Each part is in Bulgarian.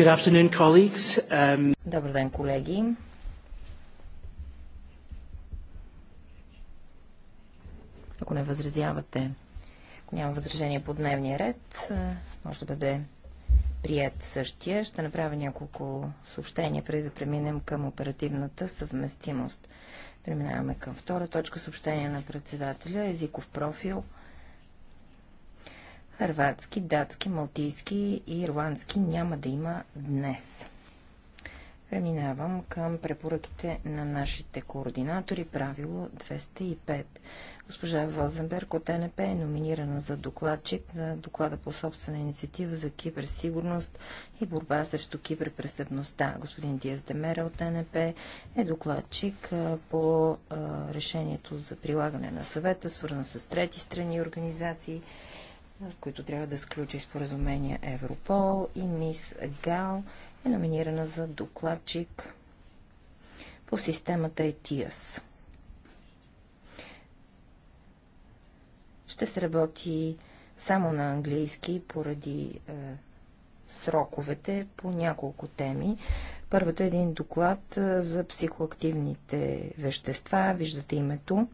Um... Добър ден, колеги. Ако не възразявате, ако няма възражение по дневния ред, може да бъде прият същия. Ще направя няколко съобщения, преди да преминем към оперативната съвместимост. Преминаваме към втора точка съобщение на председателя, езиков профил – хърватски, датски, малтийски и ирландски няма да има днес. Преминавам към препоръките на нашите координатори, правило 205. Госпожа Возенберг от НП е номинирана за докладчик на доклада по собствена инициатива за киберсигурност и борба срещу киберпрестъпността. Господин Диас Демера от НП е докладчик по решението за прилагане на съвета, свързан с трети страни и организации с които трябва да сключи споразумения Европол и мис Гал е номинирана за докладчик по системата ETIAS. Ще се работи само на английски поради е, сроковете по няколко теми. Първата е един доклад е, за психоактивните вещества. Виждате името.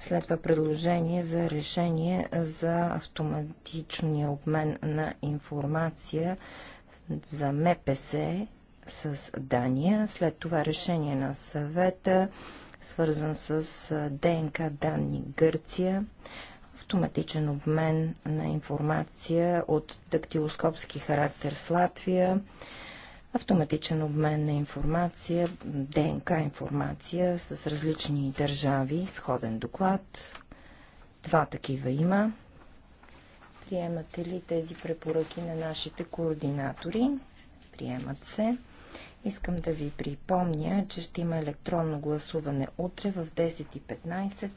След това предложение за решение за автоматичния обмен на информация за МПС с Дания. След това решение на съвета, свързан с ДНК данни Гърция, автоматичен обмен на информация от дактилоскопски характер с Латвия, автоматичен обмен на информация, ДНК информация с различни държави, сходен доклад. Два такива има. Приемате ли тези препоръки на нашите координатори? Приемат се. Искам да ви припомня, че ще има електронно гласуване утре в 10.15.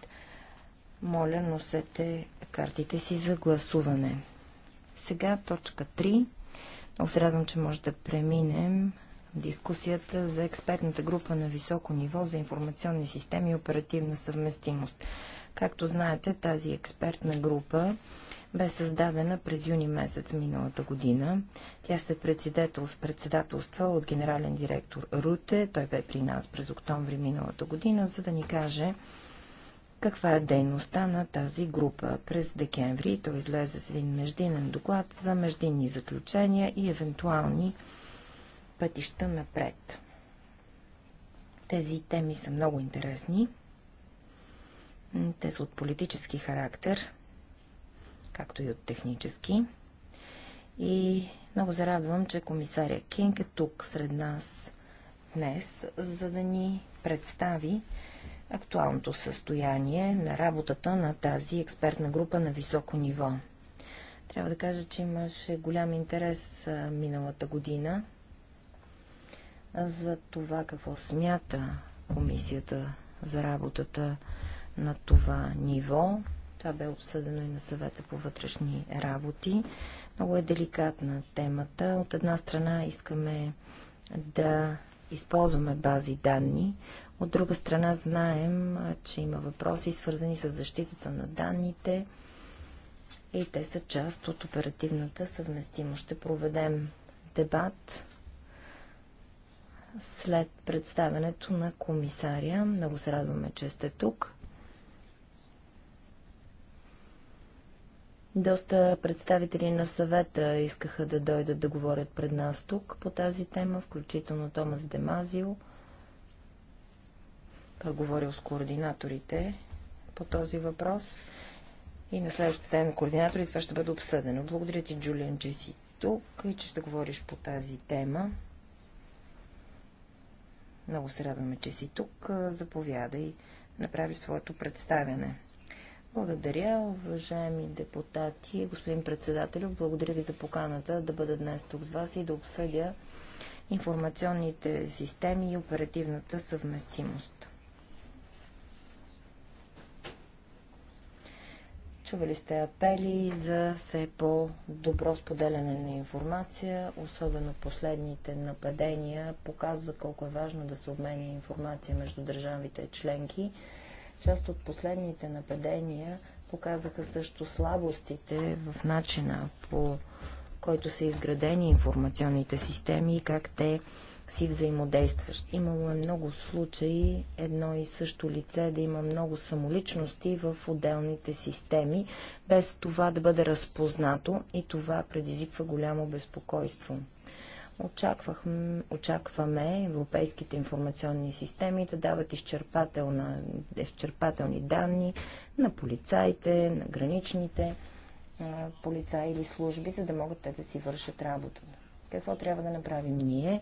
Моля, носете картите си за гласуване. Сега точка 3. Много се радвам, че може да преминем дискусията за експертната група на високо ниво за информационни системи и оперативна съвместимост. Както знаете, тази експертна група бе създадена през юни месец миналата година. Тя се председател с председателства от генерален директор Руте. Той бе при нас през октомври миналата година, за да ни каже каква е дейността на тази група. През декември той излезе с един междинен доклад за междинни заключения и евентуални пътища напред. Тези теми са много интересни. Те са от политически характер, както и от технически. И много зарадвам, че комисаря Кинг е тук сред нас днес, за да ни представи актуалното състояние на работата на тази експертна група на високо ниво. Трябва да кажа, че имаше голям интерес миналата година за това какво смята комисията за работата на това ниво. Това бе обсъдено и на съвета по вътрешни работи. Много е деликатна темата. От една страна искаме да използваме бази данни, от друга страна знаем, че има въпроси, свързани с защитата на данните и те са част от оперативната съвместимост. Ще проведем дебат след представянето на комисаря. Много се радваме, че сте тук. Доста представители на съвета искаха да дойдат да говорят пред нас тук по тази тема, включително Томас Демазил – е говорил с координаторите по този въпрос и на следващата седмица координатори това ще бъде обсъдено. Благодаря ти, Джулиан, че си тук и че ще говориш по тази тема. Много се радваме, че си тук. Заповядай, направи своето представяне. Благодаря, уважаеми депутати, господин председател, благодаря ви за поканата да бъда днес тук с вас и да обсъдя информационните системи и оперативната съвместимост. Чували сте апели за все по-добро споделяне на информация, особено последните нападения показват колко е важно да се обменя информация между държавите членки. Част от последните нападения показаха също слабостите в начина по който са изградени информационните системи и как те си взаимодействащ. Имало е много случаи едно и също лице да има много самоличности в отделните системи, без това да бъде разпознато и това предизвиква голямо безпокойство. Очаквахме, очакваме европейските информационни системи да дават изчерпателни данни на полицаите, на граничните полицаи или служби, за да могат те да си вършат работата. Какво трябва да направим ние?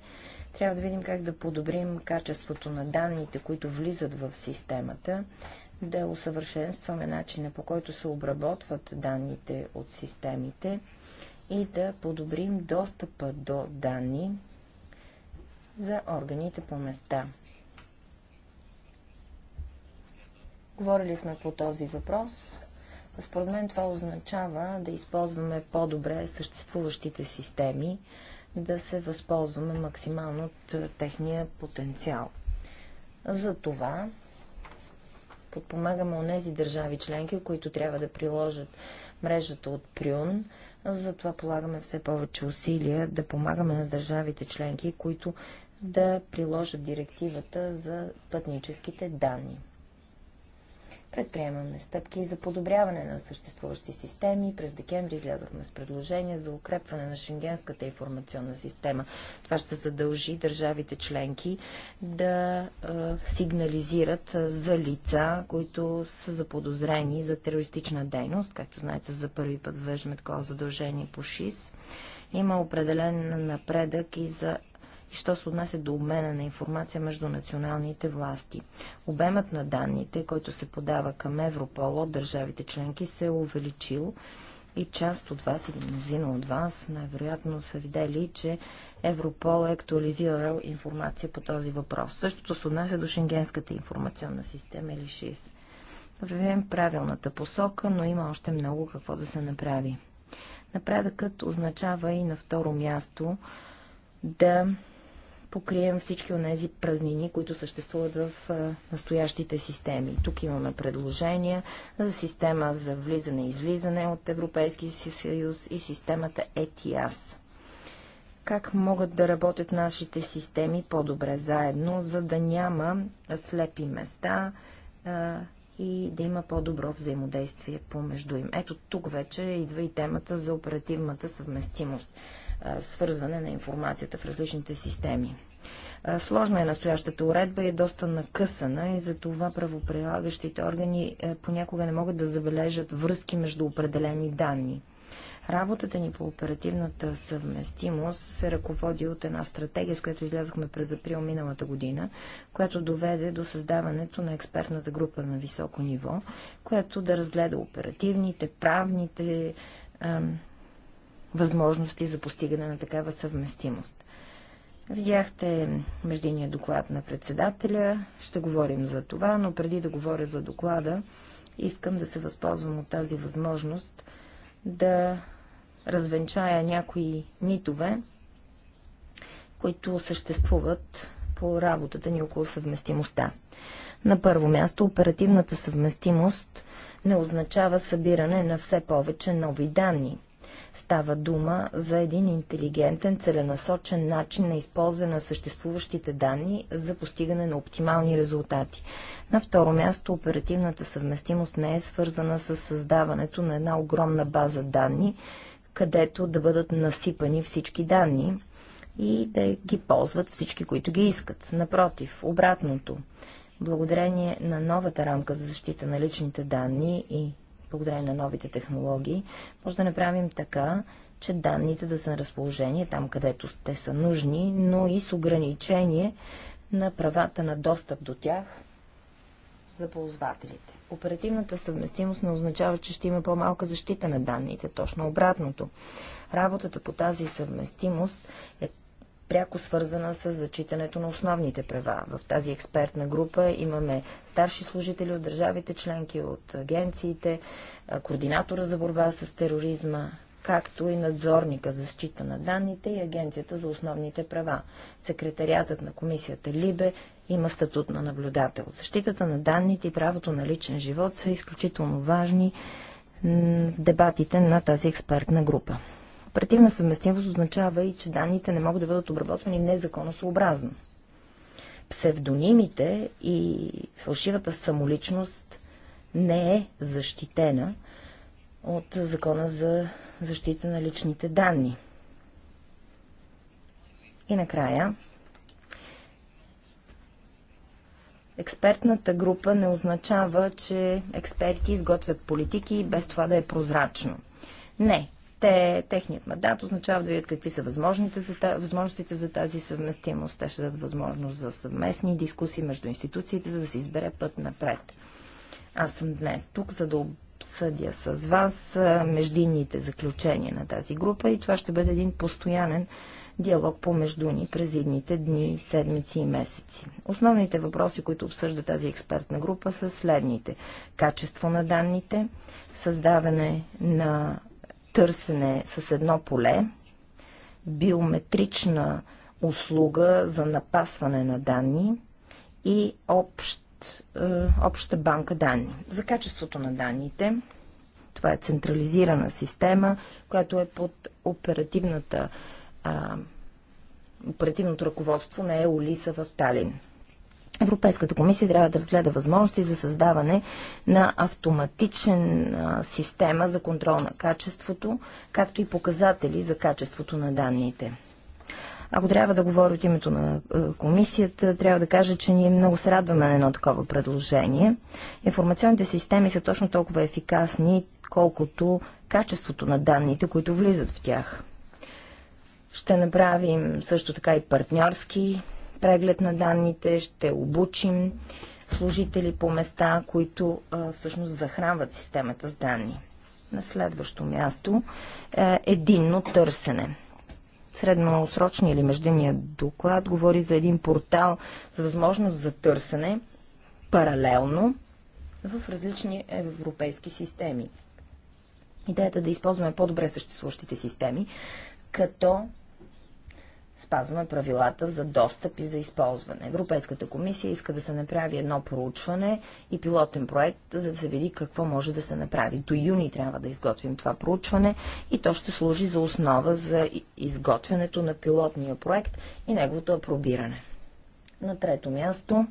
Трябва да видим как да подобрим качеството на данните, които влизат в системата, да усъвършенстваме начина по който се обработват данните от системите и да подобрим достъпа до данни за органите по места. Говорили сме по този въпрос. Според мен това означава да използваме по-добре съществуващите системи, да се възползваме максимално от е, техния потенциал. За това подпомагаме нези държави членки, които трябва да приложат мрежата от Прюн. Затова полагаме все повече усилия да помагаме на държавите членки, които да приложат директивата за пътническите данни. Предприемаме стъпки за подобряване на съществуващи системи. През декември излязахме с предложение за укрепване на шенгенската информационна система. Това ще задължи държавите членки да сигнализират за лица, които са заподозрени за терористична дейност. Както знаете, за първи път въжме такова задължение по ШИС. Има определен напредък и за и що се отнася до обмена на информация между националните власти. Обемът на данните, който се подава към Европол от държавите членки, се е увеличил и част от вас или мнозина от вас най-вероятно са видели, че Европол е актуализирал информация по този въпрос. Същото се отнася до Шенгенската информационна система или ШИС. Вървим правилната посока, но има още много какво да се направи. Напредъкът означава и на второ място да покрием всички от тези празнини, които съществуват в а, настоящите системи. Тук имаме предложения за система за влизане и излизане от Европейския съюз и системата ETIAS. Как могат да работят нашите системи по-добре заедно, за да няма слепи места а, и да има по-добро взаимодействие помежду им. Ето тук вече идва и темата за оперативната съвместимост свързване на информацията в различните системи. Сложна е настоящата уредба и е доста накъсана и за това правоприлагащите органи понякога не могат да забележат връзки между определени данни. Работата ни по оперативната съвместимост се ръководи от една стратегия, с която излязахме през април миналата година, която доведе до създаването на експертната група на високо ниво, която да разгледа оперативните, правните, възможности за постигане на такава съвместимост. Видяхте междиния доклад на председателя, ще говорим за това, но преди да говоря за доклада, искам да се възползвам от тази възможност да развенчая някои нитове, които съществуват по работата ни около съвместимостта. На първо място, оперативната съвместимост не означава събиране на все повече нови данни – Става дума за един интелигентен, целенасочен начин на използване на съществуващите данни за постигане на оптимални резултати. На второ място, оперативната съвместимост не е свързана с създаването на една огромна база данни, където да бъдат насипани всички данни и да ги ползват всички, които ги искат. Напротив, обратното. Благодарение на новата рамка за защита на личните данни и благодарение на новите технологии, може да направим така, че данните да са на разположение там, където те са нужни, но и с ограничение на правата на достъп до тях за ползвателите. Оперативната съвместимост не означава, че ще има по-малка защита на данните, точно обратното. Работата по тази съвместимост е пряко свързана с зачитането на основните права. В тази експертна група имаме старши служители от държавите членки, от агенциите, координатора за борба с тероризма, както и надзорника за защита на данните и Агенцията за основните права. Секретариатът на комисията Либе има статут на наблюдател. Защитата на данните и правото на личен живот са изключително важни в дебатите на тази експертна група. Оперативна съвместимост означава и, че данните не могат да бъдат обработвани незаконосообразно. Псевдонимите и фалшивата самоличност не е защитена от Закона за защита на личните данни. И накрая, експертната група не означава, че експерти изготвят политики без това да е прозрачно. Не, те, техният мандат означава да видят какви са за, възможностите за тази съвместимост. Те ще дадат възможност за съвместни дискусии между институциите, за да се избере път напред. Аз съм днес тук, за да обсъдя с вас междинните заключения на тази група и това ще бъде един постоянен диалог помежду ни през едните дни, седмици и месеци. Основните въпроси, които обсъжда тази експертна група са следните. Качество на данните, създаване на търсене с едно поле, биометрична услуга за напасване на данни и общ, е, обща банка данни. За качеството на данните, това е централизирана система, която е под оперативната, е, оперативното ръководство на Еолиса в Талин. Европейската комисия трябва да разгледа възможности за създаване на автоматичен а, система за контрол на качеството, както и показатели за качеството на данните. Ако трябва да говоря от името на комисията, трябва да кажа, че ние много се радваме на едно такова предложение. Информационните системи са точно толкова ефикасни, колкото качеството на данните, които влизат в тях. Ще направим също така и партньорски преглед на данните, ще обучим служители по места, които всъщност захранват системата с данни. На следващо място е единно търсене. Средносрочния или междинния доклад говори за един портал за възможност за търсене паралелно в различни европейски системи. Идеята е да използваме по-добре съществуващите системи, като спазваме правилата за достъп и за използване. Европейската комисия иска да се направи едно проучване и пилотен проект, за да се види какво може да се направи. До юни трябва да изготвим това проучване и то ще служи за основа за изготвянето на пилотния проект и неговото апробиране. На трето място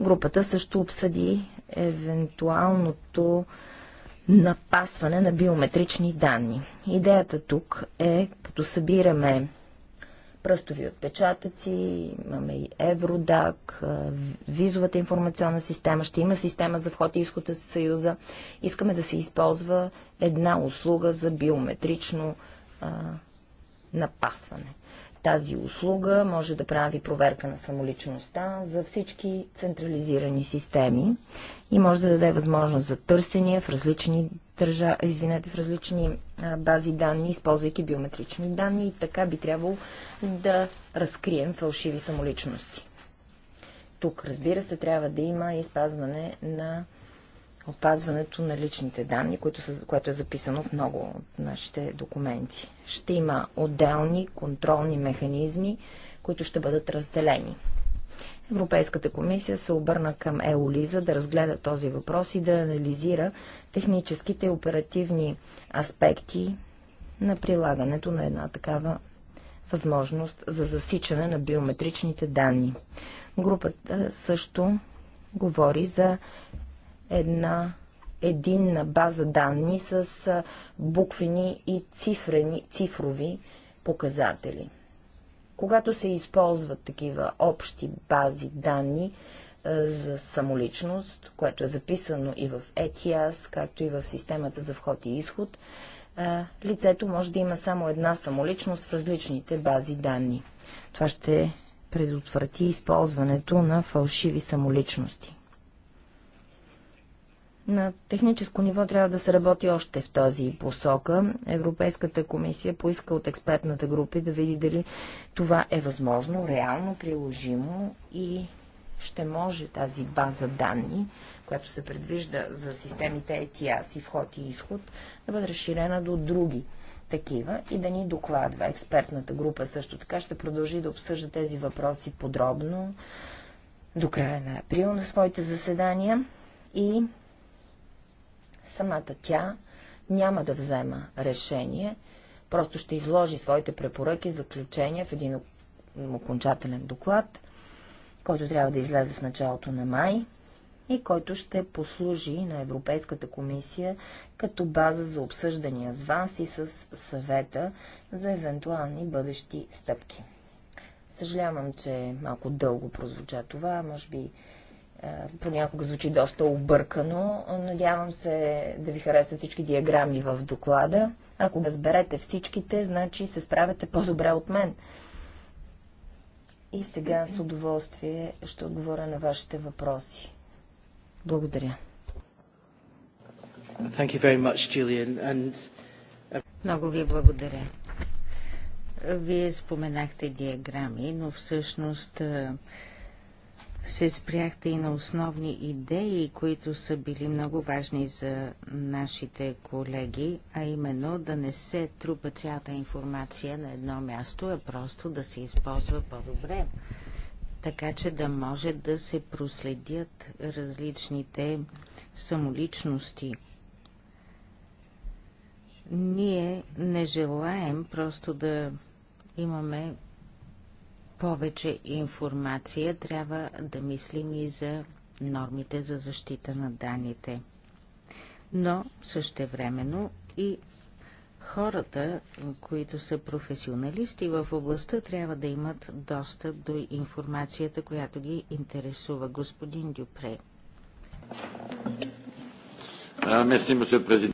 групата също обсъди евентуалното напасване на биометрични данни. Идеята тук е, като събираме пръстови отпечатъци, имаме и Евродак, визовата информационна система, ще има система за вход и изход от Съюза. Искаме да се използва една услуга за биометрично а, напасване тази услуга може да прави проверка на самоличността за всички централизирани системи и може да даде възможност за търсения в различни, държа... Извинете, в различни бази данни, използвайки биометрични данни и така би трябвало да разкрием фалшиви самоличности. Тук, разбира се, трябва да има и спазване на опазването на личните данни, което, са, което е записано в много от нашите документи. Ще има отделни контролни механизми, които ще бъдат разделени. Европейската комисия се обърна към ЕОЛИЗа да разгледа този въпрос и да анализира техническите и оперативни аспекти на прилагането на една такава възможност за засичане на биометричните данни. Групата също говори за една единна база данни с буквени и цифрени, цифрови показатели. Когато се използват такива общи бази данни за самоличност, което е записано и в ETIAS, както и в системата за вход и изход, лицето може да има само една самоличност в различните бази данни. Това ще предотврати използването на фалшиви самоличности. На техническо ниво трябва да се работи още в този посока. Европейската комисия поиска от експертната група да види дали това е възможно, реално приложимо и ще може тази база данни, която се предвижда за системите ETIAS и вход и изход, да бъде разширена до други такива и да ни докладва. Експертната група също така ще продължи да обсъжда тези въпроси подробно до края на април на своите заседания и Самата тя няма да взема решение, просто ще изложи своите препоръки, заключения в един окончателен доклад, който трябва да излезе в началото на май и който ще послужи на Европейската комисия като база за обсъждания с вас и с съвета за евентуални бъдещи стъпки. Съжалявам, че малко дълго прозвуча това, може би е, понякога звучи доста объркано. Надявам се да ви хареса всички диаграми в доклада. Ако разберете всичките, значи се справяте по-добре от мен. И сега с удоволствие ще отговоря на вашите въпроси. Благодаря. Much, And... Uh, Много ви благодаря. Вие споменахте диаграми, но всъщност се спряхте и на основни идеи, които са били много важни за нашите колеги, а именно да не се трупа цялата информация на едно място, а просто да се използва по-добре, така че да може да се проследят различните самоличности. Ние не желаем просто да имаме повече информация, трябва да мислим и за нормите за защита на данните. Но същевременно и хората, които са професионалисти в областта, трябва да имат достъп до информацията, която ги интересува. Господин Дюпре.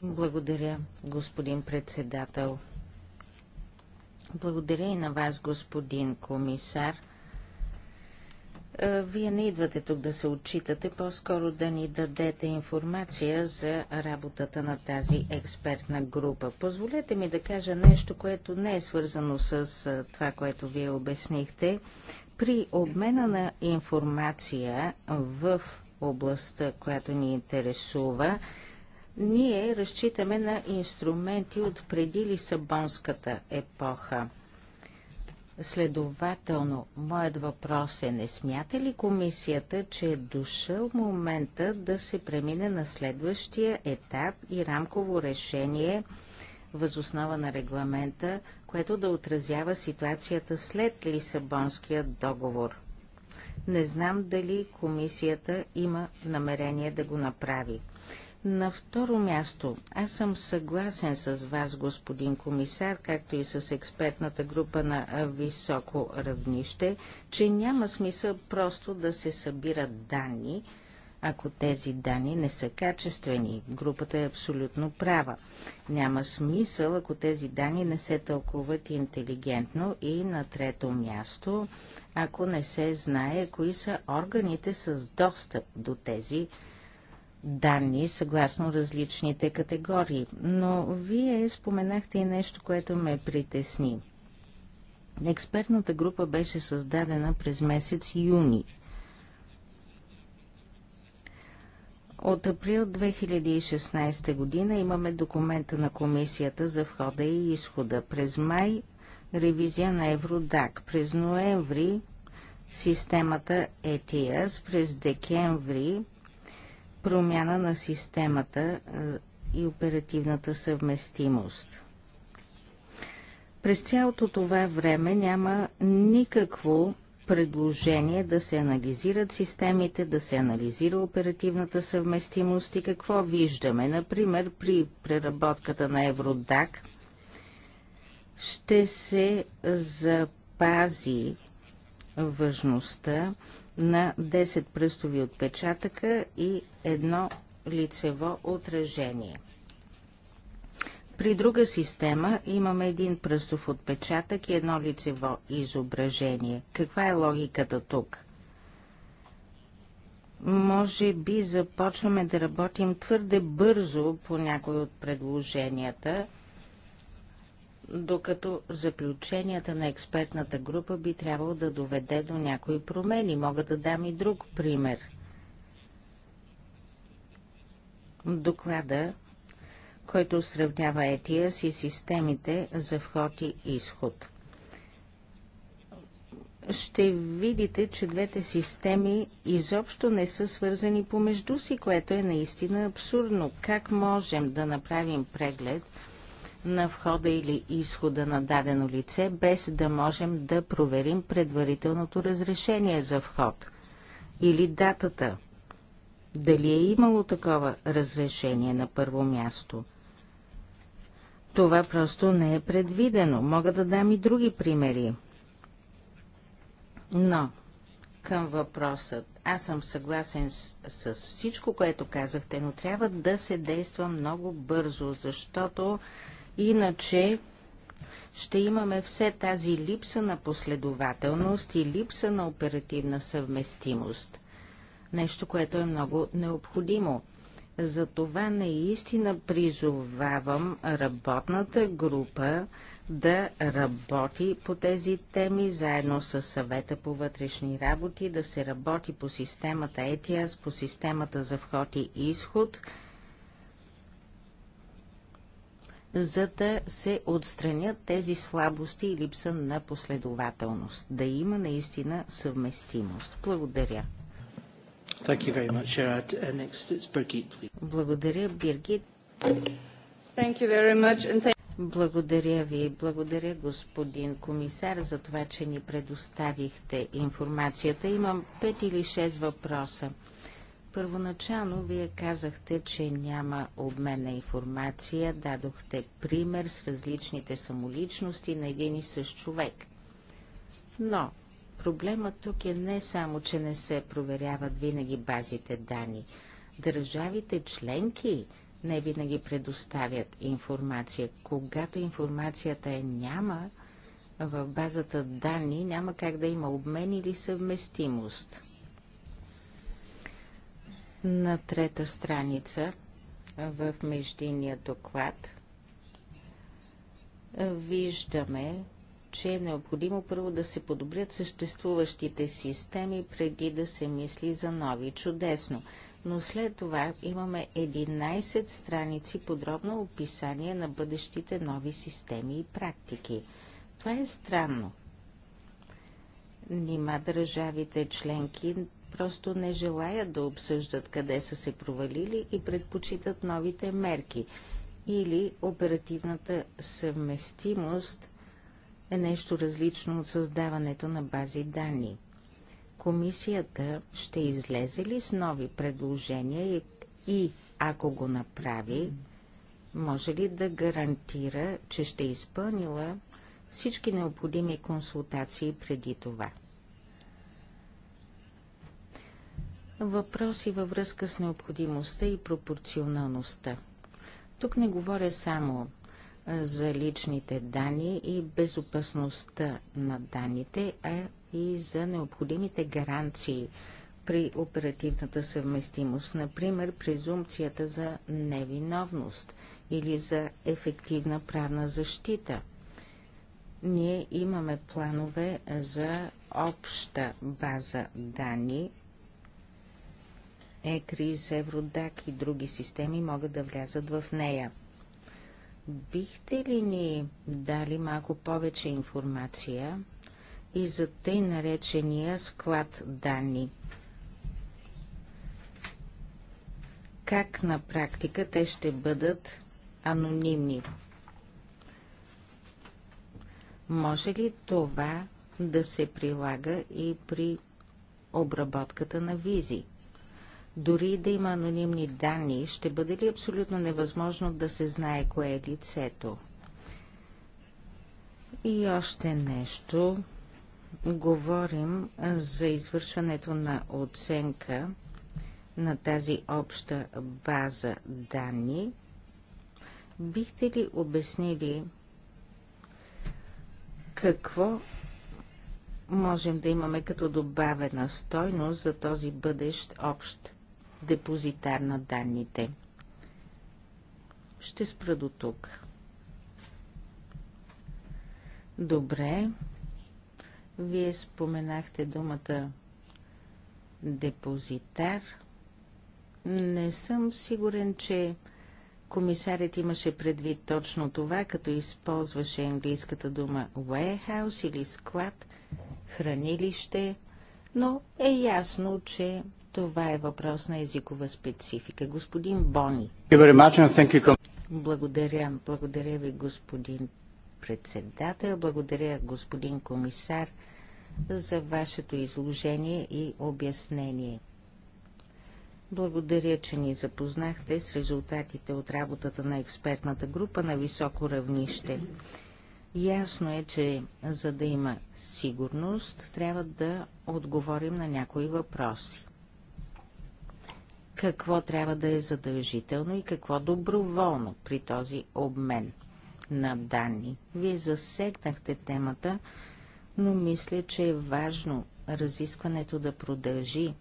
Благодаря, господин председател. Благодаря и на вас, господин комисар. Е, вие не идвате тук да се отчитате, по-скоро да ни дадете информация за работата на тази експертна група. Позволете ми да кажа нещо, което не е свързано с е, това, което вие обяснихте. При обмена на информация в областта, която ни интересува, ние разчитаме на инструменти от преди Лисабонската епоха. Следователно, моят въпрос е, не смята ли комисията, че е дошъл момента да се премине на следващия етап и рамково решение възоснова на регламента, което да отразява ситуацията след Лисабонския договор? Не знам дали комисията има намерение да го направи. На второ място, аз съм съгласен с вас, господин комисар, както и с експертната група на високо равнище, че няма смисъл просто да се събират данни, ако тези данни не са качествени. Групата е абсолютно права. Няма смисъл, ако тези данни не се тълкуват интелигентно и на трето място, ако не се знае кои са органите с достъп до тези данни данни съгласно различните категории. Но вие споменахте и нещо, което ме притесни. Експертната група беше създадена през месец юни. От април 2016 година имаме документа на комисията за входа и изхода. През май ревизия на Евродак. През ноември системата ETS. През декември промяна на системата е, и оперативната съвместимост. През цялото това време няма никакво предложение да се анализират системите, да се анализира оперативната съвместимост и какво виждаме. Например, при преработката на Евродак ще се запази важността на 10 пръстови отпечатъка и едно лицево отражение. При друга система имаме един пръстов отпечатък и едно лицево изображение. Каква е логиката тук? Може би започваме да работим твърде бързо по някои от предложенията – докато заключенията на експертната група би трябвало да доведе до някои промени. Мога да дам и друг пример. Доклада, който сравнява етия си системите за вход и изход. Ще видите, че двете системи изобщо не са свързани помежду си, което е наистина абсурдно. Как можем да направим преглед – на входа или изхода на дадено лице, без да можем да проверим предварителното разрешение за вход или датата. Дали е имало такова разрешение на първо място? Това просто не е предвидено. Мога да дам и други примери. Но към въпросът. Аз съм съгласен с, с всичко, което казахте, но трябва да се действа много бързо, защото Иначе ще имаме все тази липса на последователност и липса на оперативна съвместимост. Нещо, което е много необходимо. Затова наистина призовавам работната група да работи по тези теми, заедно с съвета по вътрешни работи, да се работи по системата ETIAS, по системата за вход и изход – за да се отстранят тези слабости и липса на последователност, да има наистина съвместимост. Благодаря. Thank you very much, uh, next it's Birgit, Благодаря, Биргит. Thank you very much and thank благодаря ви. Благодаря, господин комисар, за това, че ни предоставихте информацията. Имам пет или шест въпроса. Първоначално вие казахте, че няма обмен на информация, дадохте пример с различните самоличности на един и същ човек. Но проблемът тук е не само, че не се проверяват винаги базите данни. Държавите членки не винаги предоставят информация. Когато информацията е няма, в базата данни няма как да има обмен или съвместимост. На трета страница в междинния доклад виждаме, че е необходимо първо да се подобрят съществуващите системи, преди да се мисли за нови. Чудесно! Но след това имаме 11 страници подробно описание на бъдещите нови системи и практики. Това е странно. Нима държавите членки просто не желаят да обсъждат къде са се провалили и предпочитат новите мерки. Или оперативната съвместимост е нещо различно от създаването на бази данни. Комисията ще излезе ли с нови предложения и, и ако го направи, може ли да гарантира, че ще е изпълнила всички необходими консултации преди това? Въпроси във връзка с необходимостта и пропорционалността. Тук не говоря само за личните данни и безопасността на данните, а и за необходимите гаранции при оперативната съвместимост, например презумпцията за невиновност или за ефективна правна защита. Ние имаме планове за обща база данни ЕКРИС, Евродак и други системи могат да влязат в нея. Бихте ли ни дали малко повече информация и за тъй наречения склад данни? Как на практика те ще бъдат анонимни? Може ли това да се прилага и при обработката на визи? Дори да има анонимни данни, ще бъде ли абсолютно невъзможно да се знае кое е лицето? И още нещо. Говорим за извършването на оценка на тази обща база данни. Бихте ли обяснили какво можем да имаме като добавена стойност за този бъдещ общ депозитар на данните. Ще спра до тук. Добре. Вие споменахте думата депозитар. Не съм сигурен, че комисарят имаше предвид точно това, като използваше английската дума warehouse или склад, хранилище, но е ясно, че това е въпрос на езикова специфика. Господин Бони. Благодаря. Благодаря ви, господин председател. Благодаря, господин комисар, за вашето изложение и обяснение. Благодаря, че ни запознахте с резултатите от работата на експертната група на високо равнище. Ясно е, че за да има сигурност, трябва да отговорим на някои въпроси какво трябва да е задължително и какво доброволно при този обмен на данни. Вие засегнахте темата, но мисля, че е важно разискването да продължи.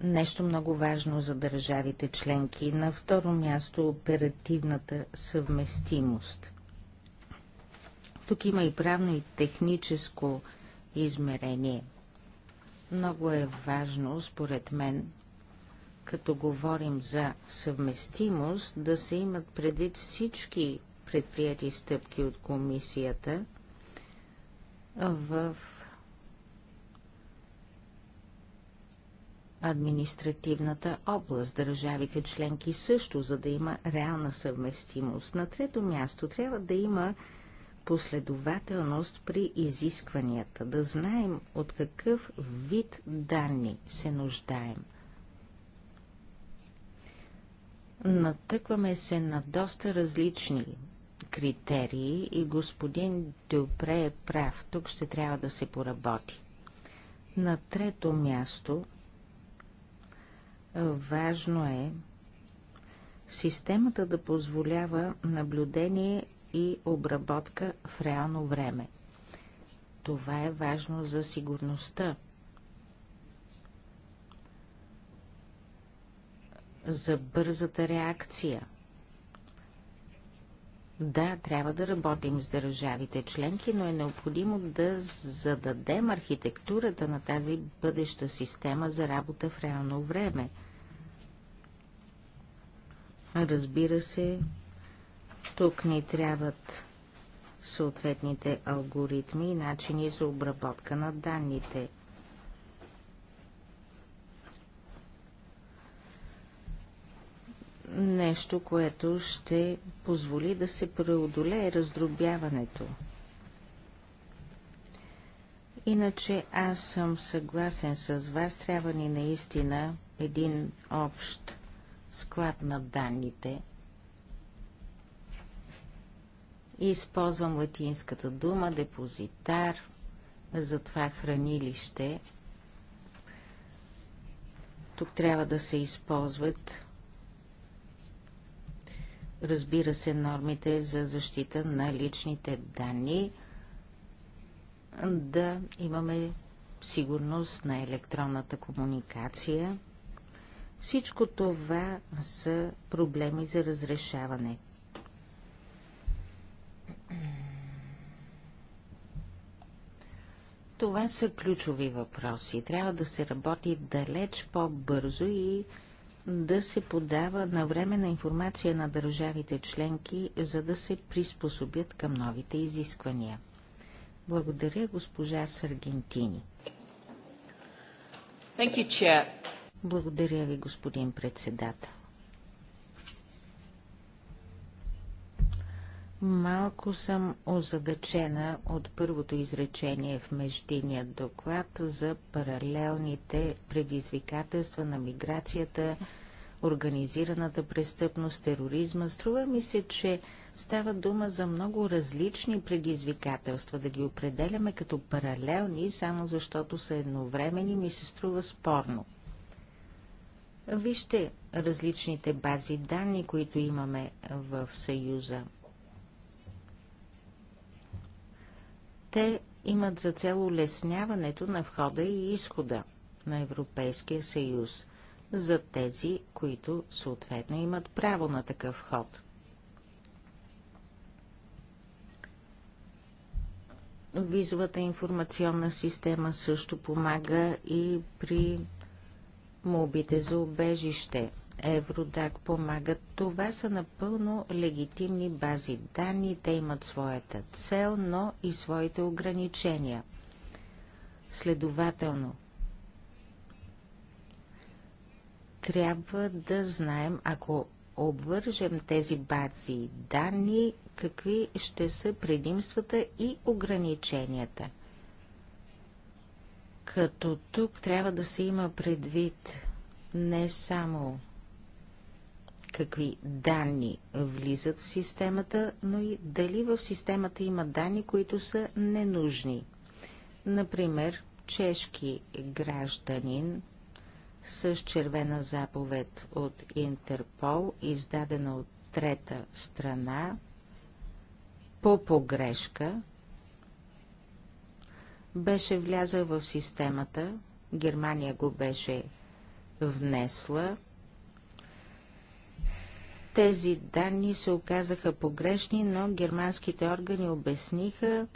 Нещо много важно за държавите членки. На второ място оперативната съвместимост. Тук има и правно и техническо измерение – много е важно, според мен, като говорим за съвместимост, да се имат предвид всички предприяти стъпки от комисията в административната област, държавите членки също, за да има реална съвместимост. На трето място трябва да има последователност при изискванията, да знаем от какъв вид данни се нуждаем. Натъкваме се на доста различни критерии и господин Дюпре е прав. Тук ще трябва да се поработи. На трето място важно е системата да позволява наблюдение и обработка в реално време. Това е важно за сигурността. За бързата реакция. Да, трябва да работим с държавите членки, но е необходимо да зададем архитектурата на тази бъдеща система за работа в реално време. Разбира се, тук ни трябват съответните алгоритми и начини за обработка на данните. Нещо, което ще позволи да се преодолее раздробяването. Иначе аз съм съгласен с вас, трябва ни наистина един общ склад на данните – и Използвам латинската дума депозитар за това хранилище. Тук трябва да се използват разбира се нормите за защита на личните данни, да имаме сигурност на електронната комуникация. Всичко това са проблеми за разрешаване. Това са ключови въпроси. Трябва да се работи далеч по-бързо и да се подава на време на информация на държавите членки, за да се приспособят към новите изисквания. Благодаря, госпожа Саргентини. Благодаря ви, господин председател. Малко съм озадачена от първото изречение в междиния доклад за паралелните предизвикателства на миграцията, организираната престъпност, тероризма. Струва ми се, че става дума за много различни предизвикателства. Да ги определяме като паралелни, само защото са едновремени, ми се струва спорно. Вижте различните бази данни, които имаме в Съюза – Те имат за цел улесняването на входа и изхода на Европейския съюз за тези, които съответно имат право на такъв вход. Визовата информационна система също помага и при молбите за убежище – Евродак помагат. Това са напълно легитимни бази данни, те имат своята цел, но и своите ограничения. Следователно, трябва да знаем, ако обвържем тези бази данни, какви ще са предимствата и ограниченията. Като тук трябва да се има предвид не само какви данни влизат в системата, но и дали в системата има данни, които са ненужни. Например, чешки гражданин с червена заповед от Интерпол, издадена от трета страна, по погрешка, беше влязъл в системата, Германия го беше внесла, тези данни се оказаха погрешни, но германските органи обясниха,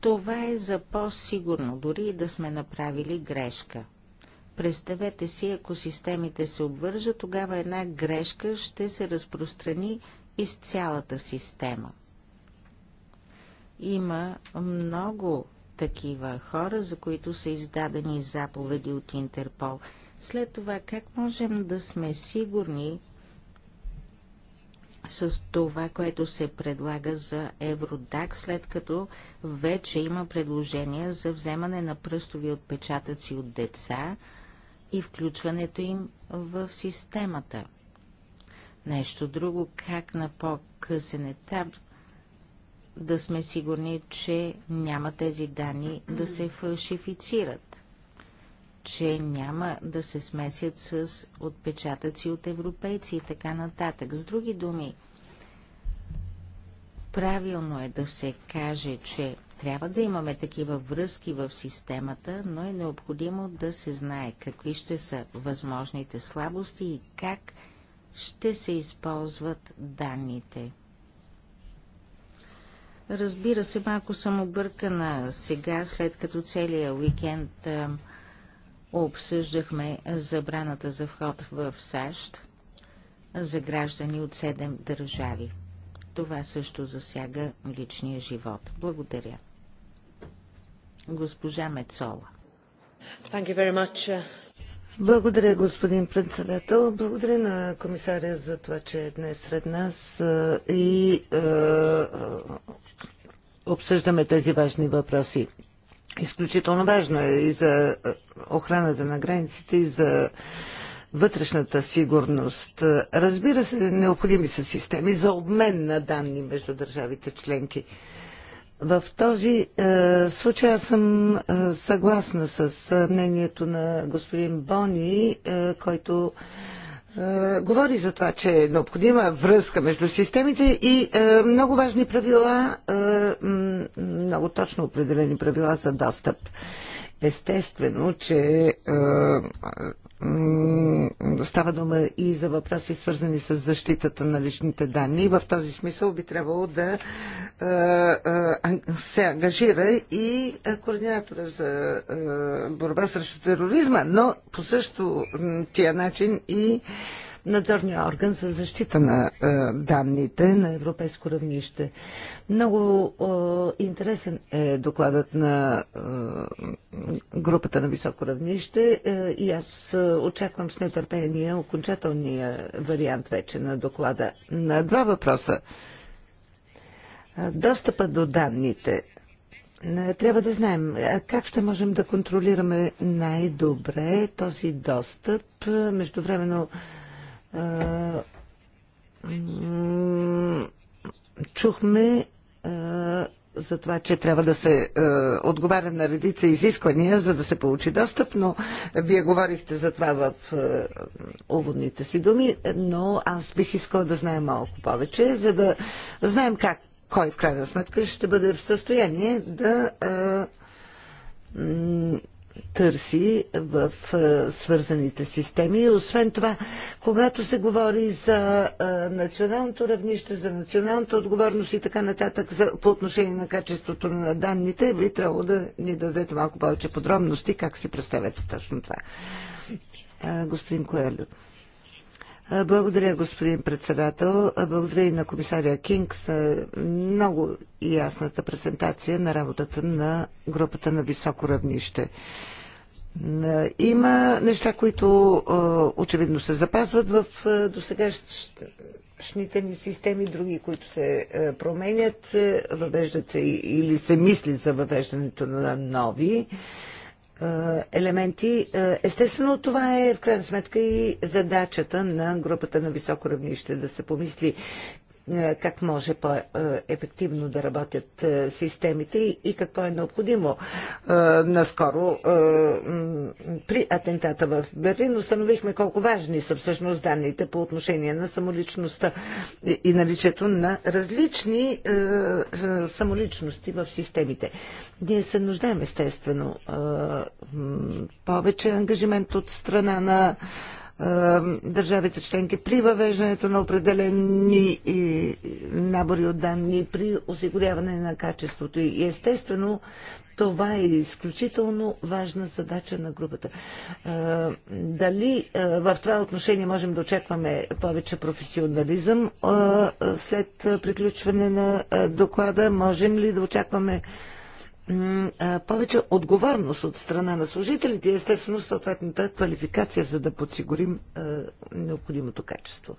това е за по-сигурно, дори и да сме направили грешка. Представете си, ако системите се обвържат, тогава една грешка ще се разпространи из цялата система. Има много такива хора, за които са издадени заповеди от Интерпол. След това, как можем да сме сигурни, с това, което се предлага за Евродак, след като вече има предложения за вземане на пръстови отпечатъци от деца и включването им в системата. Нещо друго, как на по-късен етап да сме сигурни, че няма тези данни да се фалшифицират че няма да се смесят с отпечатъци от европейци и така нататък. С други думи, правилно е да се каже, че трябва да имаме такива връзки в системата, но е необходимо да се знае какви ще са възможните слабости и как ще се използват данните. Разбира се, малко съм объркана сега, след като целият уикенд обсъждахме забраната за вход в САЩ за граждани от 7 държави. Това също засяга личния живот. Благодаря. Госпожа Мецола. Благодаря, господин председател. Благодаря на комисаря за това, че е днес сред нас и е, обсъждаме тези важни въпроси изключително важно е и за е, охраната на границите, и за вътрешната сигурност. Разбира се, необходими са системи за обмен на данни между държавите членки. В този е, случай аз съм е, съгласна с е, мнението на господин Бони, е, който е, е, говори за това, че е необходима връзка между системите и е, много важни правила, е, много точно определени правила за достъп. Естествено, че е, става дума и за въпроси свързани с защитата на личните данни. И в този смисъл би трябвало да се ангажира и координатора за борба срещу тероризма, но по също тия начин и надзорния орган за защита на данните на европейско равнище. Много интересен е докладът на групата на високо равнище и аз очаквам с нетърпение окончателния вариант вече на доклада. На два въпроса Достъпа до данните. Е, трябва да знаем как ще можем да контролираме най-добре този достъп. Междувременно чухме за това, че трябва да се е, отговаря на редица изисквания, за да се получи достъп, но вие говорихте за това в е, уводните си думи, но аз бих искала да знаем малко повече, за да знаем как кой в крайна сметка ще бъде в състояние да търси в свързаните системи. И освен това, когато се говори за националното равнище, за националната отговорност и така нататък за, по отношение на качеството на данните, ви трябва да ни дадете малко повече подробности как си представяте точно това. господин Коелю. Благодаря, господин председател. Благодаря и на комисаря Кинг за много ясната презентация на работата на групата на високо равнище. Има неща, които очевидно се запазват в досегашните ни системи, други, които се променят, въвеждат се или се мисли за въвеждането на нови. Е, елементи. Е, естествено, това е в крайна сметка и задачата на групата на високо равнище да се помисли е, как може по-ефективно да работят е, системите и какво е необходимо. Е, наскоро при атентата в Берлин установихме колко важни са всъщност данните по отношение на самоличността и наличието на различни самоличности в системите. Ние се нуждаем естествено повече ангажимент от страна на е, държавите членки при въвеждането на определени е, набори от данни, при осигуряване на качеството. И естествено, това е изключително важна задача на групата. Е, дали в това отношение можем да очакваме повече професионализъм след приключване на доклада? Можем ли да очакваме повече отговорност от страна на служителите и естествено съответната квалификация, за да подсигурим необходимото качество.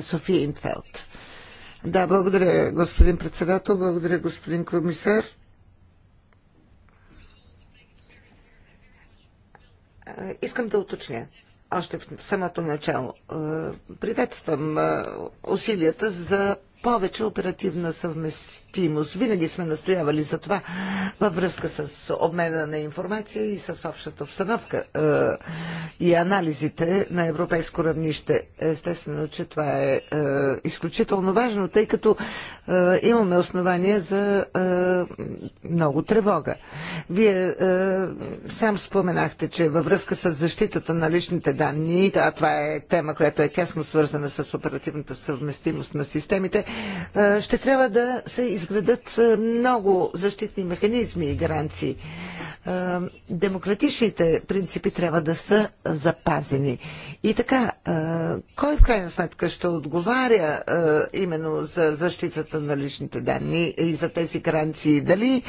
София Инфелд. Да, благодаря, господин председател, благодаря, господин комисар. Искам да уточня още в самото начало. Приветствам усилията за повече оперативна съвместимост. Винаги сме настоявали за това във връзка с обмена на информация и с общата обстановка е, и анализите на европейско равнище. Естествено, че това е, е изключително важно, тъй като е, имаме основания за много тревога. Вие сам споменахте, че във връзка с защитата на личните данни, а това е тема, която е тясно свързана с оперативната съвместимост на системите, е, ще трябва да се изградат е, много защитни механизми и гаранции. Е, демократичните принципи трябва да са запазени. И така, кой в крайна сметка ще отговаря именно за защитата на личните данни и за тези гаранции? Дали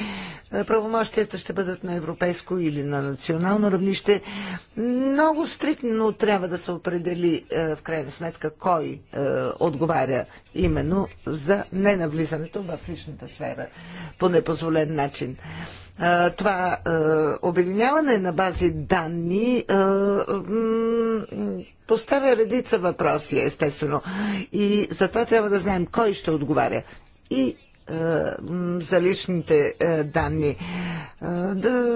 правомощията ще бъдат на европейско или на национално равнище? Много стриктно трябва да се определи в крайна сметка кой отговаря именно за ненавлизането в личната сфера по непозволен начин. Това обединяване на бази данни поставя редица въпроси, естествено. И затова трябва да знаем кой ще отговаря. И е, за личните е, данни. Е,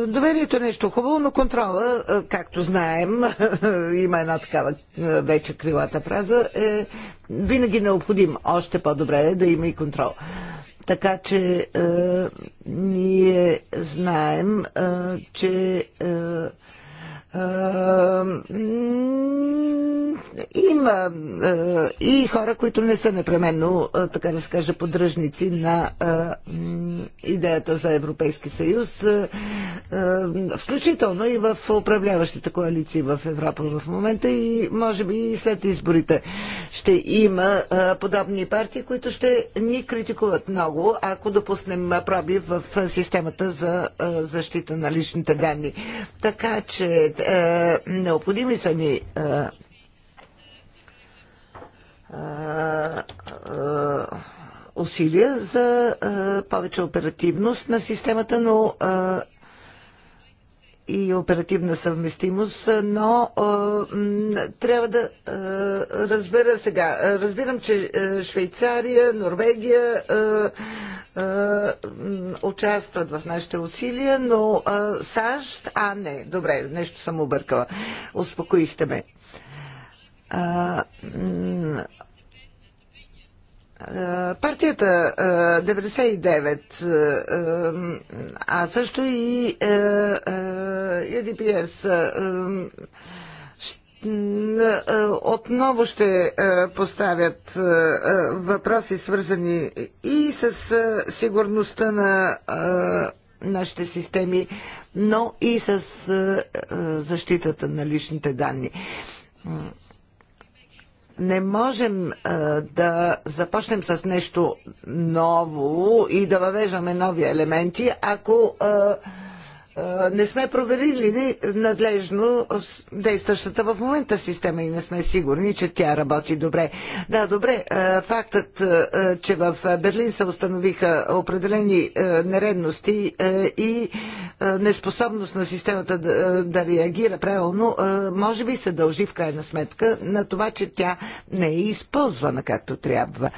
доверието е нещо хубаво, но контрола, както знаем, има една такава вече крилата фраза, е винаги необходим. Още по-добре е да има и контрол. Така че ние знаем, че има и хора, които не са непременно, така да скажа, подръжници поддръжници на идеята за Европейски съюз, включително и в управляващите коалиции в Европа в момента и може би и след изборите ще има подобни партии, които ще ни критикуват много, ако допуснем проби в системата за защита на личните данни. Така че е, необходими са ни е, е, усилия за повече оперативност на системата, но и оперативна съвместимост, но трябва да разбера сега. Разбирам, че Швейцария, Норвегия участват в нашите усилия, но САЩ, а не, добре, нещо съм объркала. Успокоихте ме партията 99, а също и EDPS е, е е, отново ще поставят въпроси, свързани и с сигурността на нашите системи, но и с защитата на личните данни. Не можем да започнем с нещо ново и да въвеждаме нови елементи, ако а, е, не сме проверили надлежно действащата в момента система и не сме сигурни, че тя работи добре. Да, добре, е, фактът, е, че в Берлин се установиха определени нередности и неспособност на системата да реагира правилно, може би се дължи в крайна сметка на това, че тя не е използвана както трябва.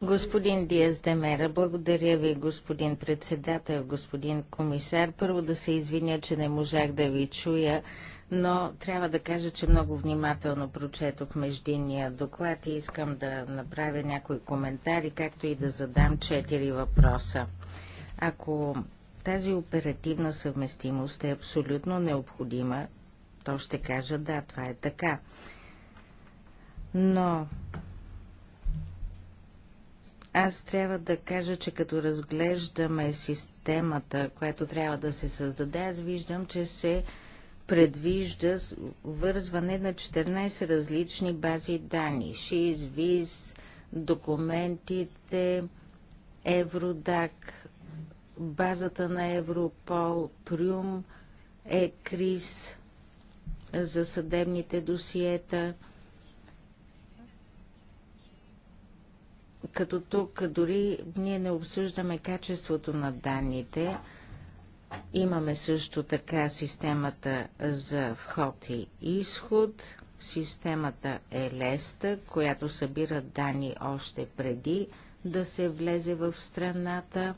Господин Диас Демера, благодаря ви, господин председател, господин комисар. Първо да се извиня, че не можах да ви чуя, но трябва да кажа, че много внимателно прочетох междинния доклад и искам да направя някои коментари, както и да задам четири въпроса. Ако тази оперативна съвместимост е абсолютно необходима, то ще кажа да, това е така. Но аз трябва да кажа, че като разглеждаме системата, която трябва да се създаде, аз виждам, че се предвижда вързване на 14 различни бази данни. ШИС, ВИЗ, документите, Евродак, базата на Европол, Прюм, ЕКРИС за съдебните досиета – като тук дори ние не обсъждаме качеството на данните, имаме също така системата за вход и изход, системата Елеста, която събира данни още преди да се влезе в страната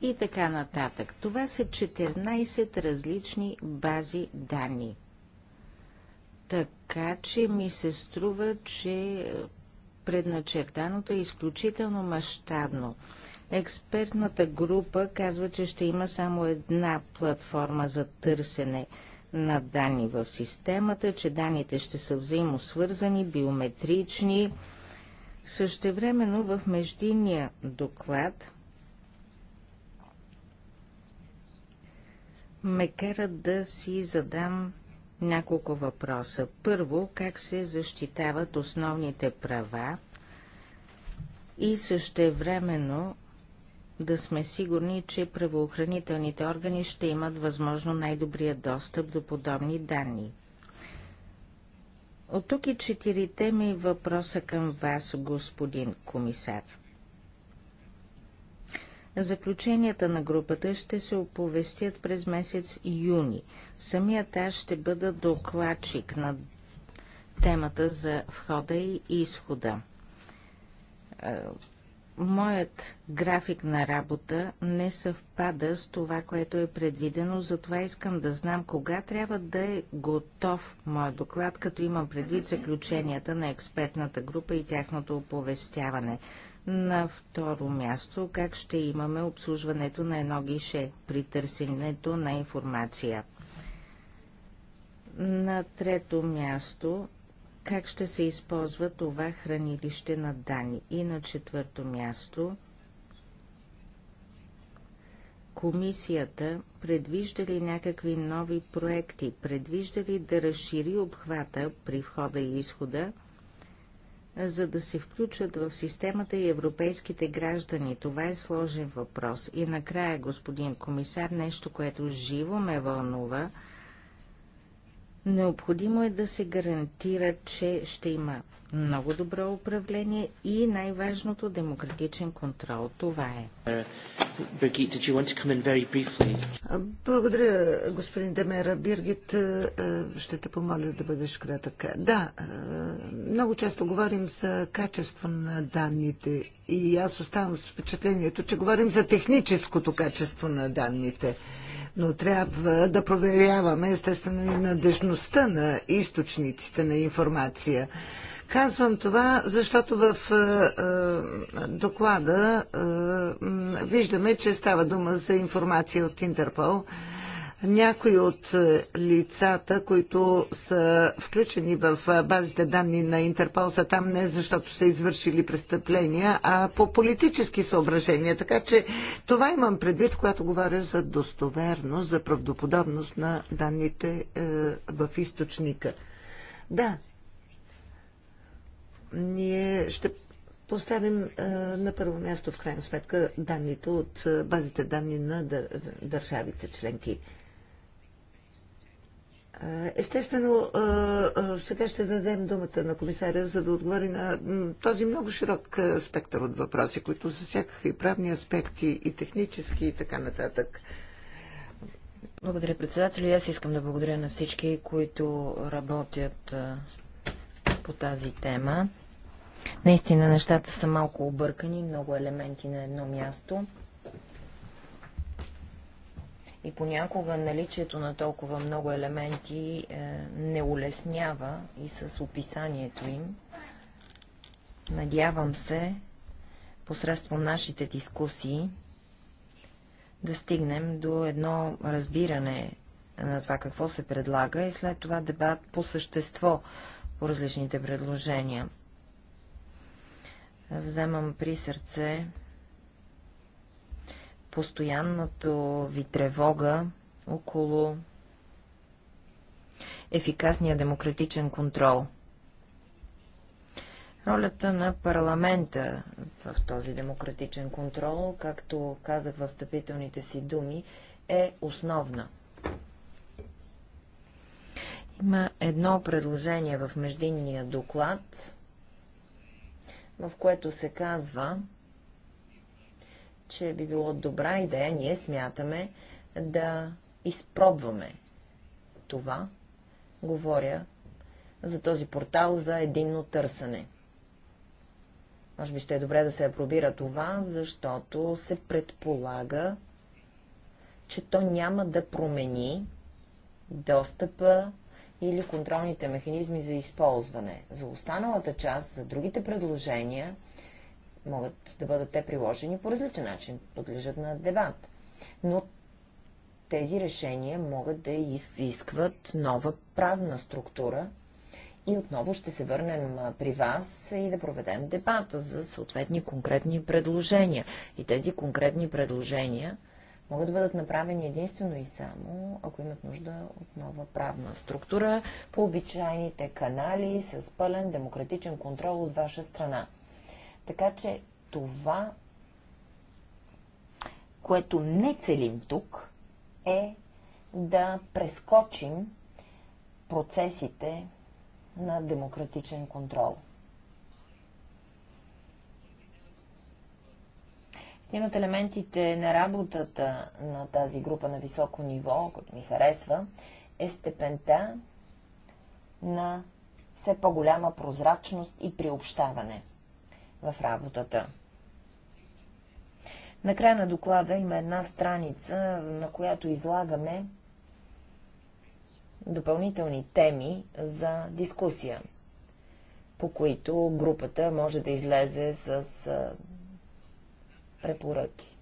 и така нататък. Това са 14 различни бази данни. Така че ми се струва, че предначертаното е изключително мащабно. Експертната група казва, че ще има само една платформа за търсене на данни в системата, че данните ще са взаимосвързани, биометрични. Същевременно в междинния доклад ме карат да си задам няколко въпроса. Първо, как се защитават основните права и същевременно да сме сигурни, че правоохранителните органи ще имат възможно най-добрия достъп до подобни данни. От тук и четирите ми въпроса към вас, господин комисар. Заключенията на групата ще се оповестят през месец юни. Самият аз ще бъда докладчик на темата за входа и изхода. Моят график на работа не съвпада с това, което е предвидено, затова искам да знам кога трябва да е готов моят доклад, като имам предвид заключенията на експертната група и тяхното оповестяване. На второ място, как ще имаме обслужването на едно гише при търсенето на информация. На трето място, как ще се използва това хранилище на данни. И на четвърто място, комисията предвижда ли някакви нови проекти, предвижда ли да разшири обхвата при входа и изхода за да се включат в системата и европейските граждани? Това е сложен въпрос. И накрая, господин комисар, нещо, което живо ме вълнува – Необходимо е да се гарантира, че ще има много добро управление и най-важното демократичен контрол. Това е. Благодаря, господин Демера. Биргит, е, е, ще те помоля да бъдеш кратък. Да, е, много често говорим за качество на данните и аз оставам с впечатлението, че говорим за техническото качество на данните но трябва да проверяваме естествено и надежността на източниците на информация. Казвам това, защото в е, е доклада е, виждаме, че става дума за информация от Интерпол. Някои от е, лицата, които са включени в е, базите данни на Интерпол, са там не защото са извършили престъпления, а по политически съображения. Така че това имам предвид, когато говоря за достоверност, за правдоподобност на данните е, в източника. Да, ние ще поставим а, на първо място в крайна сметка данните от базите данни на дър държавите членки. Естествено, сега ще дадем думата на комисаря, за да отговори на този много широк спектър от въпроси, които засякаха всякакви правни аспекти и технически и така нататък. Благодаря, председател. И аз искам да благодаря на всички, които работят по тази тема. Наистина нещата са малко объркани, много елементи на едно място. И понякога наличието на толкова много елементи е, не улеснява и с описанието им. Надявам се, посредством нашите дискусии, да стигнем до едно разбиране на това какво се предлага и след това дебат по същество по различните предложения. Вземам при сърце постоянното ви тревога около ефикасния демократичен контрол. Ролята на парламента в този демократичен контрол, както казах в встъпителните си думи, е основна. Има едно предложение в междинния доклад, в което се казва, че би било добра идея, ние смятаме да изпробваме това. Говоря за този портал за единно търсене. Може би ще е добре да се апробира това, защото се предполага, че то няма да промени достъпа или контролните механизми за използване. За останалата част, за другите предложения, могат да бъдат те приложени по различен начин, подлежат на дебат. Но тези решения могат да изискват нова правна структура и отново ще се върнем при вас и да проведем дебата за съответни конкретни предложения. И тези конкретни предложения могат да бъдат направени единствено и само, ако имат нужда от нова правна структура по обичайните канали с пълен демократичен контрол от ваша страна. Така че това, което не целим тук, е да прескочим процесите на демократичен контрол. Един от елементите на работата на тази група на високо ниво, който ми харесва, е степента на все по-голяма прозрачност и приобщаване – в работата. Накрая на доклада има една страница, на която излагаме допълнителни теми за дискусия, по които групата може да излезе с препоръки.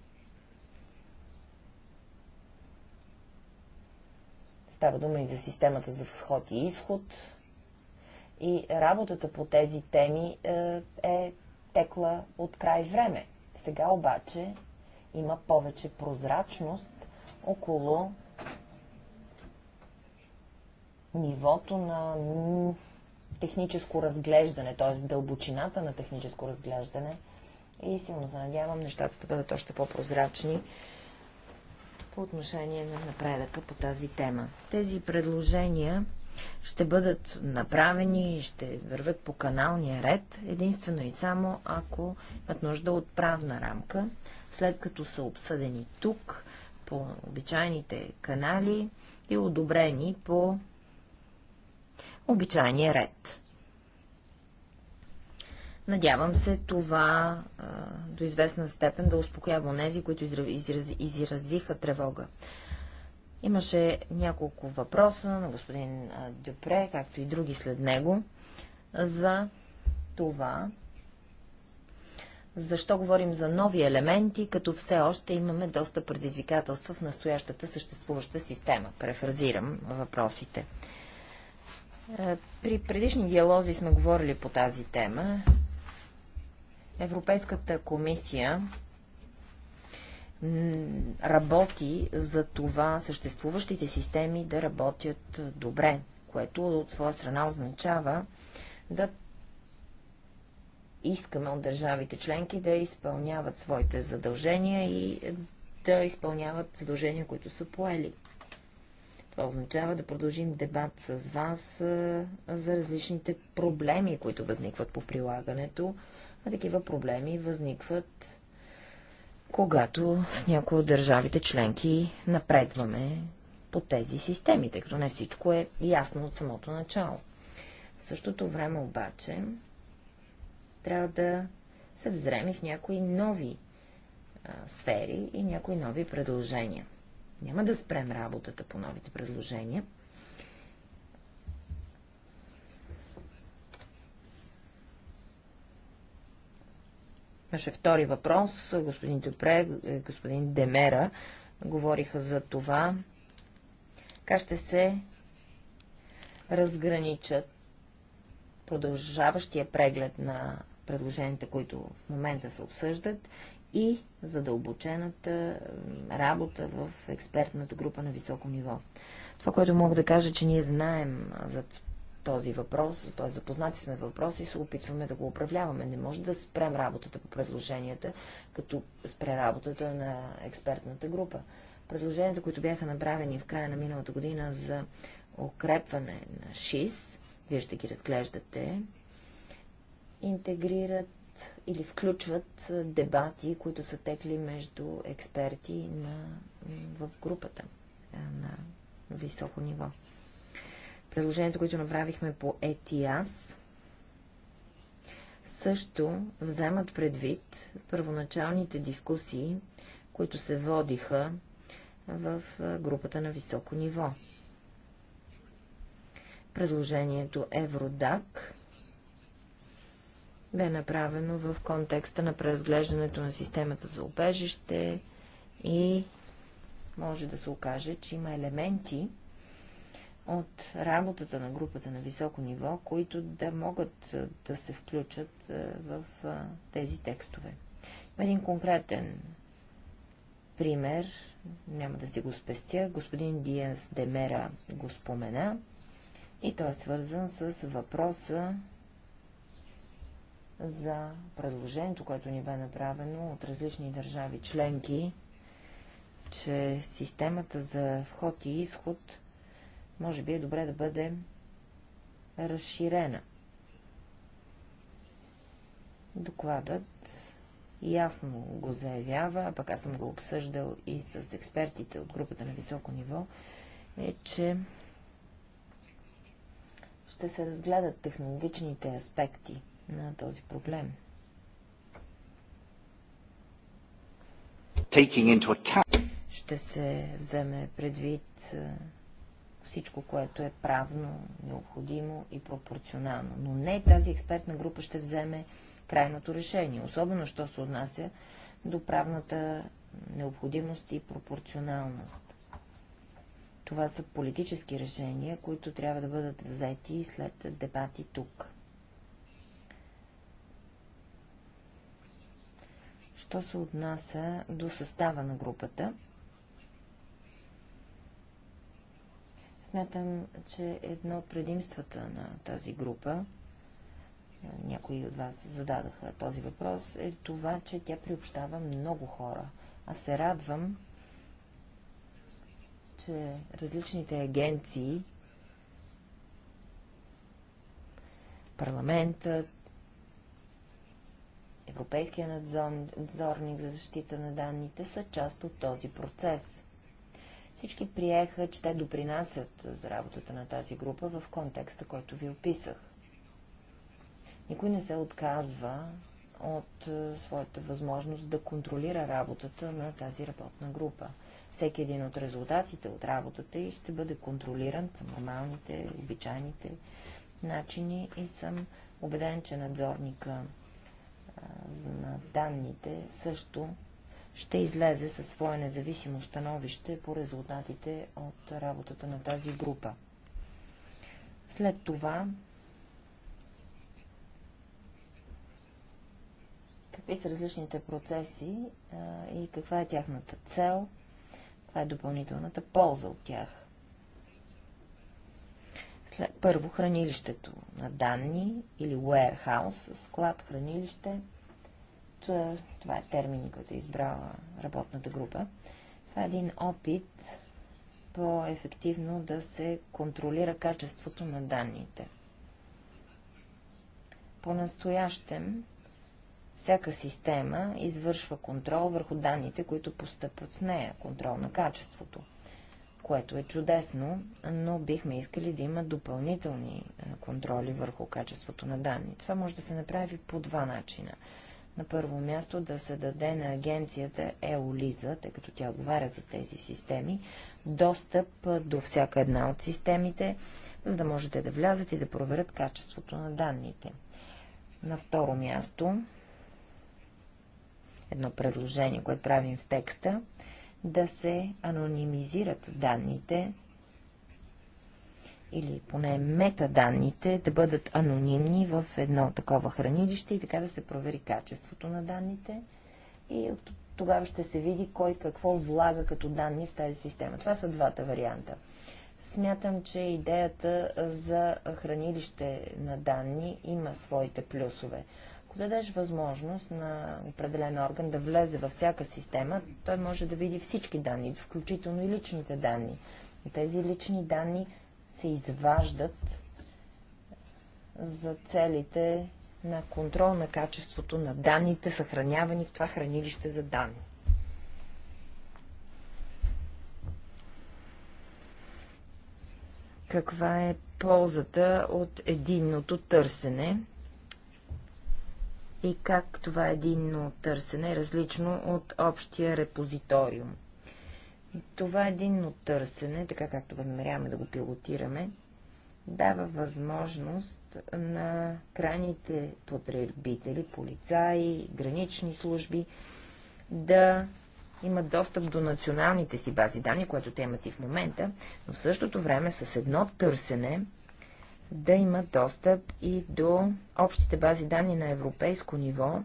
Става дума и за системата за всход и изход. И работата по тези теми е, е текла от край време. Сега обаче има повече прозрачност около нивото на техническо разглеждане, т.е. дълбочината на техническо разглеждане. И силно се надявам нещата да бъдат още по-прозрачни по отношение на напредъка по тази тема. Тези предложения ще бъдат направени и ще вървят по каналния ред, единствено и само ако имат нужда от правна рамка, след като са обсъдени тук по обичайните канали и одобрени по обичайния ред. Надявам се това до известна степен да успокоява онези, които изразиха тревога. Имаше няколко въпроса на господин Дюпре, както и други след него, за това, защо говорим за нови елементи, като все още имаме доста предизвикателства в настоящата съществуваща система. Префразирам въпросите. Е, при предишни диалози сме говорили по тази тема. Европейската комисия работи за това съществуващите системи да работят добре, което от своя страна означава да искаме от държавите членки да изпълняват своите задължения и да изпълняват задължения, които са поели. Това означава да продължим дебат с вас за различните проблеми, които възникват по прилагането, а такива проблеми възникват когато с някои от държавите членки напредваме по тези системи, тъй като не всичко е ясно от самото начало. В същото време обаче трябва да се взреме в някои нови а, сфери и някои нови предложения. Няма да спрем работата по новите предложения – Имаше втори въпрос. Господин Дюпре, е, господин Демера говориха за това. Как ще се разграничат продължаващия преглед на предложенията, които в момента се обсъждат и задълбочената работа в експертната група на високо ниво. Това, което мога да кажа, че ние знаем за този въпрос, т.е. запознати сме въпроса и се опитваме да го управляваме. Не може да спрем работата по предложенията, като спре работата на експертната група. Предложенията, които бяха направени в края на миналата година за укрепване на ШИС, вие ще ги разглеждате, интегрират или включват дебати, които са текли между експерти на, в групата на високо ниво предложението, което направихме по ETIAS, също вземат предвид първоначалните дискусии, които се водиха в групата на високо ниво. Предложението Евродак бе направено в контекста на преразглеждането на системата за обежище и може да се окаже, че има елементи, от работата на групата на високо ниво, които да могат да се включат в тези текстове. Има един конкретен пример, няма да си го спестя, господин Диенс Демера го спомена и той е свързан с въпроса за предложението, което ни бе направено от различни държави членки, че системата за вход и изход – може би е добре да бъде разширена. Докладът ясно го заявява, а пък аз съм го обсъждал и с експертите от групата на високо ниво, е, че ще се разгледат технологичните аспекти на този проблем. Ще се вземе предвид е, всичко, което е правно, необходимо и пропорционално. Но не тази експертна група ще вземе крайното решение, особено, що се отнася до правната необходимост и пропорционалност. Това са политически решения, които трябва да бъдат взети след дебати тук. Що се отнася до състава на групата – Смятам, че едно от предимствата на тази група, е, някои от вас зададаха този въпрос, е това, че тя приобщава много хора. Аз се радвам, че различните агенции, парламентът, Европейския надзорник за защита на данните са част от този процес. Всички приеха, че те допринасят за работата на тази група в контекста, който ви описах. Никой не се отказва от е, своята възможност да контролира работата на тази работна група. Всеки един от резултатите от работата и ще бъде контролиран по нормалните, обичайните начини и съм убеден, че надзорника на данните също ще излезе със свое независимо становище по резултатите от работата на тази група. След това какви са различните процеси а, и каква е тяхната цел, каква е допълнителната полза от тях. След, първо, хранилището на данни или warehouse, склад, хранилище – е, това е термин, който е избрала работната група. Това е един опит по-ефективно да се контролира качеството на данните. По-настоящем всяка система извършва контрол върху данните, които постъпват с нея, контрол на качеството, което е чудесно, но бихме искали да има допълнителни е, контроли върху качеството на данни. Това може да се направи по два начина – на първо място да се даде на агенцията ЕОЛИЗА, тъй като тя отговаря за тези системи, достъп до всяка една от системите, за да можете да влязат и да проверят качеството на данните. На второ място, едно предложение, което правим в текста, да се анонимизират данните или поне метаданните да бъдат анонимни в едно такова хранилище и така да се провери качеството на данните и от тогава ще се види кой какво влага като данни в тази система. Това са двата варианта. Смятам, че идеята за хранилище на данни има своите плюсове. Ако дадеш възможност на определен орган да влезе във всяка система, той може да види всички данни, включително и личните данни. Тези лични данни се изваждат за целите на контрол на качеството на данните, съхранявани в това хранилище за данни. Каква е ползата от единното търсене и как това единно търсене е различно от общия репозиториум? Това е единно търсене, така както възмеряваме да го пилотираме, дава възможност на крайните потребители, полицаи, гранични служби да имат достъп до националните си бази данни, което те имат и в момента, но в същото време с едно търсене да имат достъп и до общите бази данни на европейско ниво,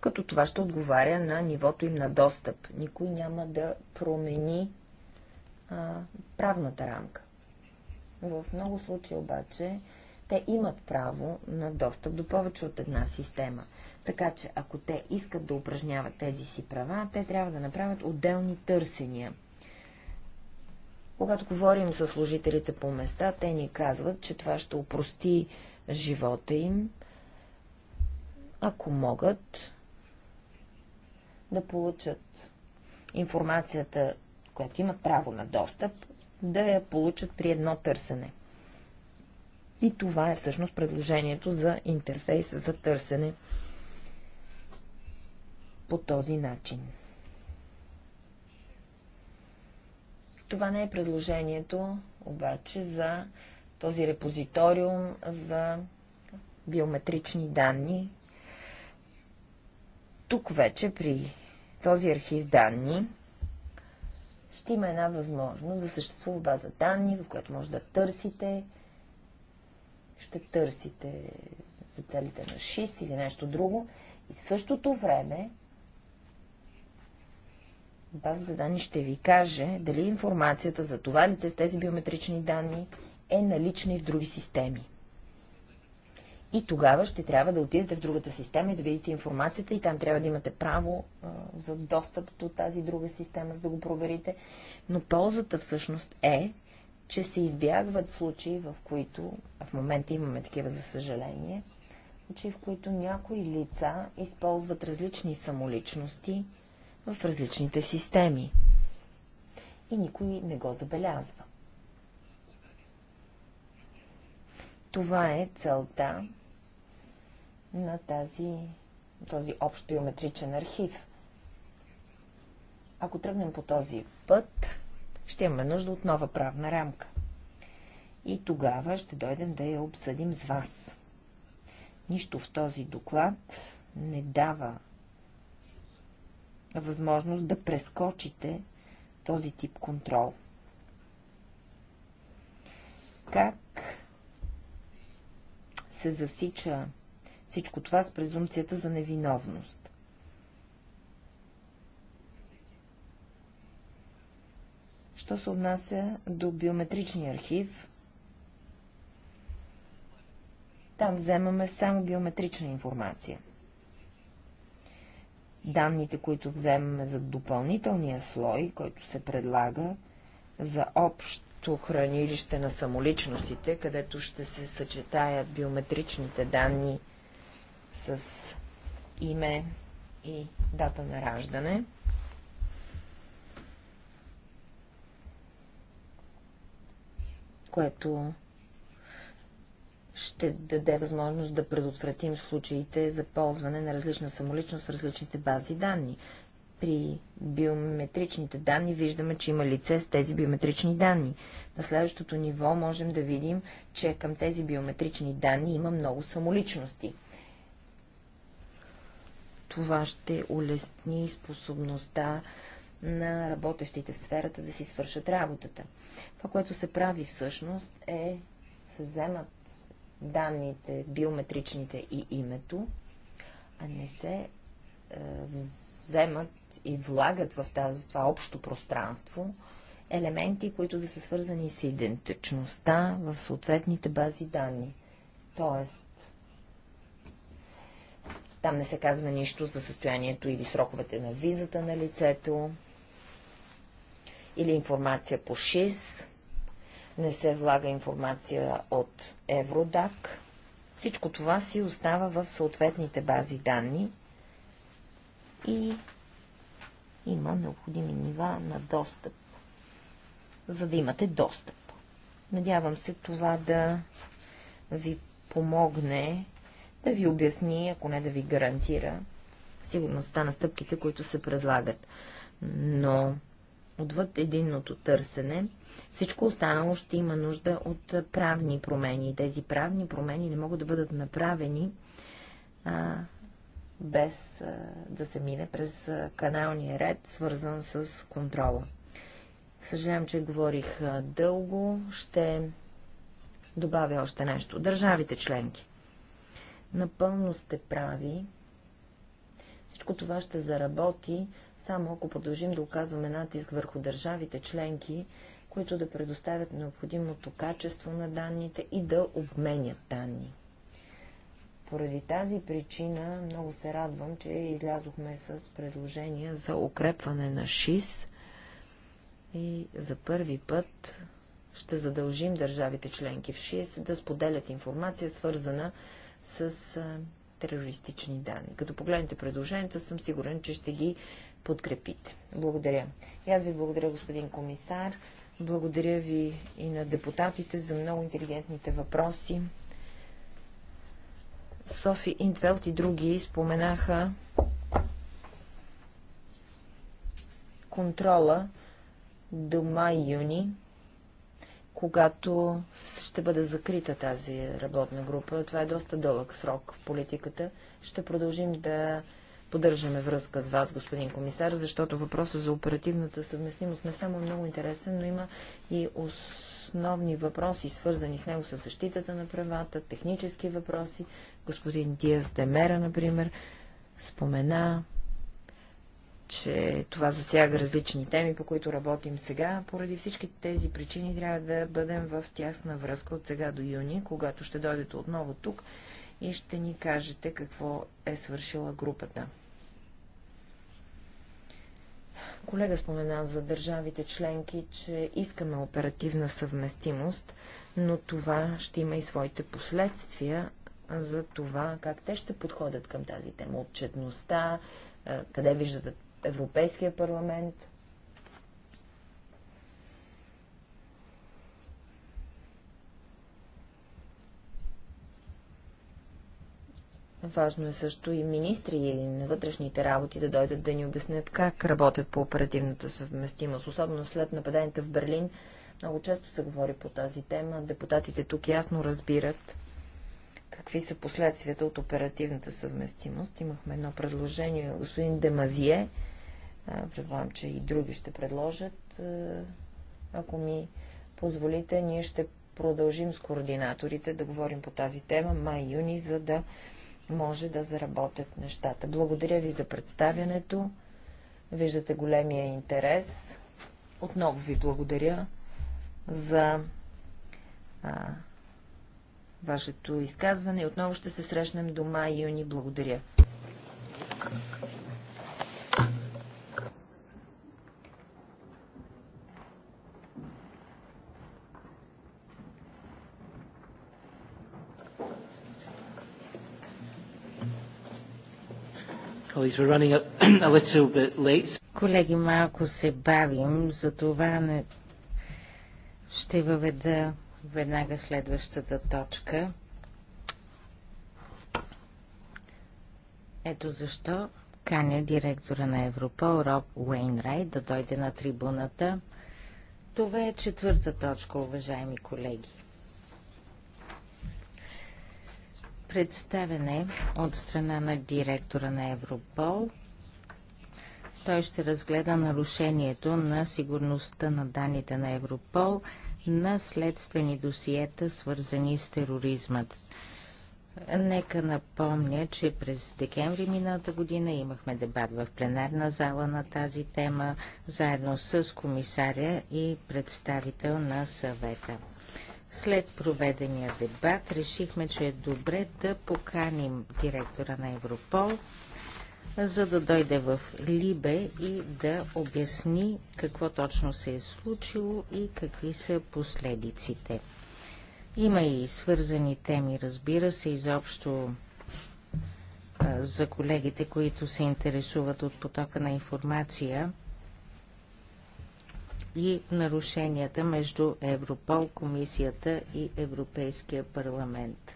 като това ще отговаря на нивото им на достъп. Никой няма да промени а, правната рамка. В много случаи обаче те имат право на достъп до повече от една система. Така че, ако те искат да упражняват тези си права, те трябва да направят отделни търсения. Когато говорим с служителите по места, те ни казват, че това ще упрости живота им, ако могат да получат информацията, която имат право на достъп, да я получат при едно търсене. И това е всъщност предложението за интерфейса за търсене по този начин. Това не е предложението, обаче, за този репозиториум за биометрични данни. Тук вече при този архив данни ще има една възможност да съществува база данни, в която може да търсите, ще търсите за целите на ШИС или нещо друго. И в същото време база за данни ще ви каже дали информацията за това лице с тези биометрични данни е налична и в други системи. И тогава ще трябва да отидете в другата система и да видите информацията и там трябва да имате право а, за достъп до тази друга система, за да го проверите. Но ползата всъщност е, че се избягват случаи, в които, а в момента имаме такива за съжаление, случаи, в които някои лица използват различни самоличности в различните системи. И никой не го забелязва. Това е целта на тази, този общ биометричен архив. Ако тръгнем по този път, ще имаме нужда от нова правна рамка. И тогава ще дойдем да я обсъдим с вас. Нищо в този доклад не дава възможност да прескочите този тип контрол. Как се засича всичко това с презумцията за невиновност. Що се отнася до биометричния архив, там вземаме само биометрична информация. Данните, които вземаме за допълнителния слой, който се предлага за общо хранилище на самоличностите, където ще се съчетаят биометричните данни с име и дата на раждане. което ще даде възможност да предотвратим случаите за ползване на различна самоличност с различните бази данни. При биометричните данни виждаме, че има лице с тези биометрични данни. На следващото ниво можем да видим, че към тези биометрични данни има много самоличности – това ще улесни способността на работещите в сферата да си свършат работата. Това, което се прави всъщност е се вземат данните, биометричните и името, а не се е, вземат и влагат в тази, това общо пространство елементи, които да са свързани с идентичността в съответните бази данни. Тоест, там не се казва нищо за състоянието или сроковете на визата на лицето, или информация по ШИС, не се влага информация от Евродак. Всичко това си остава в съответните бази данни и има необходими нива на достъп, за да имате достъп. Надявам се това да ви помогне да ви обясни, ако не да ви гарантира сигурността на стъпките, които се предлагат. Но отвъд единното търсене, всичко останало ще има нужда от правни промени. Тези правни промени не могат да бъдат направени а, без а, да се мине през каналния ред, свързан с контрола. Съжалявам, че говорих дълго. Ще добавя още нещо. Държавите членки. Напълно сте прави. Всичко това ще заработи, само ако продължим да оказваме натиск върху държавите членки, които да предоставят необходимото качество на данните и да обменят данни. Поради тази причина много се радвам, че излязохме с предложения за укрепване на ШИС и за първи път ще задължим държавите членки в ШИС да споделят информация, свързана с терористични данни. Като погледнете предложенията, съм сигурен, че ще ги подкрепите. Благодаря. И аз ви благодаря, господин комисар. Благодаря ви и на депутатите за много интелигентните въпроси. Софи Интвелт и други споменаха контрола до май-юни когато ще бъде закрита тази работна група. Това е доста дълъг срок в политиката. Ще продължим да поддържаме връзка с вас, господин комисар, защото въпросът за оперативната съвместимост не само е много интересен, но има и основни въпроси, свързани с него с защитата на правата, технически въпроси. Господин Диас Демера, например, спомена че това засяга различни теми, по които работим сега. Поради всички тези причини трябва да бъдем в тясна връзка от сега до юни, когато ще дойдете отново тук и ще ни кажете какво е свършила групата. Колега спомена за държавите членки, че искаме оперативна съвместимост, но това ще има и своите последствия за това, как те ще подходят към тази тема. Отчетността, е, къде виждат Европейския парламент. Важно е също и министри на вътрешните работи да дойдат да ни обяснят как работят по оперативната съвместимост. Особено след нападенията в Берлин, много често се говори по тази тема. Депутатите тук ясно разбират какви са последствията от оперативната съвместимост. Имахме едно предложение господин Демазие, Предполагам, че и други ще предложат. Ако ми позволите, ние ще продължим с координаторите да говорим по тази тема май-юни, за да може да заработят нещата. Благодаря ви за представянето. Виждате големия интерес. Отново ви благодаря за а, вашето изказване. Отново ще се срещнем до май-юни. Благодаря. Колеги, малко се бавим, затова не... ще въведа веднага следващата точка. Ето защо каня директора на Европол Роб Уейнрайт да дойде на трибуната. Това е четвърта точка, уважаеми колеги. представене от страна на директора на Европол. Той ще разгледа нарушението на сигурността на данните на Европол на следствени досиета, свързани с тероризмът. Нека напомня, че през декември миналата година имахме дебат в пленарна зала на тази тема, заедно с комисаря и представител на съвета. След проведения дебат решихме, че е добре да поканим директора на Европол, за да дойде в Либе и да обясни какво точно се е случило и какви са последиците. Има и свързани теми, разбира се, изобщо за колегите, които се интересуват от потока на информация – и нарушенията между Европол, Комисията и Европейския парламент.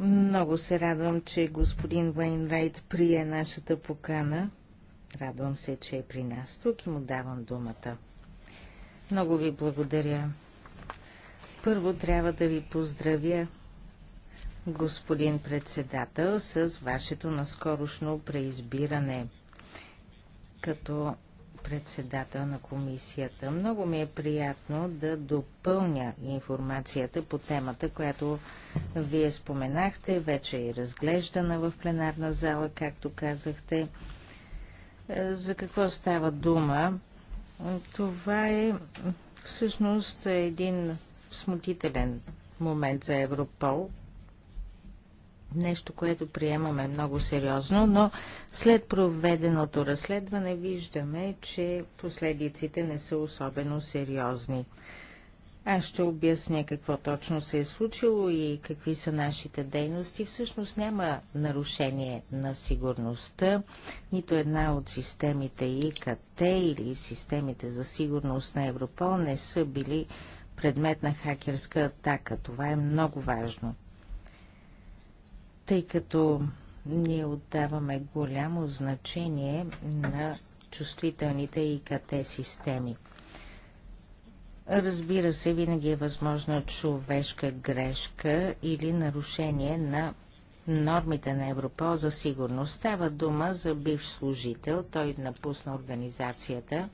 Много се радвам, че господин Вейнрайт прие нашата покана. Радвам се, че е при нас тук и му давам думата. Много ви благодаря. Първо трябва да ви поздравя господин председател, с вашето наскорошно преизбиране като председател на комисията. Много ми е приятно да допълня информацията по темата, която вие споменахте, вече е разглеждана в пленарна зала, както казахте. Е, за какво става дума? Това е всъщност един смутителен момент за Европол, нещо, което приемаме много сериозно, но след проведеното разследване виждаме, че последиците не са особено сериозни. Аз ще обясня какво точно се е случило и какви са нашите дейности. Всъщност няма нарушение на сигурността, нито една от системите ИКТ или системите за сигурност на Европол не са били предмет на хакерска атака. Това е много важно тъй като ние отдаваме голямо значение на чувствителните ИКТ системи. Разбира се, винаги е възможна човешка грешка или нарушение на нормите на Европол за сигурност. Става дума за бив служител, той напусна организацията.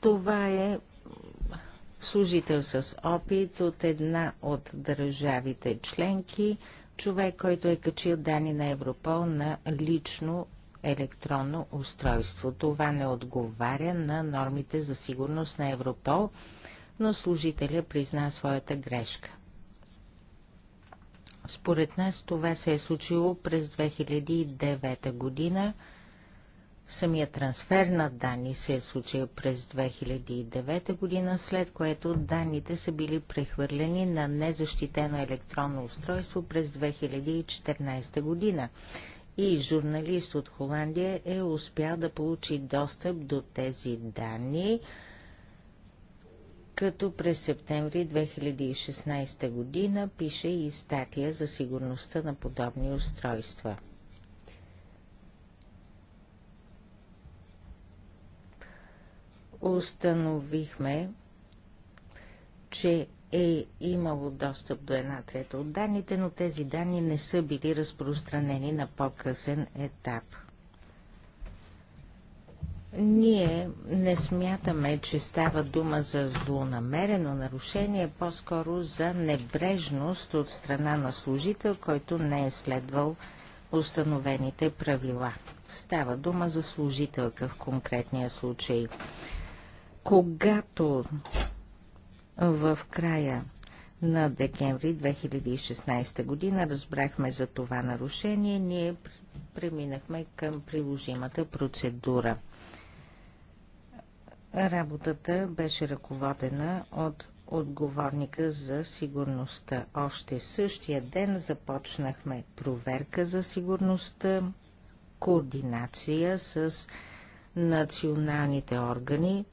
Това е служител с опит от една от държавите членки, човек, който е качил данни на Европол на лично електронно устройство. Това не отговаря на нормите за сигурност на Европол, но служителя призна своята грешка. Според нас това се е случило през 2009 година – Самия трансфер на данни се е случил през 2009 година, след което данните са били прехвърлени на незащитено електронно устройство през 2014 година. И журналист от Холандия е успял да получи достъп до тези данни, като през септември 2016 година пише и статия за сигурността на подобни устройства. установихме, че е имало достъп до една трета от данните, но тези данни не са били разпространени на по-късен етап. Ние не смятаме, че става дума за злонамерено нарушение, по-скоро за небрежност от страна на служител, който не е следвал установените правила. Става дума за служителка в конкретния случай. Когато в края на декември 2016 година разбрахме за това нарушение, ние преминахме към приложимата процедура. Работата беше ръководена от отговорника за сигурността. Още същия ден започнахме проверка за сигурността, координация с националните органи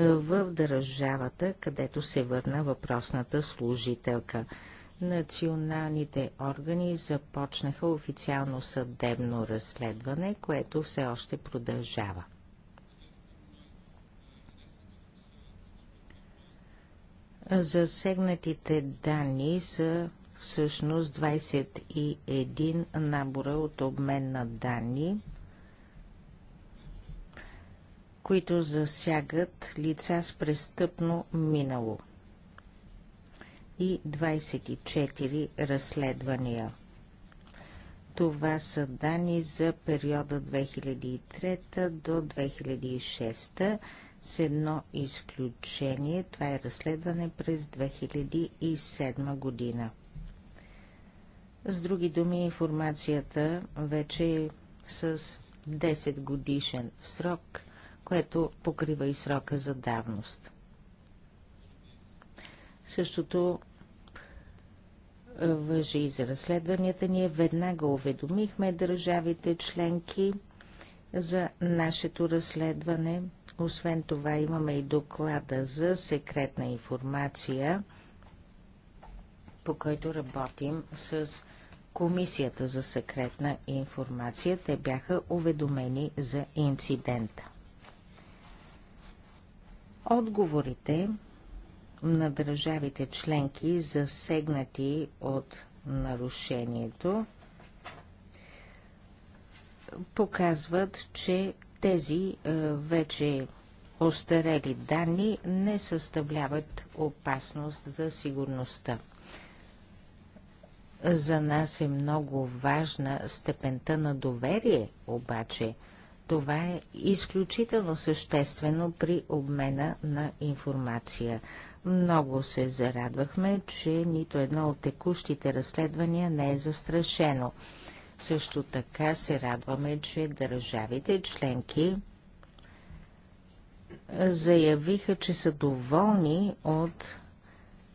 в държавата, където се върна въпросната служителка. Националните органи започнаха официално съдебно разследване, което все още продължава. Засегнатите данни са всъщност 21 набора от обмен на данни – които засягат лица с престъпно минало и 24 разследвания. Това са данни за периода 2003 до 2006 с едно изключение. Това е разследване през 2007 година. С други думи, информацията вече е с 10 годишен срок – което покрива и срока за давност. Същото въжи и за разследванията. Ние веднага уведомихме държавите членки за нашето разследване. Освен това имаме и доклада за секретна информация, по който работим с Комисията за секретна информация. Те бяха уведомени за инцидента. Отговорите на държавите членки, засегнати от нарушението, показват, че тези е, вече остарели данни не съставляват опасност за сигурността. За нас е много важна степента на доверие, обаче – това е изключително съществено при обмена на информация. Много се зарадвахме, че нито едно от текущите разследвания не е застрашено. Също така се радваме, че държавите членки заявиха, че са доволни от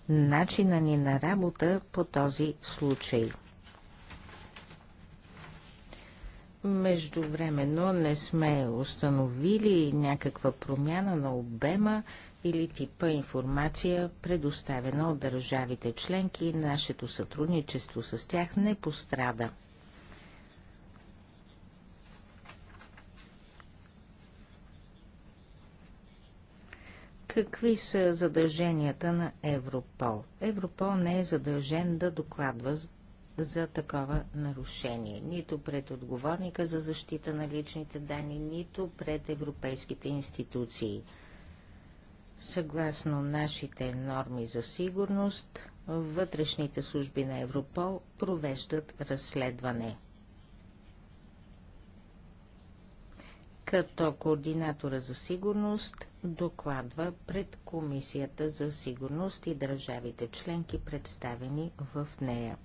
начина ни на работа по този случай. Междувременно не сме установили някаква промяна на обема или типа информация, предоставена от държавите членки и нашето сътрудничество с тях не пострада. Какви са задълженията на Европол? Европол не е задължен да докладва за такова нарушение. Нито пред отговорника за защита на личните данни, нито пред европейските институции. Съгласно нашите норми за сигурност, вътрешните служби на Европол провеждат разследване. Като координатора за сигурност докладва пред Комисията за сигурност и държавите членки, представени в нея.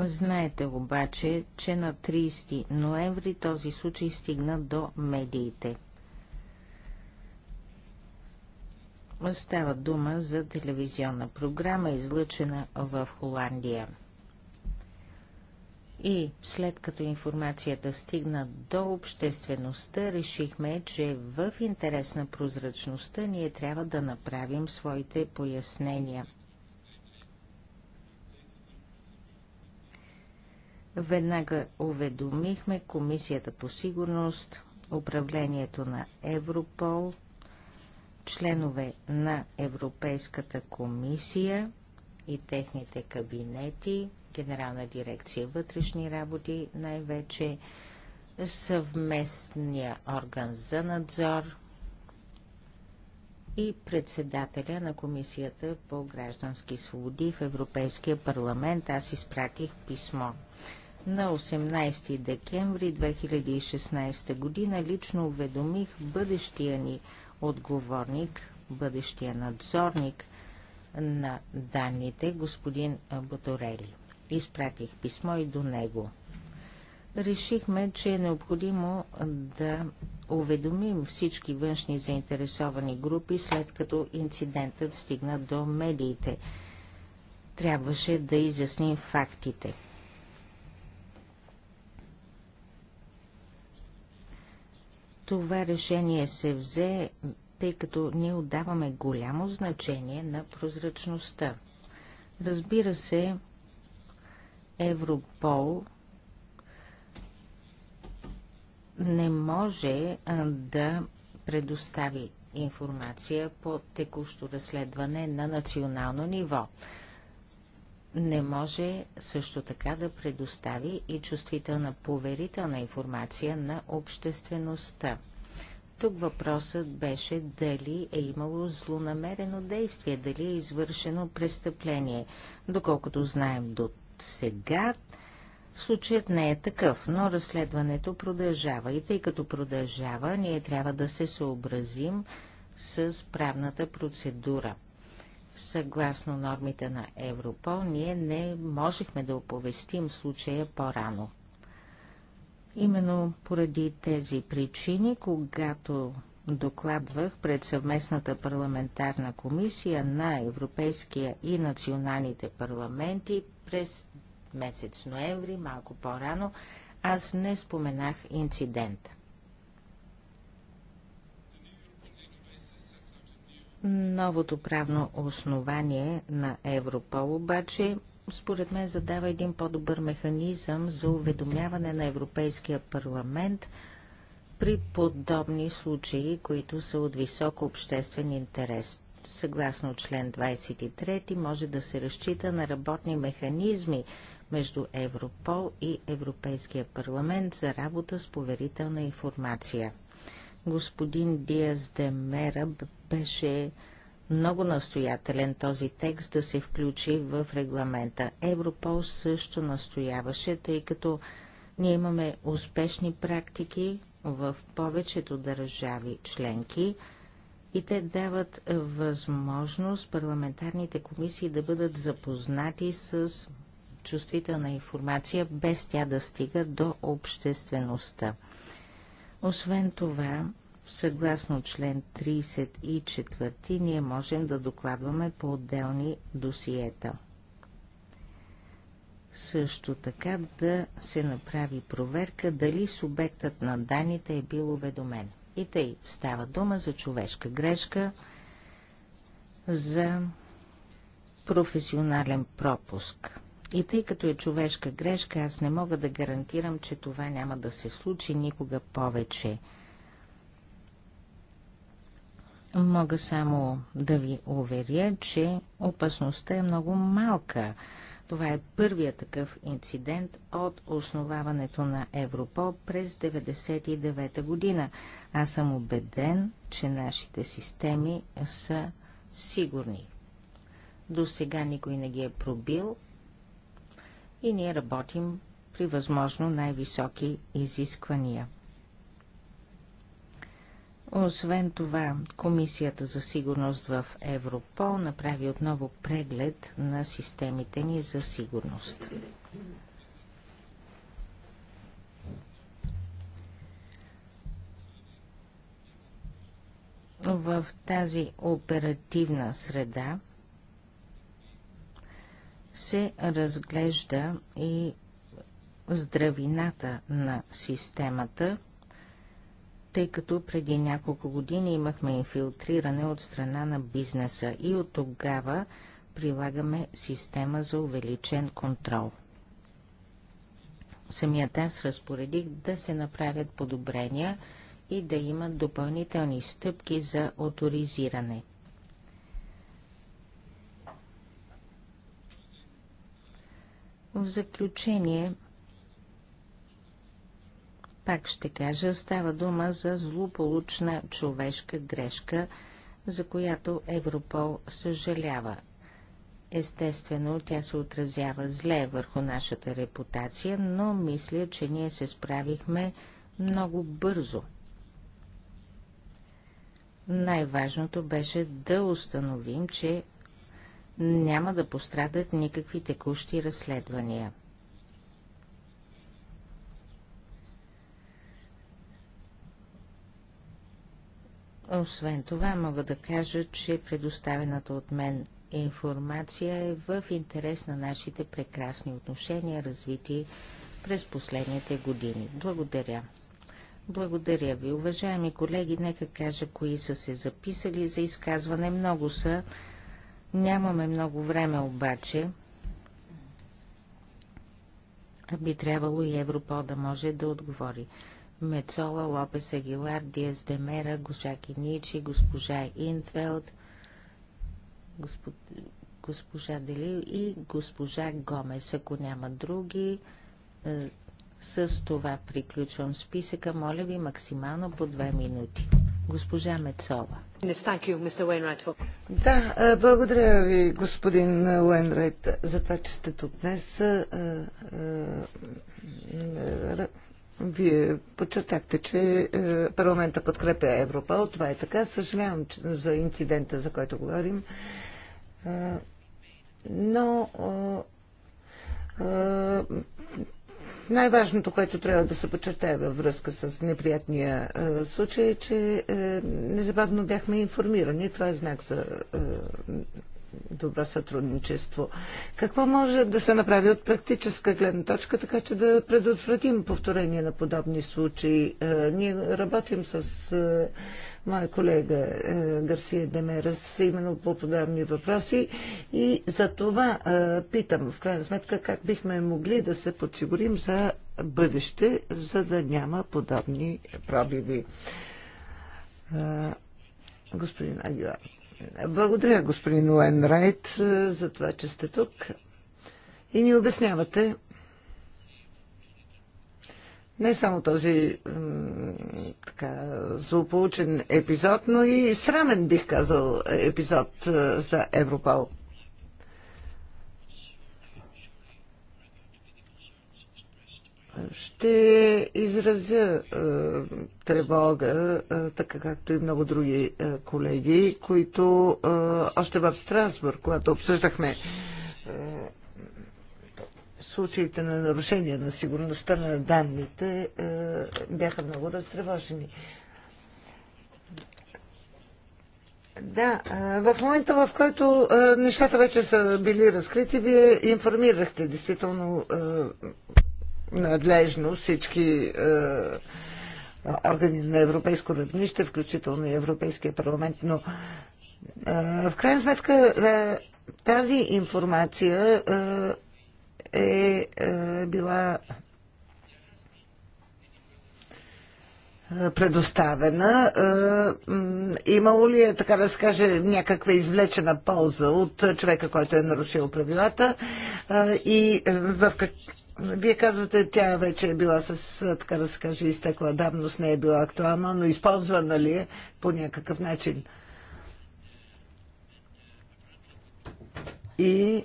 Знаете обаче, че на 30 ноември този случай стигна до медиите. Става дума за телевизионна програма, излъчена в Холандия. И след като информацията стигна до обществеността, решихме, че в интерес на прозрачността ние трябва да направим своите пояснения. Веднага уведомихме Комисията по сигурност, управлението на Европол, членове на Европейската комисия и техните кабинети, Генерална дирекция вътрешни работи, най-вече съвместния орган за надзор и председателя на Комисията по граждански свободи в Европейския парламент. Аз изпратих писмо на 18 декември 2016 година лично уведомих бъдещия ни отговорник, бъдещия надзорник на данните, господин Боторели. Изпратих писмо и до него. Решихме, че е необходимо да уведомим всички външни заинтересовани групи, след като инцидентът стигна до медиите. Трябваше да изясним фактите. Това решение се взе, тъй като ние отдаваме голямо значение на прозрачността. Разбира се, Европол не може да предостави информация по текущо разследване на национално ниво не може също така да предостави и чувствителна поверителна информация на обществеността. Тук въпросът беше дали е имало злонамерено действие, дали е извършено престъпление. Доколкото знаем до сега, случаят не е такъв, но разследването продължава и тъй като продължава, ние трябва да се съобразим с правната процедура – Съгласно нормите на Европол, ние не можехме да оповестим случая по-рано. Именно поради тези причини, когато докладвах пред съвместната парламентарна комисия на Европейския и националните парламенти през месец ноември, малко по-рано, аз не споменах инцидента. Новото правно основание на Европол обаче според мен задава един по-добър механизъм за уведомяване на Европейския парламент при подобни случаи, които са от висок обществен интерес. Съгласно член 23 може да се разчита на работни механизми между Европол и Европейския парламент за работа с поверителна информация. Господин Диас Демера беше много настоятелен този текст да се включи в регламента. Европол също настояваше, тъй като ние имаме успешни практики в повечето държави членки и те дават възможност парламентарните комисии да бъдат запознати с чувствителна информация, без тя да стига до обществеността. Освен това, съгласно член 34, ние можем да докладваме по отделни досиета. Също така да се направи проверка дали субектът на данните е бил уведомен. И тъй става дума за човешка грешка, за професионален пропуск. И тъй като е човешка грешка, аз не мога да гарантирам, че това няма да се случи никога повече. Мога само да ви уверя, че опасността е много малка. Това е първият такъв инцидент от основаването на Европол през 1999 година. Аз съм убеден, че нашите системи са сигурни. До сега никой не ги е пробил, и ние работим при възможно най-високи изисквания. Освен това, Комисията за сигурност в Европол направи отново преглед на системите ни за сигурност. В тази оперативна среда се разглежда и здравината на системата, тъй като преди няколко години имахме инфилтриране от страна на бизнеса и от тогава прилагаме система за увеличен контрол. Самият аз разпоредих да се направят подобрения и да имат допълнителни стъпки за авторизиране – В заключение, пак ще кажа, става дума за злополучна човешка грешка, за която Европол съжалява. Естествено, тя се отразява зле върху нашата репутация, но мисля, че ние се справихме много бързо. Най-важното беше да установим, че няма да пострадат никакви текущи разследвания. Освен това, мога да кажа, че предоставената от мен информация е в интерес на нашите прекрасни отношения, развити през последните години. Благодаря. Благодаря ви. Уважаеми колеги, нека кажа, кои са се записали за изказване. Много са. Нямаме много време обаче. Би трябвало и Европол да може да отговори. Мецола, Лопес Агилар, Диас Демера, Гошаки Киничи, госпожа Инфелд, господ... госпожа Делил и госпожа Гомес. Ако няма други, е, с това приключвам списъка. Моля ви максимално по две минути. Госпожа Мецола. Да, е, благодаря ви, господин Уенрайт, за това, че сте тук днес. Е, е, вие подчертахте, че парламента подкрепя Европа. Това е така. Съжалявам за инцидента, за който говорим. Но най-важното, което трябва да се подчертая във връзка с неприятния е, случай е, че е, незабавно бяхме информирани. Това е знак за е, добро сътрудничество. Какво може да се направи от практическа гледна точка, така че да предотвратим повторение на подобни случаи? Е, ние работим с е, моя колега е, Гарсия Демерес именно по подобни въпроси и за това питам в крайна сметка как бихме могли да се подсигурим за бъдеще, за да няма подобни пробиви. Господин Агилар. Благодаря, господин Уен Райт, е, за това, че сте тук и ни обяснявате не само този така, злополучен епизод, но и срамен, бих казал, епизод е, за Европол. Ще изразя е, тревога, е, така както и много други е, колеги, които е, още в Страсбург, когато обсъждахме е, случаите на нарушение на сигурността на данните, е, бяха много разтревожени. Да, е, в момента в който е, нещата вече са били разкрити, вие информирахте действително е, надлежно всички е, органи на европейско равнище, включително и Европейския парламент, но е, в крайна сметка е, тази информация е била предоставена. Имало ли е, така да се каже, някаква извлечена полза от човека, който е нарушил правилата и в вие казвате, тя вече е била с, така да се каже, изтекла давност, не е била актуална, но използвана ли е по някакъв начин? И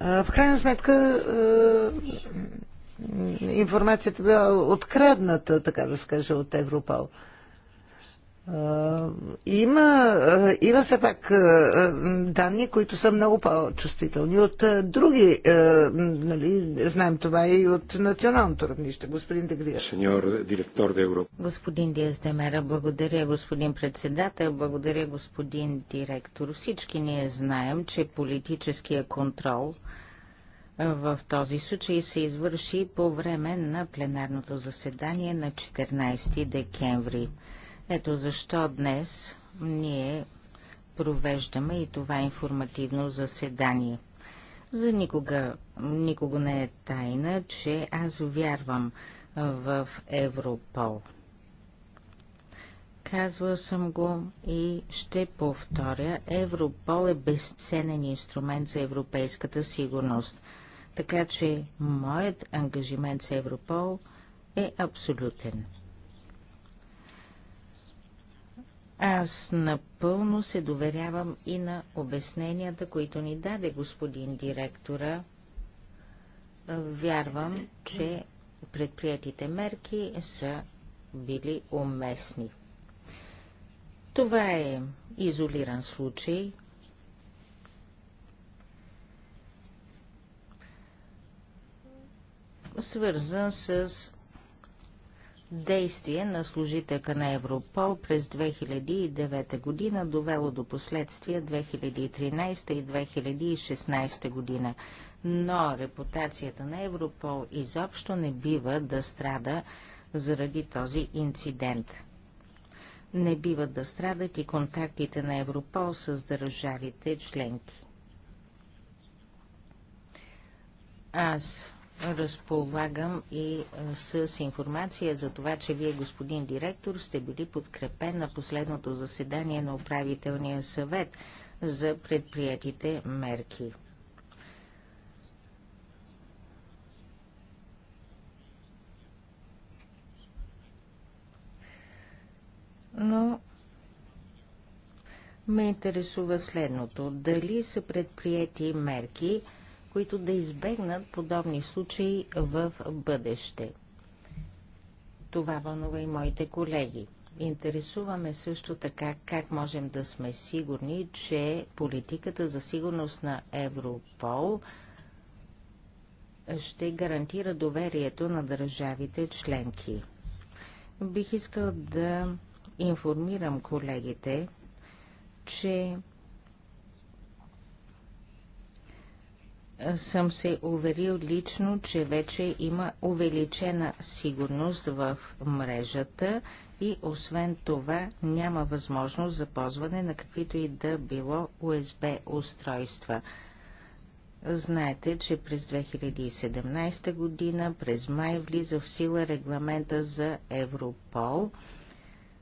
в крайна сметка информацията била открадната, така да се каже, от Европол. Е, има, е, има все пак е, данни, които са много по-чувствителни от други. Нали, знаем това и от националното равнище. Господин Дегрия. Сеньор директор де Европа. Господин Диас Демера, благодаря господин председател, благодаря господин директор. Всички ние знаем, че политическия контрол в този случай се извърши по време на пленарното заседание на 14 декември. Ето защо днес ние провеждаме и това информативно заседание. За никога, никога не е тайна, че аз вярвам в Европол. Казвал съм го и ще повторя. Европол е безценен инструмент за европейската сигурност. Така че моят ангажимент с Европол е абсолютен. Аз напълно се доверявам и на обясненията, които ни даде господин директора. Вярвам, че предприятите мерки са били уместни. Това е изолиран случай. Свързан с действие на служителка на Европол през 2009 година довело до последствия 2013 и 2016 година. Но репутацията на Европол изобщо не бива да страда заради този инцидент. Не бива да страдат и контактите на Европол с държавите членки. Аз разполагам и с информация за това, че вие, господин директор, сте били подкрепен на последното заседание на управителния съвет за предприятите мерки. Но ме интересува следното. Дали са предприяти мерки – които да избегнат подобни случаи в бъдеще. Това вълнува и моите колеги. Интересуваме също така как можем да сме сигурни, че политиката за сигурност на Европол ще гарантира доверието на държавите членки. Бих искал да информирам колегите, че съм се уверил лично, че вече има увеличена сигурност в мрежата и освен това няма възможност за ползване на каквито и да било USB устройства. Знаете, че през 2017 година, през май влиза в сила регламента за Европол –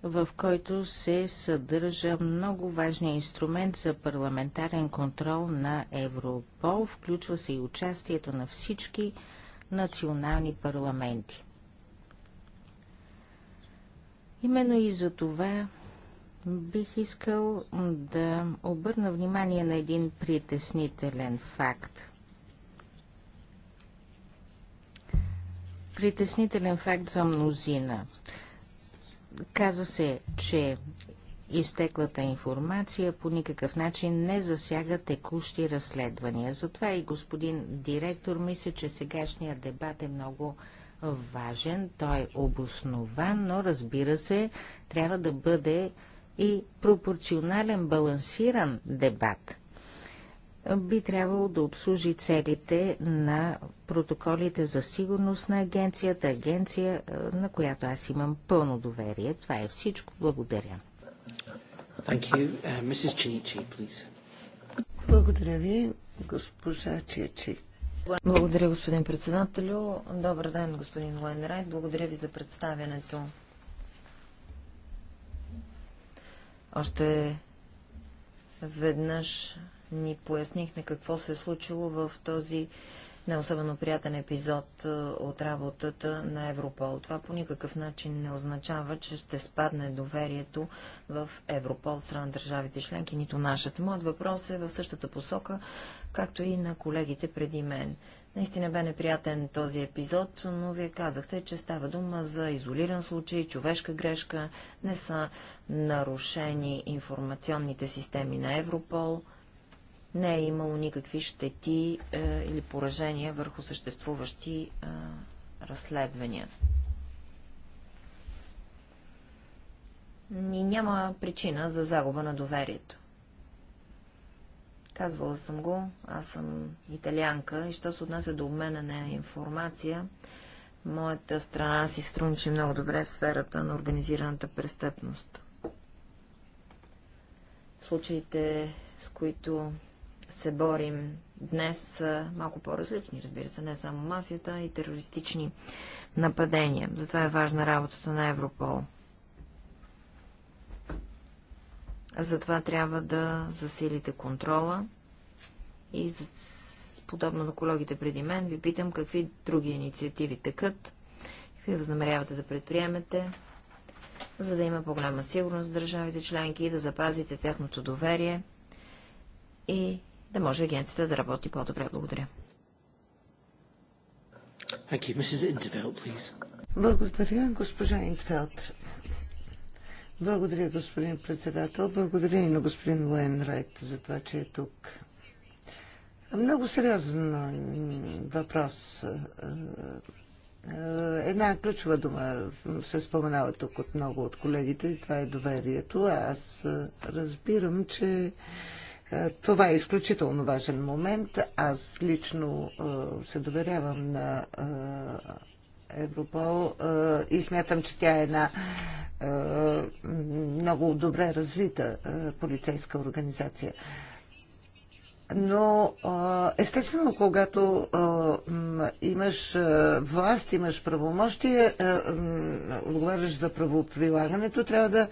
в който се съдържа много важния инструмент за парламентарен контрол на Европол. Включва се и участието на всички национални парламенти. Именно и за това бих искал да обърна внимание на един притеснителен факт. Притеснителен факт за мнозина – каза се, че изтеклата информация по никакъв начин не засяга текущи разследвания. Затова и господин директор мисля, че сегашният дебат е много важен, той е обоснован, но разбира се, трябва да бъде и пропорционален, балансиран дебат би трябвало да обслужи целите на протоколите за сигурност на агенцията, агенция, е, на която аз имам пълно доверие. Това е всичко. Благодаря. Uh, Chinichi, Благодаря ви, госпожа Чичи. Благодаря, господин председателю. Добър ден, господин Уайнрайт. Благодаря ви за представянето. Още веднъж ни пояснихте какво се е случило в този не особено приятен епизод е, от работата на Европол. Това по никакъв начин не означава, че ще спадне доверието в Европол от страна на държавите членки, нито нашата. Моят въпрос е в същата посока, както и на колегите преди мен. Наистина бе неприятен този епизод, но вие казахте, че става дума за изолиран случай, човешка грешка, не са нарушени информационните системи на Европол – не е имало никакви щети е, или поражения върху съществуващи е, разследвания. И няма причина за загуба на доверието. Казвала съм го, аз съм италианка и що се отнася до обмена на информация, моята страна си струнчи много добре в сферата на организираната престъпност. Случаите, с които се борим днес малко по-различни, разбира се, не само мафията и терористични нападения. Затова е важна работата на Европол. Затова трябва да засилите контрола и за... подобно на колегите преди мен ви питам какви други инициативи тъкат, какви възнамерявате да предприемете, за да има по-голяма сигурност в държавите членки и да запазите тяхното доверие и да може агенцията да работи по-добре. Благодаря. Благодаря, госпожа Интфелд. Благодаря, господин председател. Благодаря и на господин Райт за това, че е тук. Много сериозен въпрос. Една ключова дума се споменава тук от много от колегите и това е доверието. Аз разбирам, че е, това е изключително важен момент. Аз лично е, се доверявам на е, Европол и смятам, че тя е една много добре развита полицейска организация. Но естествено, когато имаш власт, имаш правомощие, отговаряш за правоприлагането, трябва да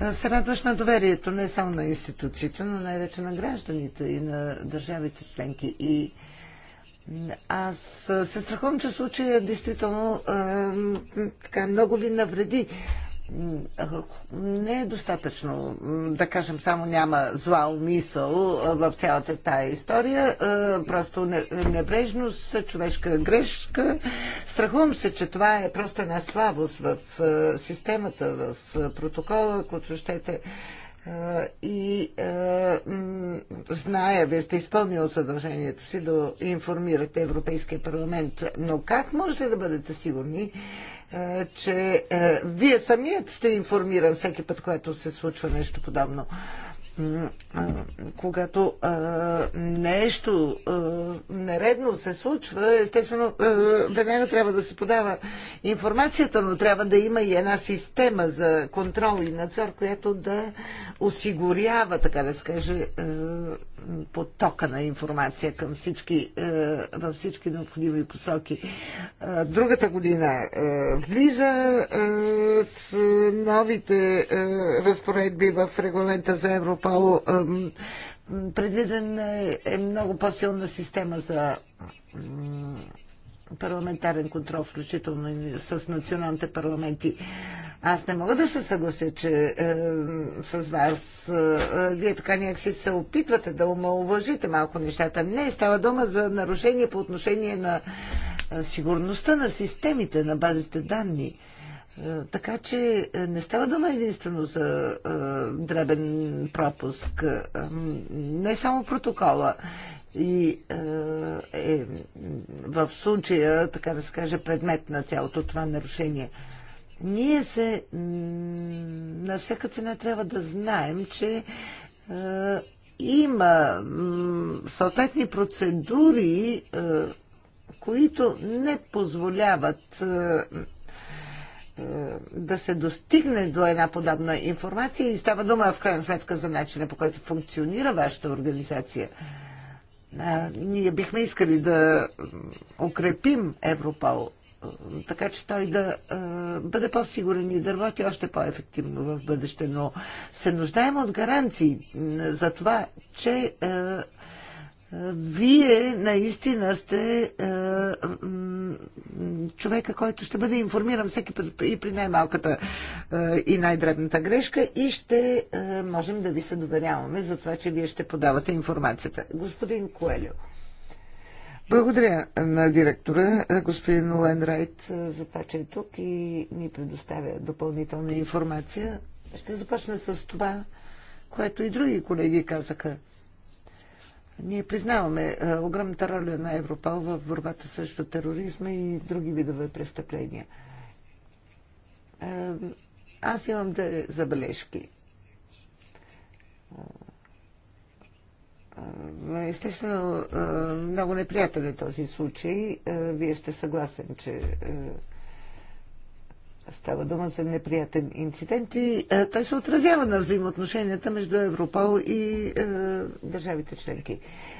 е, се радваш на доверието не само на институциите, но най-вече на гражданите и на държавите членки. И аз е, се страхувам, че случая действително е, така, много ви навреди не е достатъчно да кажем само няма зла мисъл в цялата тая история. Просто небрежност, човешка грешка. Страхувам се, че това е просто една слабост в системата, в протокола, който щете и зная, вие сте изпълнил задължението си да информирате Европейския парламент, но как можете да бъдете сигурни, е, че е, вие самият сте информиран всеки път, когато се случва нещо подобно когато а, нещо а, нередно се случва, естествено, а, веднага трябва да се подава информацията, но трябва да има и една система за контрол и надзор, която да осигурява, така да се каже, а, потока на информация към всички, а, във всички необходими посоки. А, другата година а, влиза а, новите а, разпоредби в регламента за Европа по... Предвиден е, е много по-силна система за парламентарен контрол, включително и с националните парламенти. Аз не мога да се съглася, че е, с вас е, вие така някакси се опитвате да омалуважите малко нещата. Не, става дума за нарушение по отношение на сигурността на системите, на базите данни. Е, е, така че е, не става дума единствено за а, е, дребен пропуск. Не само протокола. И а, е, в случая, така да се каже, предмет на цялото това нарушение. Ние се на всяка цена трябва да знаем, че а, има съответни процедури, които не позволяват да се достигне до една подобна информация и става дума в крайна сметка за начина по който функционира вашата организация. А, ние бихме искали да укрепим Европол, така че той да а, бъде по-сигурен и да работи още по-ефективно в бъдеще, но се нуждаем от гаранции за това, че а, вие наистина сте е, човека, който ще бъде информиран всеки път и при най-малката е, и най-дребната грешка и ще е, можем да ви се доверяваме за това, че вие ще подавате информацията. Господин Коелю. Благодаря на директора, господин Олен Райт, за това, че е тук и ни предоставя допълнителна информация. Ще започна с това, което и други колеги казаха – ние признаваме е, огромната роля на Европол в борбата срещу тероризма и други видове престъпления. Е, аз имам две забележки. Е, естествено, много неприятен е този случай. Вие сте съгласен, че Става дума за неприятен инцидент и е, той се отразява на взаимоотношенията между Европол и е, държавите членки.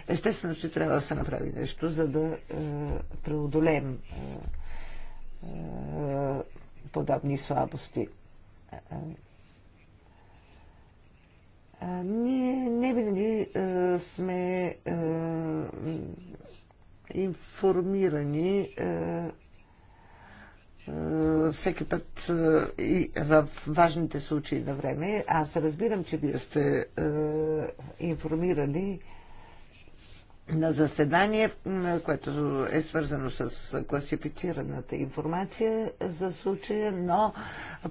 Естествено, че трябва да се направи нещо, за да е, преодолеем е, е, подобни слабости. А, е, е, е, ние не винаги а, сме а, информирани а, е, всеки път е, и в важните случаи на време. Аз разбирам, че вие сте е, информирали на заседание, което е свързано с класифицираната информация за случая, но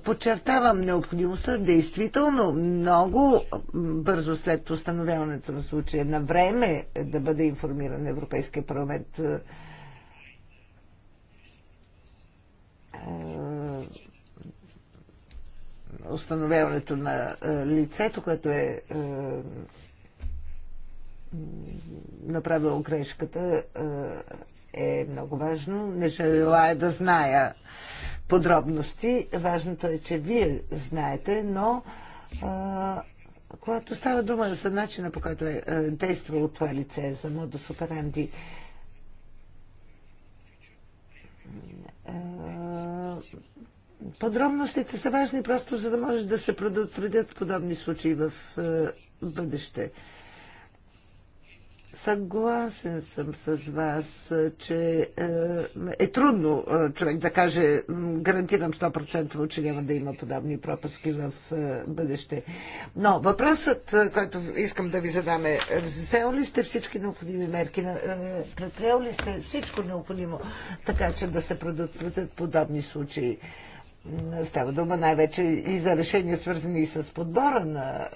подчертавам необходимостта действително много бързо след установяването на случая на време да бъде информиран Европейския парламент Е, установяването на е, лицето, което е, е направило грешката, е много важно. Не желая да зная подробности. Важното е, че вие знаете, но когато става дума за начина по който е действало това лице, за модус операнди, Подробностите са важни просто за да може да се предотвратят подобни случаи в бъдеще. Съгласен съм с вас, че е, е трудно е, човек да каже, гарантирам 100% че няма да има подобни пропуски в е, бъдеще. Но въпросът, който искам да ви задам е, взел ли сте всички необходими мерки, предприел ли сте всичко необходимо, така че да се предотвратят подобни случаи? Става дума най-вече и за решения, свързани с подбора на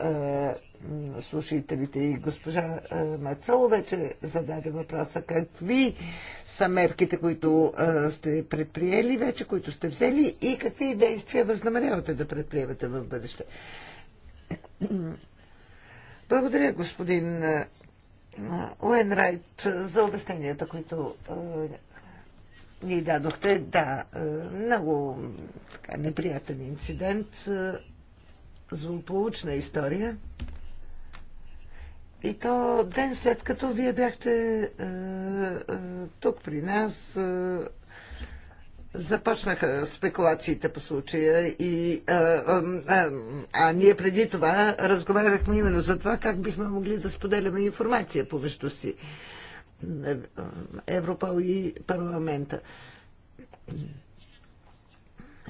слушателите. И госпожа Мацол вече зададе въпроса какви са мерките, които сте предприели вече, които сте взели и какви действия възнамерявате да предприемате в бъдеще. Благодаря, господин Райт, за обясненията, които ни дадохте. Да, много така, неприятен инцидент, злополучна история. И то ден след като вие бяхте е, е, тук при нас, е, започнаха спекулациите по случая и а, е, е, а ние преди това разговаряхме именно за това как бихме могли да споделяме информация помежду си Европол и парламента.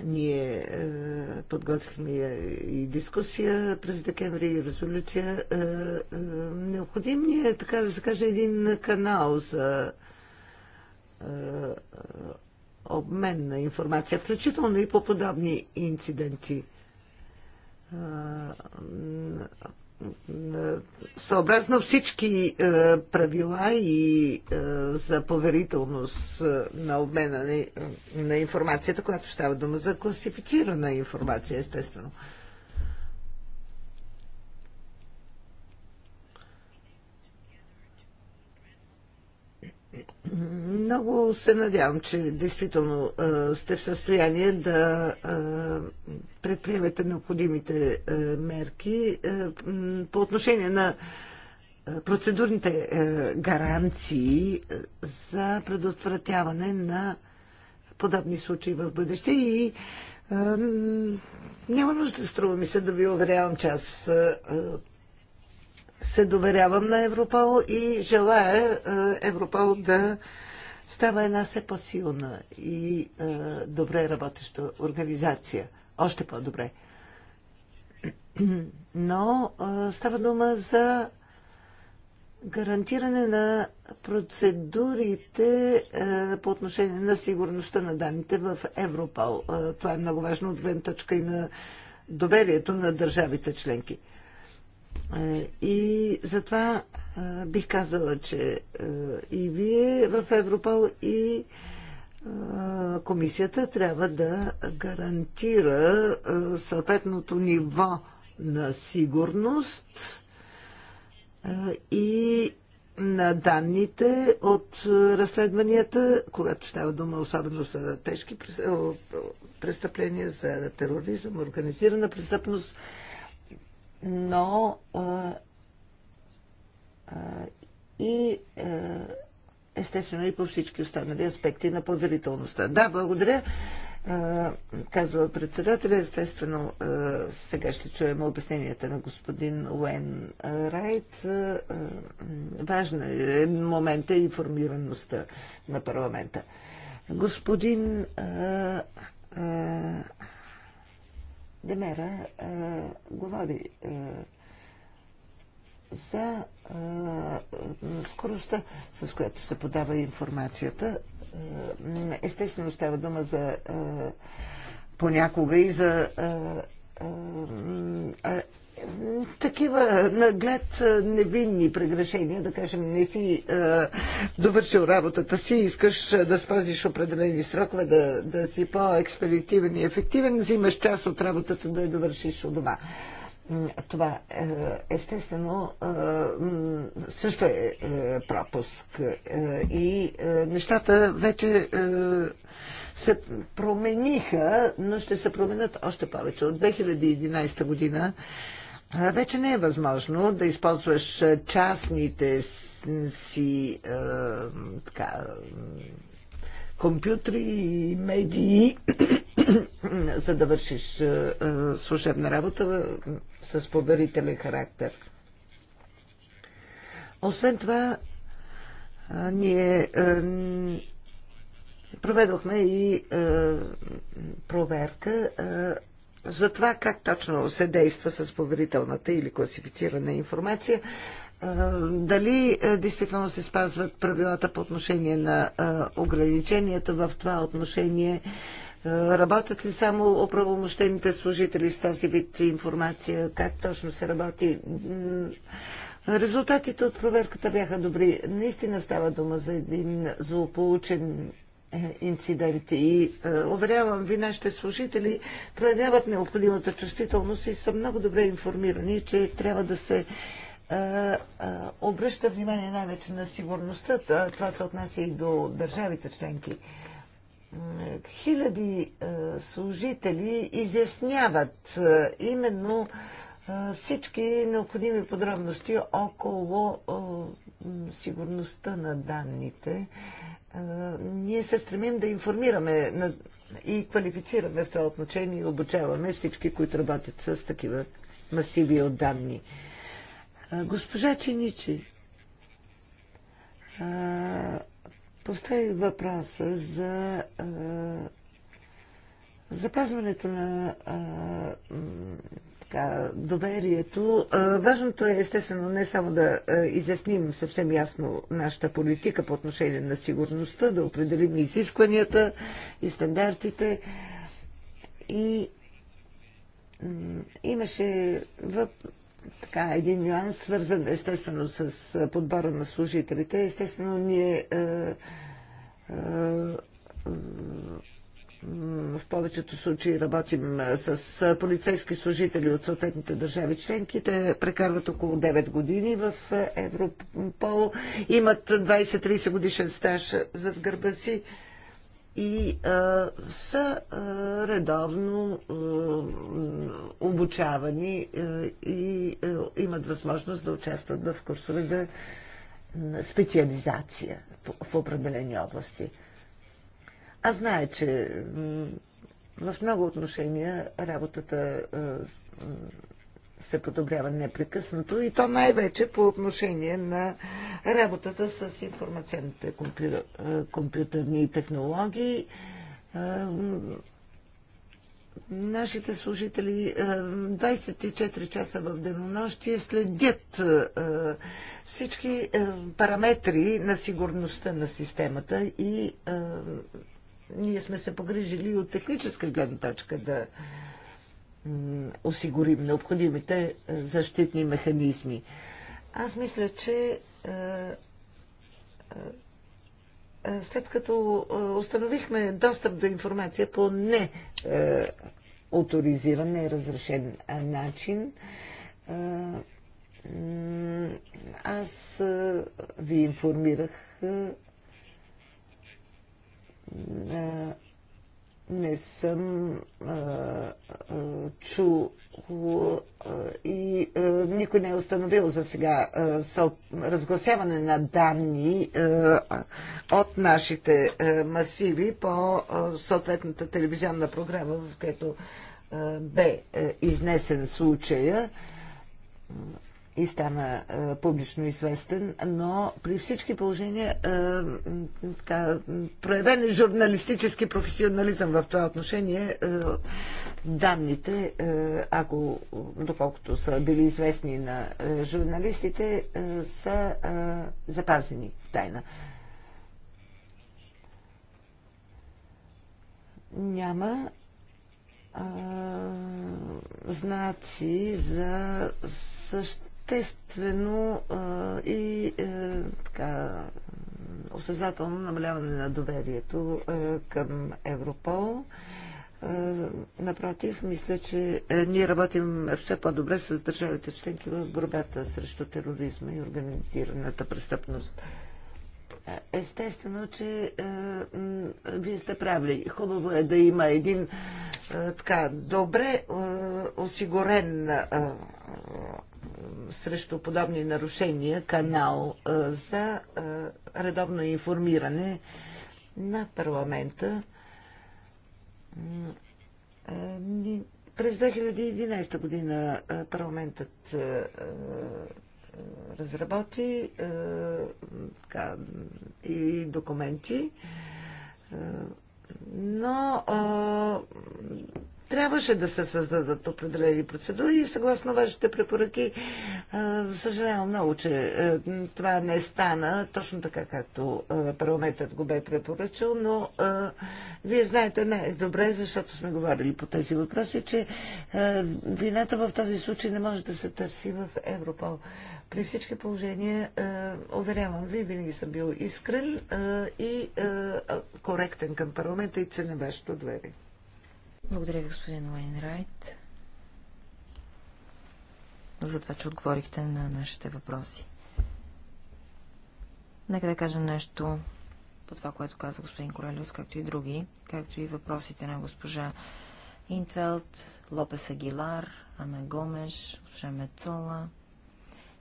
Ние е, подготвихме и дискусия през декември и резолюция. Е, е, необходим ни е, така да се каже, един канал за е, обмен на информация, включително и по подобни инциденти е, съобразно всички е, правила и е, за поверителност е, на обмена на информацията, която става дума за класифицирана информация, естествено. Много се надявам, че действително сте в състояние да предприемете необходимите мерки по отношение на процедурните гаранции за предотвратяване на подобни случаи в бъдеще и няма нужда, струва ми се, да ви уверявам, че аз се доверявам на Европол и желая е, Европол да става една все по-силна и е, добре работеща организация. Още по-добре. Но е, става дума за гарантиране на процедурите по отношение на сигурността на данните в Европол. това е много важно от гледна точка и на доверието на държавите членки. Е, и затова е, бих казала, че е, и вие в Европол и комисията трябва да гарантира съответното ниво на сигурност и на данните от разследванията, когато става дума особено за тежки престъпления, за тероризъм, организирана престъпност, но а, а, и а, естествено и по всички останали аспекти на поверителността. Да, благодаря, а, казва председателя. Естествено, а, сега ще чуем обясненията на господин Уен Райт. А, а, важен е момента и е информираността на парламента. Господин а, а, Демера а, говори а, за а, скоростта, с която се подава информацията. Естествено става дума за а, понякога и за а, такива наглед невинни прегрешения, да кажем, не си е, довършил работата си, искаш да спазиш определени срокове, да, да си по-експедитивен и ефективен, взимаш част от работата да я довършиш от дома. Това е, естествено е, също е, е пропуск е, и е, нещата вече е, се промениха, но ще се променят още повече. От 2011 година вече не е възможно да използваш частните си е, така, компютри и медии, за да вършиш е, служебна работа с поверителен характер. Освен това, е, ние е, проведохме и е, проверка е, за това как точно се действа с поверителната или класифицирана информация. Е, дали е, действително се спазват правилата по отношение на е, ограниченията в това отношение? Работят ли само оправомощените служители с този вид информация? Как точно се работи? Резултатите от проверката бяха добри. Наистина става дума за един злополучен инциденти. И е, уверявам ви, нашите служители проявяват необходимата чувствителност и са много добре информирани, че трябва да се е, е, обръща внимание най-вече на сигурността. Това се отнася и до държавите членки. Хиляди служители изясняват именно всички необходими подробности около сигурността на данните, ние се стремим да информираме и квалифицираме в това отношение и обучаваме всички, които работят с такива масиви от данни. Госпожа Чиничи постави въпроса за запазването на така, доверието. Важното е, естествено, не само да изясним съвсем ясно нашата политика по отношение на сигурността, да определим изискванията и стандартите. И имаше в, така, един нюанс, свързан естествено с подбора на служителите. Естествено, ние е, е, в повечето случаи работим с полицейски служители от съответните държави членки. Те прекарват около 9 години в Европол, имат 20-30 годишен стаж зад гърба си и а, са а, редовно а, обучавани а, и а, имат възможност да участват в курсове за специализация в определени области. Аз знае, че в много отношения работата се подобрява непрекъснато и то най-вече по отношение на работата с информационните компютърни технологии. Нашите служители 24 часа в денонощие следят всички параметри на сигурността на системата и ние сме се погрижили от техническа гледна точка да осигурим необходимите е, защитни механизми. Аз мисля, че е, е, след като установихме достъп до информация по не авторизиран, не разрешен начин, аз ви информирах е, не съм е, е, чул и никой не е установил за сега разгласяване на данни от нашите масиви по съответната телевизионна програма, в която бе изнесен случая и стана а, е, публично известен, но при всички положения а, е, така, проявен е журналистически професионализъм в това отношение. А, данните, а, ако доколкото са били известни на а, журналистите, а, са а, запазени в тайна. Няма а, знаци за същ естествено и е, така осъзнателно намаляване на доверието е, към Европол. Е, напротив, мисля, че ние работим все по-добре с държавите членки в борбата срещу тероризма и организираната престъпност. Естествено, че е, вие сте правили. Хубаво е да има един е, така добре е, осигурен е, срещу подобни нарушения канал за редовно информиране на парламента. През 2011 година парламентът разработи така, и документи, но трябваше да се създадат определени процедури и съгласно вашите препоръки, съжалявам много, че това не стана точно така, както парламентът го бе препоръчал, но вие знаете най-добре, защото сме говорили по тези въпроси, че вината в този случай не може да се търси в Европол. При всички положения, уверявам ви, винаги съм бил искрен и коректен към парламента и ценя вашето доверие. Благодаря ви, господин Уейнрайт, за това, че отговорихте на нашите въпроси. Нека да кажем нещо по това, което каза господин Корелиус, както и други, както и въпросите на госпожа Интвелт, Лопес Агилар, Ана Гомеш, госпожа Мецола.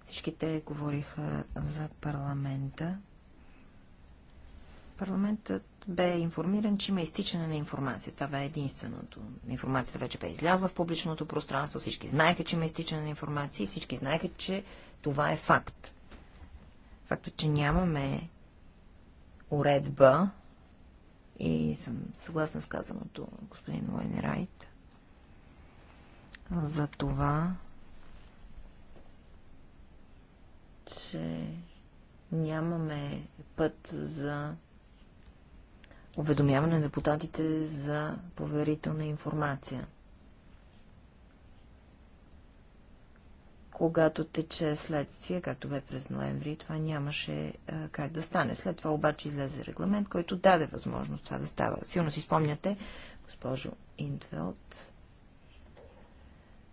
Всички те говориха за парламента. Парламентът бе информиран, че има изтичане на информация. Това бе единственото. Информацията вече бе излязла в публичното пространство, всички знаеха, че има изтичане на информация и всички знаеха, че това е факт. Фактът, че нямаме уредба и съм съгласна с казаното господин Райт за това, че нямаме път за уведомяване на депутатите за поверителна информация. Когато тече следствие, както бе през ноември, това нямаше а, как да стане. След това обаче излезе регламент, който даде възможност това да става. Силно си спомняте, госпожо Интвелт,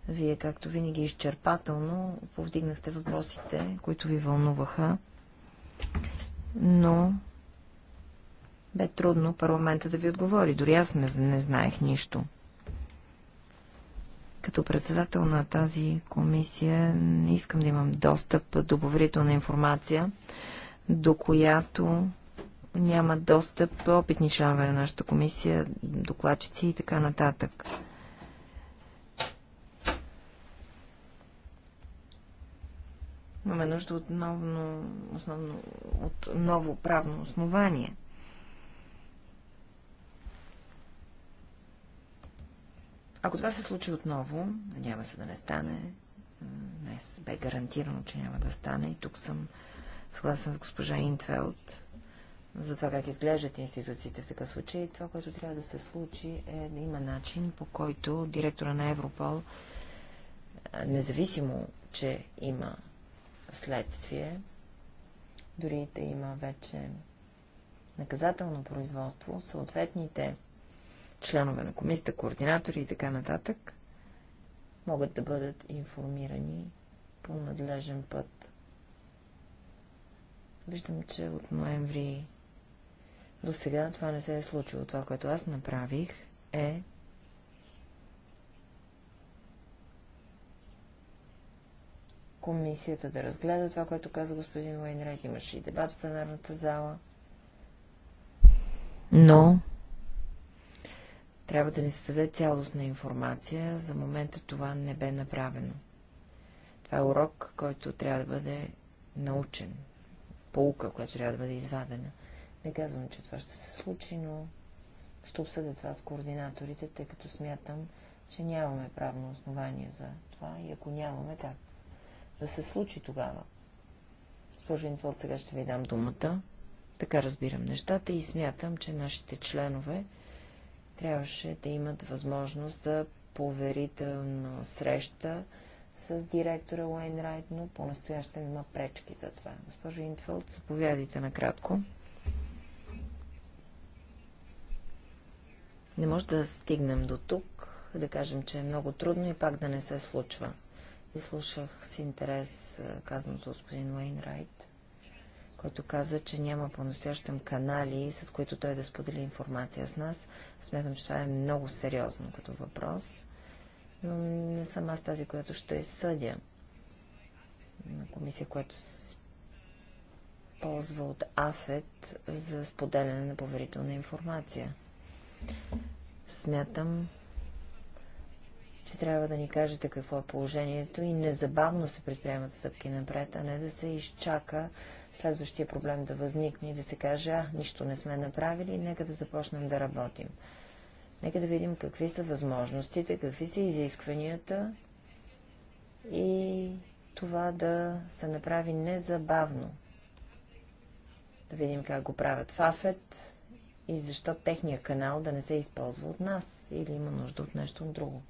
вие, както винаги, изчерпателно повдигнахте въпросите, които ви вълнуваха, но бе трудно парламента да ви отговори. Дори аз не, не знаех нищо. Като председател на тази комисия не искам да имам достъп до поверителна информация, до която няма достъп опитни членове на нашата комисия, докладчици и така нататък. Имаме нужда от новно, основно, от ново правно основание – Ако това се случи отново, надява се да не стане, днес бе гарантирано, че няма да стане и тук съм съгласен с госпожа Интвелт, за това как изглеждат институциите в такъв случай. Това, което трябва да се случи е да има начин, по който директора на Европол, независимо, че има следствие, дори да има вече наказателно производство, съответните членове на комисията, координатори и така нататък, могат да бъдат информирани по надлежен път. Виждам, че от ноември до сега това не се е случило. Това, което аз направих е комисията да разгледа това, което каза господин Уейнрайт. Имаше и дебат в пленарната зала. Но... No трябва да ни се даде цялостна информация. За момента това не бе направено. Това е урок, който трябва да бъде научен. Полука, която трябва да бъде извадена. Не казвам, че това ще се случи, но ще обсъдя това с координаторите, тъй като смятам, че нямаме правно основание за това и ако нямаме, как да се случи тогава. Госпожо това, сега ще ви дам думата. Така разбирам нещата и смятам, че нашите членове трябваше да имат възможност за поверителна среща с директора Уейнрайт, но по-настоящем има пречки за това. Госпожо Интфелд, заповядайте накратко. Не може да стигнем до тук, да кажем, че е много трудно и пак да не се случва. И слушах с интерес казаното господин Уейнрайт който каза, че няма по-настоящем канали, с които той да сподели информация с нас. Смятам, че това е много сериозно като въпрос, но не съм аз тази, която ще съдя на комисия, която се ползва от АФЕТ за споделяне на поверителна информация. Смятам, че трябва да ни кажете какво е положението и незабавно се предприемат стъпки напред, а не да се изчака следващия проблем да възникне и да се каже, а, нищо не сме направили, нека да започнем да работим. Нека да видим какви са възможностите, какви са изискванията и това да се направи незабавно. Да видим как го правят в Афет и защо техния канал да не се използва от нас или има нужда от нещо друго.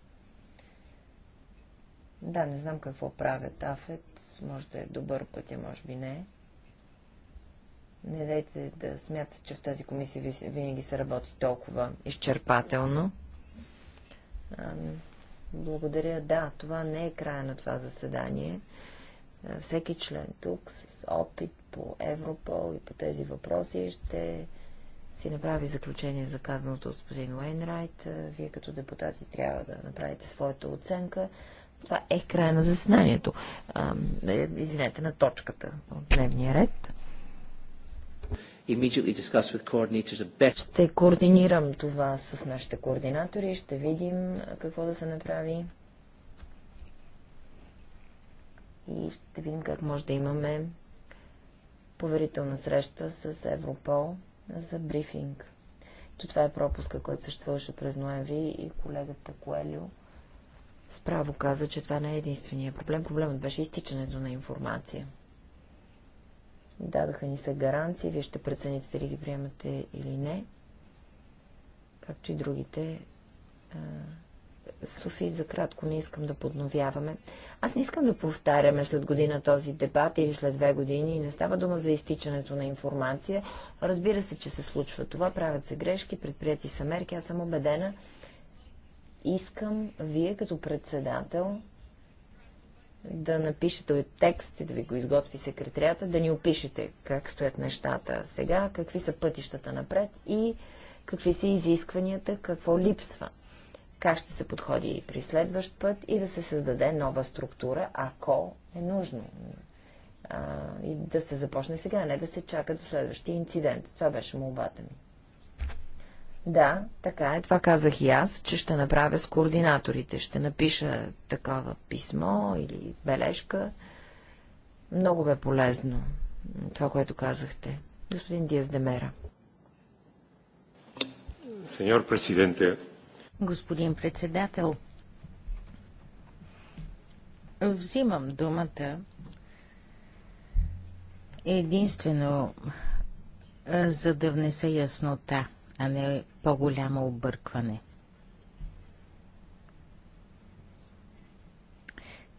Да, не знам какво правят Афет, може да е добър пътя, може би не не дайте да смятате, че в тази комисия винаги се работи толкова изчерпателно. Благодаря. Да, това не е края на това заседание. Всеки член тук с опит по Европол и по тези въпроси ще си направи заключение за казаното от господин Уейнрайт. Вие като депутати трябва да направите своята оценка. Това е края на заседанието. Е, извинете, на точката от дневния ред. Ще координирам това с нашите координатори, ще видим какво да се направи и ще видим как може да имаме поверителна среща с Европол за брифинг. То това е пропуска, който съществуваше през ноември и колегата Коелио справо каза, че това не е единствения проблем. Проблемът беше изтичането на информация. Дадаха ни се гаранции, вие ще прецените дали ги приемате или не, както и другите. Софи, за кратко не искам да подновяваме. Аз не искам да повтаряме след година този дебат или след две години. Не става дума за изтичането на информация. Разбира се, че се случва това. Правят се грешки, предприяти са мерки. Аз съм убедена. Искам вие като председател да напишете текст и да ви го изготви секретарията, да ни опишете как стоят нещата сега, какви са пътищата напред и какви са изискванията, какво липсва. Как ще се подходи и при следващ път и да се създаде нова структура, ако е нужно. А, и да се започне сега, а не да се чака до следващия инцидент. Това беше молбата ми. Да, така е. Това казах и аз, че ще направя с координаторите. Ще напиша такова писмо или бележка. Много бе полезно това, което казахте. Господин Диас Демера. Сеньор президенте. Господин председател, взимам думата единствено за да внеса яснота, а не по-голямо объркване.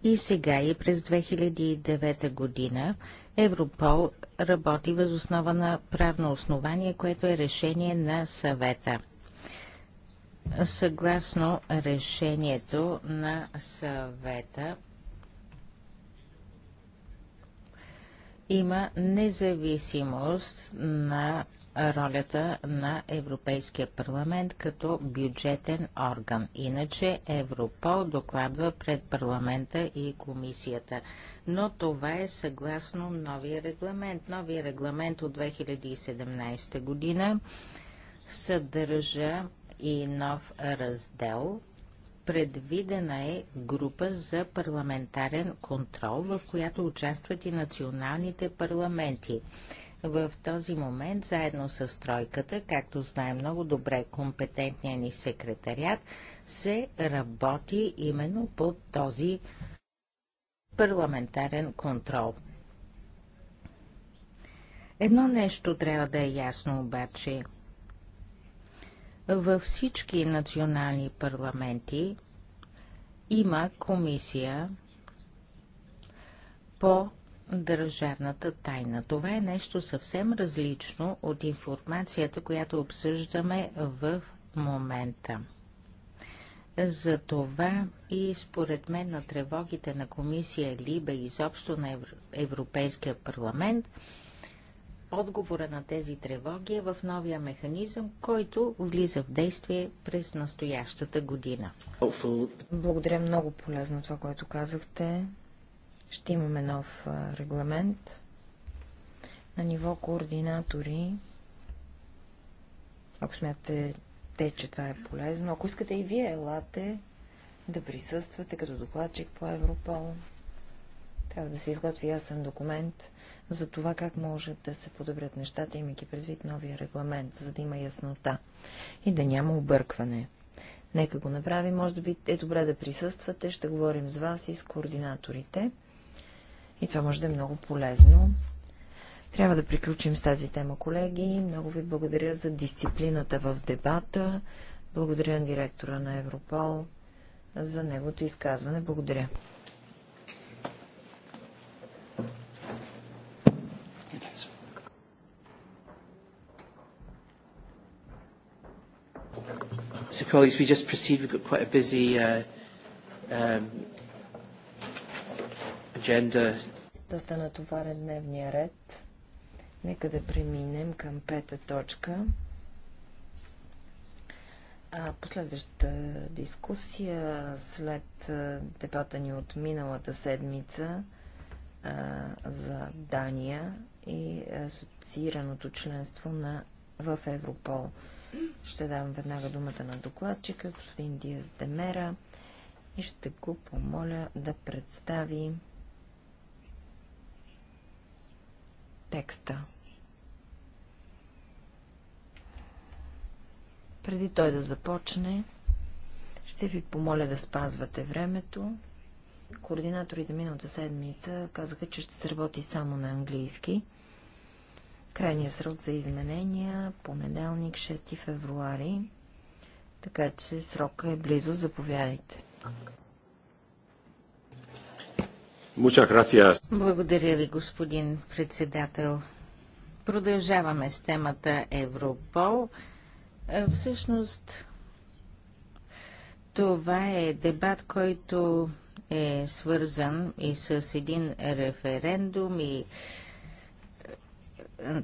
И сега и през 2009 година Европол работи въз основа на правно основание, което е решение на съвета. Съгласно решението на съвета има независимост на ролята на Европейския парламент като бюджетен орган. Иначе Европол докладва пред парламента и комисията. Но това е съгласно новия регламент. Новия регламент от 2017 година съдържа и нов раздел. Предвидена е група за парламентарен контрол, в която участват и националните парламенти. В този момент, заедно с тройката, както знае много добре компетентния ни секретариат, се работи именно по този парламентарен контрол. Едно нещо трябва да е ясно обаче. Във всички национални парламенти има комисия по държавната тайна. Това е нещо съвсем различно от информацията, която обсъждаме в момента. За това и според мен на тревогите на комисия Либе и изобщо на Европейския парламент, отговора на тези тревоги е в новия механизъм, който влиза в действие през настоящата година. Благодаря много полезно това, което казахте. Ще имаме нов регламент. На ниво координатори, ако смятате те, че това е полезно, ако искате и вие, елате да присъствате като докладчик по Европол. Трябва да се изготви ясен документ за това как може да се подобрят нещата, имайки предвид новия регламент, за да има яснота и да няма объркване. Нека го направим, може да би е добре да присъствате, ще говорим с вас и с координаторите. И това може да е много полезно. Трябва да приключим с тази тема, колеги. Много ви благодаря за дисциплината в дебата. Благодаря на директора на Европол за негото изказване. Благодаря. So colleagues, we just proceed. We've got quite a busy uh, um, agenda. Доста натоварен дневния ред. Нека да преминем към пета точка. А последващата дискусия след дебата ни от миналата седмица а, за Дания и асоциираното членство на, в Европол. Ще дам веднага думата на докладчика, господин Диас Демера, и ще го помоля да представи текста. Преди той да започне, ще ви помоля да спазвате времето. Координаторите миналата седмица казаха, че ще се работи само на английски. Крайният срок за изменения понеделник 6 февруари, така че срока е близо. Заповядайте. Okay. Благодаря ви, господин председател. Продължаваме с темата Европол. Е, всъщност, това е дебат, който е свързан и с един референдум и е,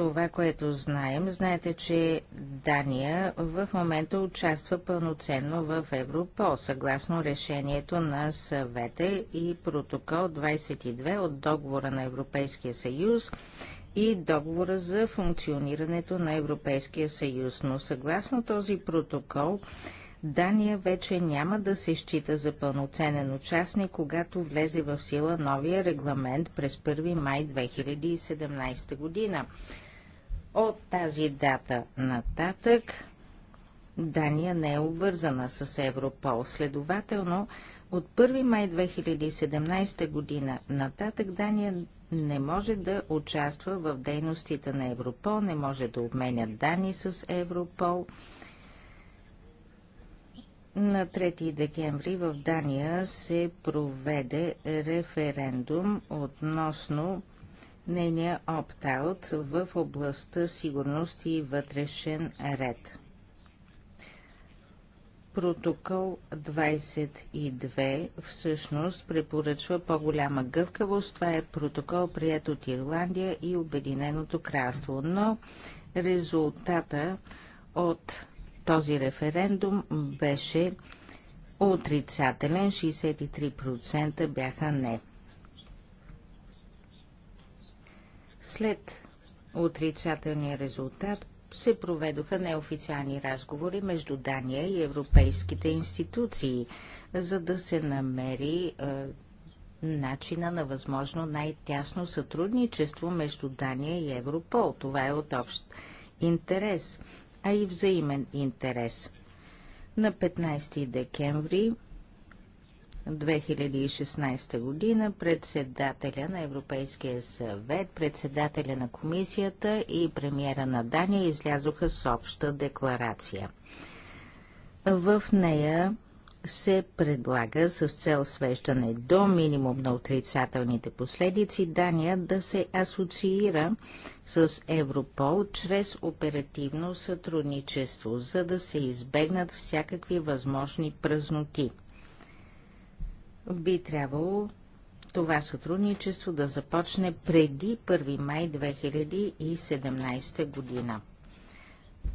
това, което знаем, знаете, че Дания в момента участва пълноценно в Европол, съгласно решението на съвета и протокол 22 от договора на Европейския съюз и договора за функционирането на Европейския съюз. Но съгласно този протокол, Дания вече няма да се счита за пълноценен участник, когато влезе в сила новия регламент през 1 май 2017 година. От тази дата нататък Дания не е обвързана с Европол. Следователно, от 1 май 2017 година нататък Дания не може да участва в дейностите на Европол, не може да обменя данни с Европол. На 3 декември в Дания се проведе референдум относно нейния опт-аут в областта сигурност и вътрешен ред. Протокол 22 всъщност препоръчва по-голяма гъвкавост. Това е протокол прият от Ирландия и Обединеното кралство. Но резултата от този референдум беше отрицателен. 63% бяха не. След отрицателния резултат се проведоха неофициални разговори между Дания и европейските институции, за да се намери е, начина на възможно най-тясно сътрудничество между Дания и Европол. Това е от общ интерес, а и взаимен интерес. На 15 декември 2016 година председателя на Европейския съвет, председателя на комисията и премиера на Дания излязоха с обща декларация. В нея се предлага с цел свеждане до минимум на отрицателните последици Дания да се асоциира с Европол чрез оперативно сътрудничество, за да се избегнат всякакви възможни празноти – би трябвало това сътрудничество да започне преди 1 май 2017 година.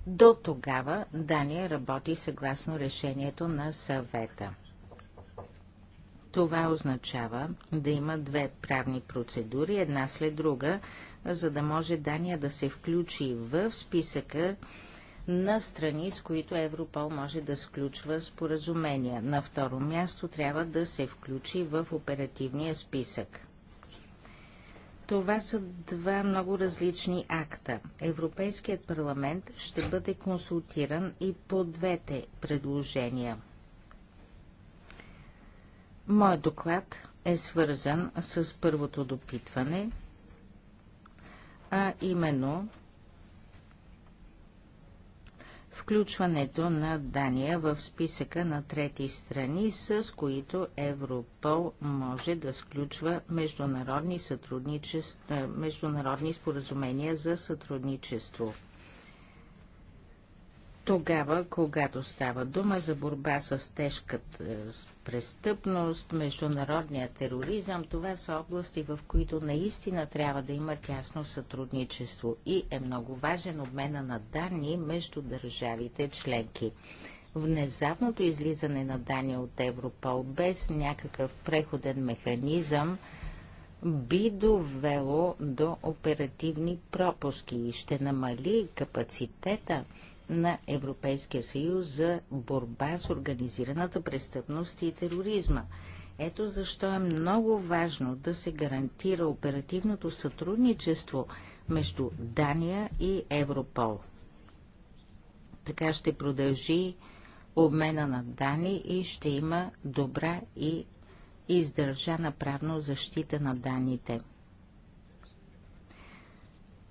До тогава Дания работи съгласно решението на съвета. Това означава да има две правни процедури, една след друга, за да може Дания да се включи в списъка на страни, с които Европол може да сключва споразумения. На второ място трябва да се включи в оперативния списък. Това са два много различни акта. Европейският парламент ще бъде консултиран и по двете предложения. Моят доклад е свързан с първото допитване, а именно включването на Дания в списъка на трети страни, с които Европол може да сключва международни, международни споразумения за сътрудничество тогава, когато става дума за борба с тежката е, престъпност, международния тероризъм, това са области, в които наистина трябва да има тясно сътрудничество и е много важен обмена на данни между държавите членки. Внезапното излизане на данни от Европол без някакъв преходен механизъм би довело до оперативни пропуски и ще намали капацитета на Европейския съюз за борба с организираната престъпност и тероризма. Ето защо е много важно да се гарантира оперативното сътрудничество между Дания и Европол. Така ще продължи обмена на данни и ще има добра и издържана правно защита на данните.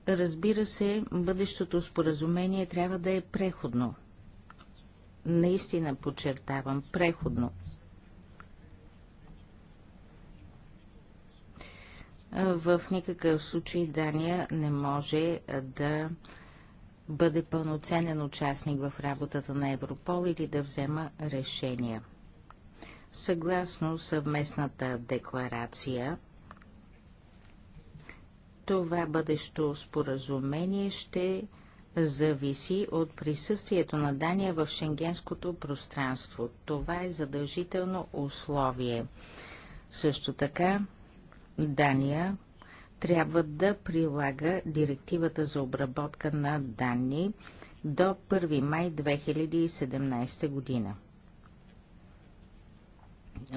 Разбира се, бъдещото споразумение трябва да е преходно. Наистина подчертавам, преходно. В никакъв случай Дания не може да бъде пълноценен участник в работата на Европол или да взема решения. Съгласно съвместната декларация, това бъдещо споразумение ще зависи от присъствието на Дания в шенгенското пространство. Това е задължително условие. Също така, Дания трябва да прилага директивата за обработка на данни до 1 май 2017 година.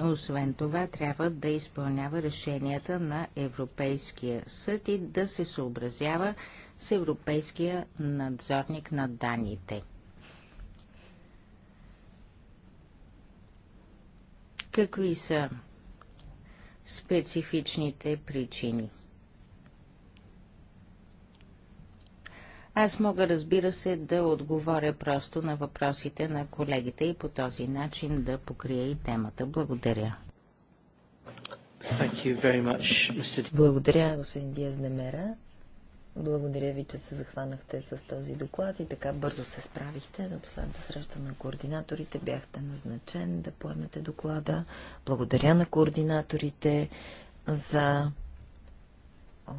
Освен това, трябва да изпълнява решенията на Европейския съд и да се съобразява с Европейския надзорник на данните. Какви са специфичните причини? Аз мога, разбира се, да отговоря просто на въпросите на колегите и по този начин да покрия и темата. Благодаря. Much, Благодаря, господин Диаз Демера. Благодаря ви, че се захванахте с този доклад и така бързо се справихте. На последната среща на координаторите бяхте назначен да поемете доклада. Благодаря на координаторите за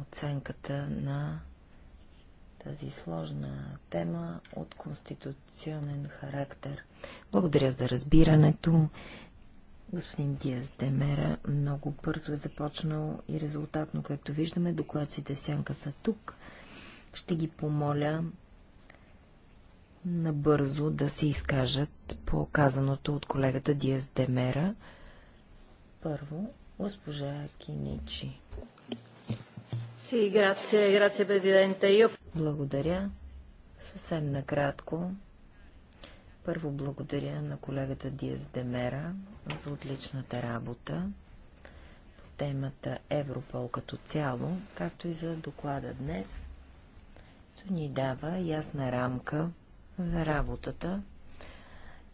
оценката на тази сложна тема от конституционен характер. Благодаря за разбирането. Господин Диас Демера много бързо е започнал и резултатно, както виждаме, докладците сянка са тук. Ще ги помоля набързо да се изкажат по казаното от колегата Диас Демера. Първо, госпожа Киничи. Благодаря. Съвсем накратко. Първо благодаря на колегата Диас Демера за отличната работа по темата Европол като цяло, както и за доклада днес, То ни дава ясна рамка за работата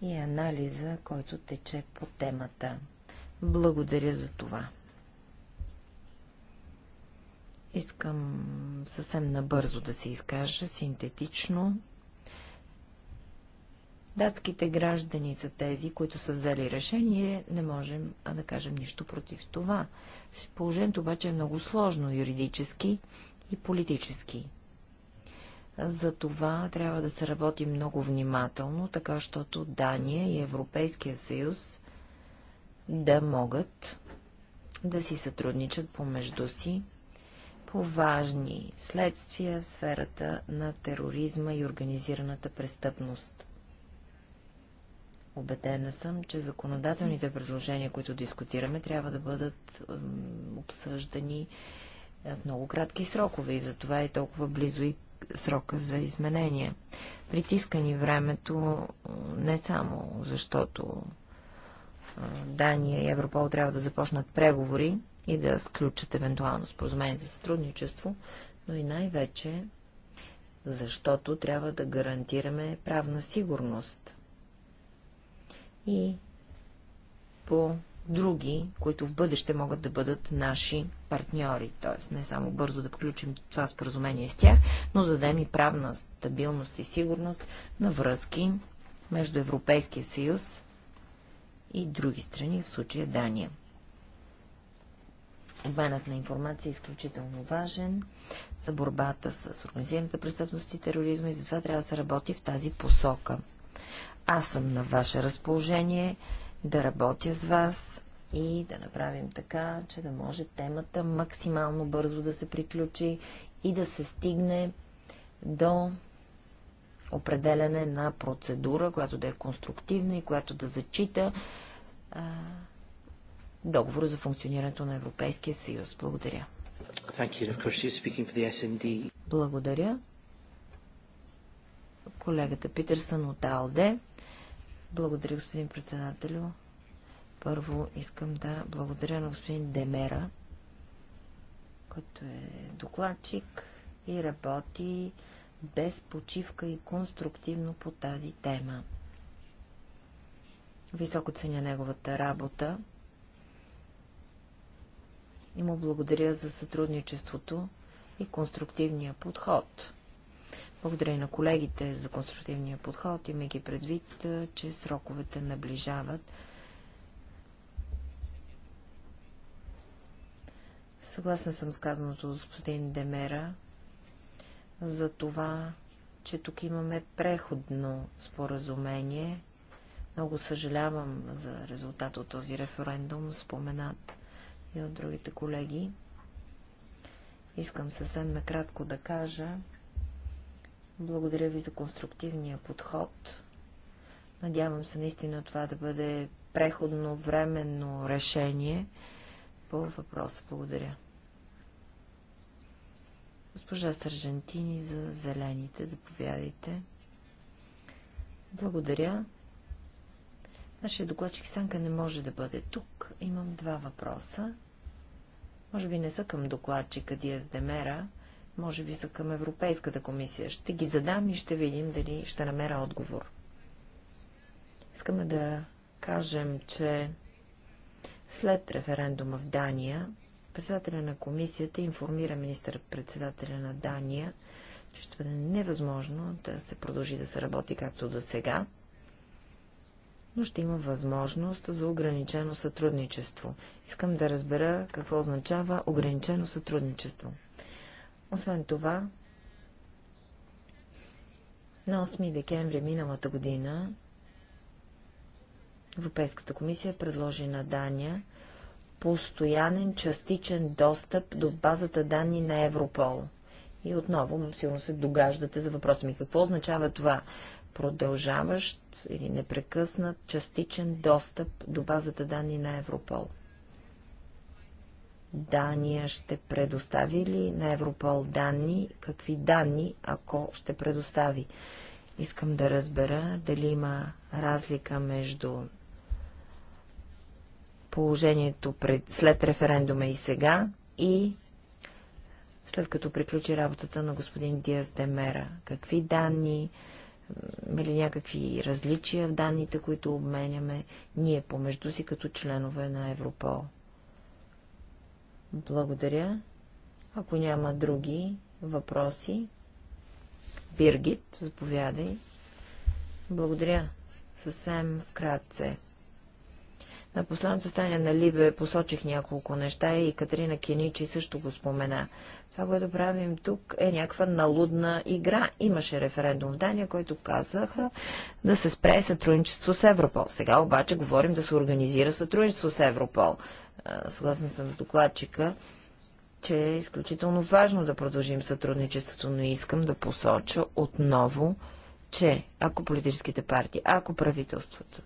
и анализа, който тече по темата. Благодаря за това. Искам съвсем набързо да се изкажа, синтетично. Датските граждани са тези, които са взели решение, не можем да кажем нищо против това. Положението обаче е много сложно юридически и политически. За това трябва да се работи много внимателно, така защото Дания и Европейския съюз да могат да си сътрудничат помежду си по важни следствия в сферата на тероризма и организираната престъпност. Обедена съм, че законодателните предложения, които дискутираме, трябва да бъдат обсъждани в много кратки срокове и затова е толкова близо и срока за изменения. Притискани времето не само защото Дания и Европол трябва да започнат преговори, и да сключат евентуално споразумение за сътрудничество, но и най-вече защото трябва да гарантираме правна сигурност. И по други, които в бъдеще могат да бъдат наши партньори. Т.е. не само бързо да включим това споразумение с тях, но да дадем и правна стабилност и сигурност на връзки между Европейския съюз и други страни, в случая Дания. Обменът на информация е изключително важен за борбата с организираната престъпност и тероризма и затова трябва да се работи в тази посока. Аз съм на ваше разположение да работя с вас и да направим така, че да може темата максимално бързо да се приключи и да се стигне до определяне на процедура, която да е конструктивна и която да зачита Договор за функционирането на Европейския съюз. Благодаря. Благодаря. Колегата Питерсън от АЛДЕ. Благодаря, господин председателю. Първо искам да благодаря на господин Демера, който е докладчик и работи без почивка и конструктивно по тази тема. Високо ценя неговата работа и му благодаря за сътрудничеството и конструктивния подход. Благодаря и на колегите за конструктивния подход, имайки предвид, че сроковете наближават. Съгласен съм с казаното от господин Демера за това, че тук имаме преходно споразумение. Много съжалявам за резултат от този референдум, споменат и от другите колеги. Искам съвсем накратко да кажа, благодаря ви за конструктивния подход. Надявам се наистина това да бъде преходно, временно решение по въпроса. Благодаря. Госпожа Сържантини за зелените, заповядайте. Благодаря. Нашия докладчик Санка не може да бъде тук. Имам два въпроса. Може би не са към докладчика Диас Демера, може би са към Европейската комисия. Ще ги задам и ще видим дали ще намеря отговор. Искаме да кажем, че след референдума в Дания, председателя на комисията информира министър-председателя на Дания, че ще бъде невъзможно да се продължи да се работи както до сега, но ще има възможност за ограничено сътрудничество. Искам да разбера какво означава ограничено сътрудничество. Освен това, на 8 декември миналата година Европейската комисия предложи на Дания постоянен частичен достъп до базата данни на Европол. И отново, сигурно се догаждате за въпроса ми. Какво означава това? продължаващ или непрекъснат частичен достъп до базата данни на Европол. Дания ще предостави ли на Европол данни? Какви данни, ако ще предостави? Искам да разбера дали има разлика между положението пред, след референдума и сега и след като приключи работата на господин Диас Демера. Какви данни, или някакви различия в данните, които обменяме ние помежду си като членове на Европол. Благодаря. Ако няма други въпроси, Биргит, заповядай. Благодаря. Съвсем кратце. На последното стане на Либе посочих няколко неща и Катрина Кеничи също го спомена. Това, което правим тук е някаква налудна игра. Имаше референдум в Дания, който казаха да се спре сътрудничество с Европол. Сега обаче говорим да се организира сътрудничество с Европол. Съгласна съм с докладчика, че е изключително важно да продължим сътрудничеството, но искам да посоча отново, че ако политическите партии, ако правителството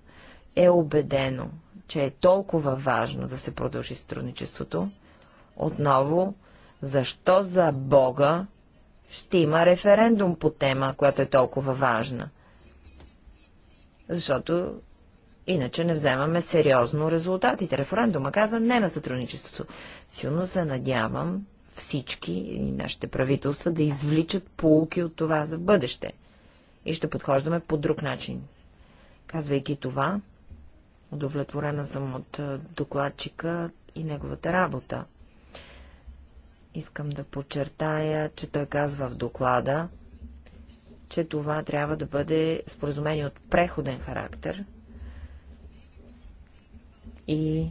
е убедено, че е толкова важно да се продължи сътрудничеството, отново, защо за Бога ще има референдум по тема, която е толкова важна? Защото иначе не вземаме сериозно резултатите. Референдума каза не на сътрудничеството. Силно се надявам всички и нашите правителства да извличат полуки от това за бъдеще. И ще подхождаме по друг начин. Казвайки това, Удовлетворена съм от докладчика и неговата работа. Искам да подчертая, че той казва в доклада, че това трябва да бъде споразумение от преходен характер и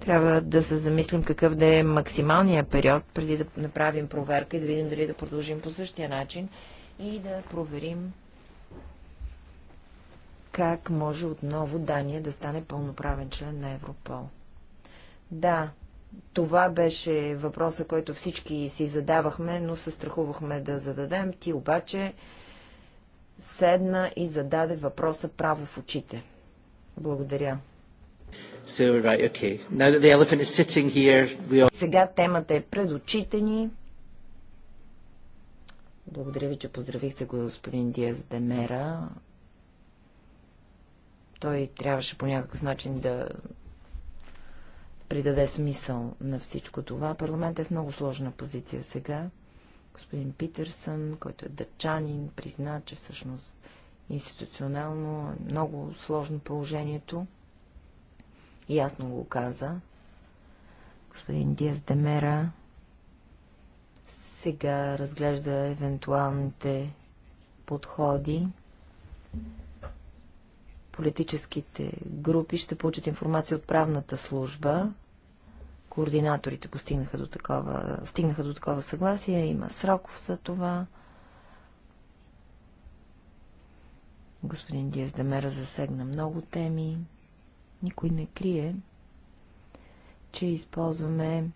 трябва да се замислим какъв да е максималният период, преди да направим проверка и да видим дали да продължим по същия начин и да проверим как може отново Дания да стане пълноправен член на Европол. Да, това беше въпроса, който всички си задавахме, но се страхувахме да зададем. Ти обаче седна и зададе въпроса право в очите. Благодаря. So, right, okay. Now that the elephant is sitting here, we all... Сега темата е пред очите ни. Благодаря ви, че поздравихте го господин Диас Демера. Той трябваше по някакъв начин да придаде смисъл на всичко това. Парламент е в много сложна позиция сега. Господин Питерсън, който е дъчанин, призна, че всъщност институционално е много сложно положението. Ясно го каза. Господин Диас Демера сега разглежда евентуалните подходи. Политическите групи ще получат информация от правната служба. Координаторите постигнаха до такова, стигнаха до такова съгласие. Има сроков за това. Господин Диас Демера засегна много теми. Никой не крие, че използваме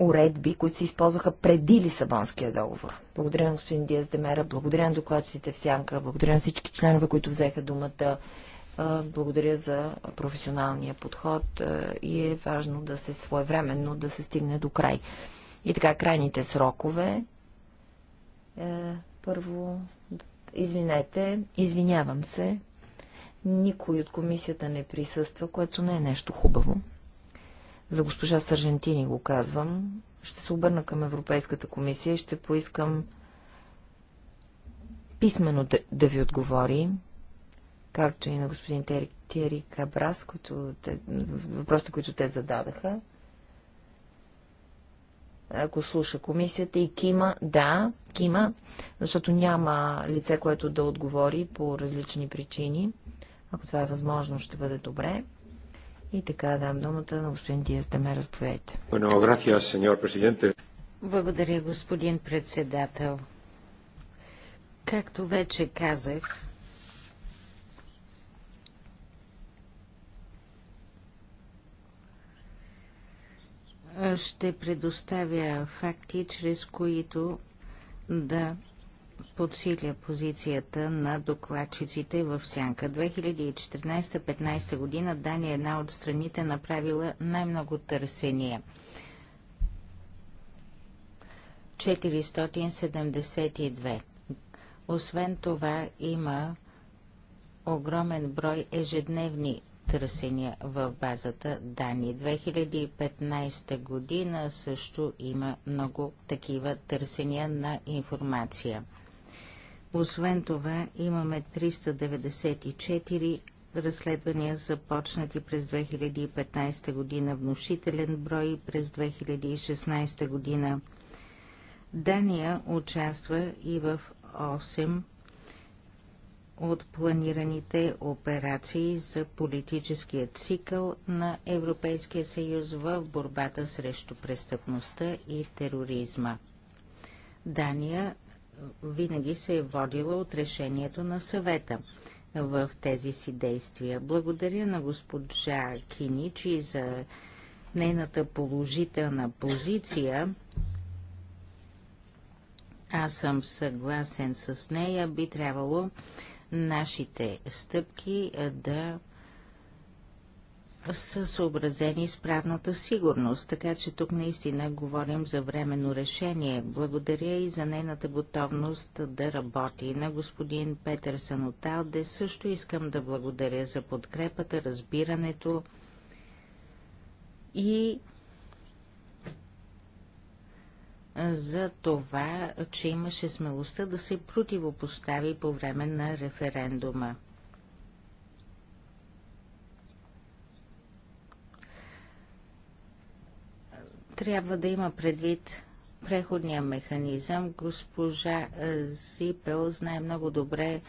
уредби, които се използваха преди Лисабонския договор. Благодаря на господин Диас Демера, благодаря на докладчиците в Сянка, благодаря на всички членове, които взеха думата. Благодаря за професионалния подход и е важно да се своевременно да се стигне до край. И така, крайните срокове. Е, първо, извинете, извинявам се. Никой от комисията не присъства, което не е нещо хубаво за госпожа Саржентини го казвам, ще се обърна към Европейската комисия и ще поискам писменно да, да ви отговори, както и на господин Тери, Тери Кабрас, които те, въпросите, които те зададаха. Ако слуша комисията и Кима, да, Кима, защото няма лице, което да отговори по различни причини. Ако това е възможно, ще бъде добре. И така дам думата на господин Диас да ме разповядайте. Благодаря, господин председател. Както вече казах, ще предоставя факти, чрез които да подсиля позицията на докладчиците в сянка. 2014-15 година Дания е една от страните направила най-много търсения. 472. Освен това има огромен брой ежедневни търсения в базата данни. 2015 година също има много такива търсения на информация. Освен това имаме 394 разследвания започнати през 2015 година, внушителен брой през 2016 година. Дания участва и в 8 от планираните операции за политическия цикъл на Европейския съюз в борбата срещу престъпността и тероризма. Дания винаги се е водила от решението на съвета в тези си действия. Благодаря на госпожа Киничи за нейната положителна позиция. Аз съм съгласен с нея. Би трябвало нашите стъпки да са съобразени с правната сигурност, така че тук наистина говорим за временно решение. Благодаря и за нейната готовност да работи. На господин Петърсън от Алде също искам да благодаря за подкрепата, разбирането и за това, че имаше смелостта да се противопостави по време на референдума. трябва да има предвид преходния механизъм. Госпожа е, Зипел знае много добре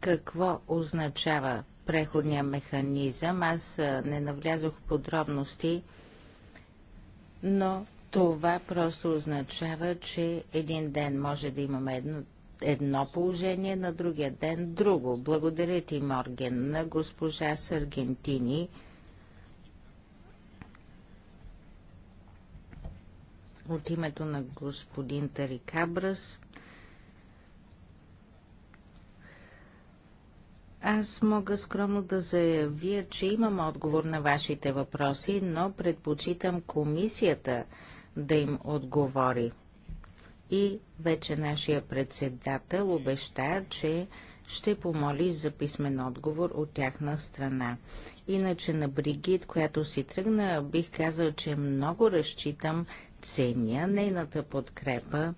какво означава преходния механизъм. Аз е, не навлязох в подробности, но това просто означава, че един ден може да имаме едно, едно положение, на другия ден друго. Благодаря ти, Морген, на госпожа Саргентини. Аргентини от името на господин Тарикабрас. Аз мога скромно да заявя, че имам отговор на вашите въпроси, но предпочитам комисията да им отговори. И вече нашия председател обеща, че ще помоли за писмен отговор от тяхна страна. Иначе на Бригит, която си тръгна, бих казал, че много разчитам ценя нейната подкрепа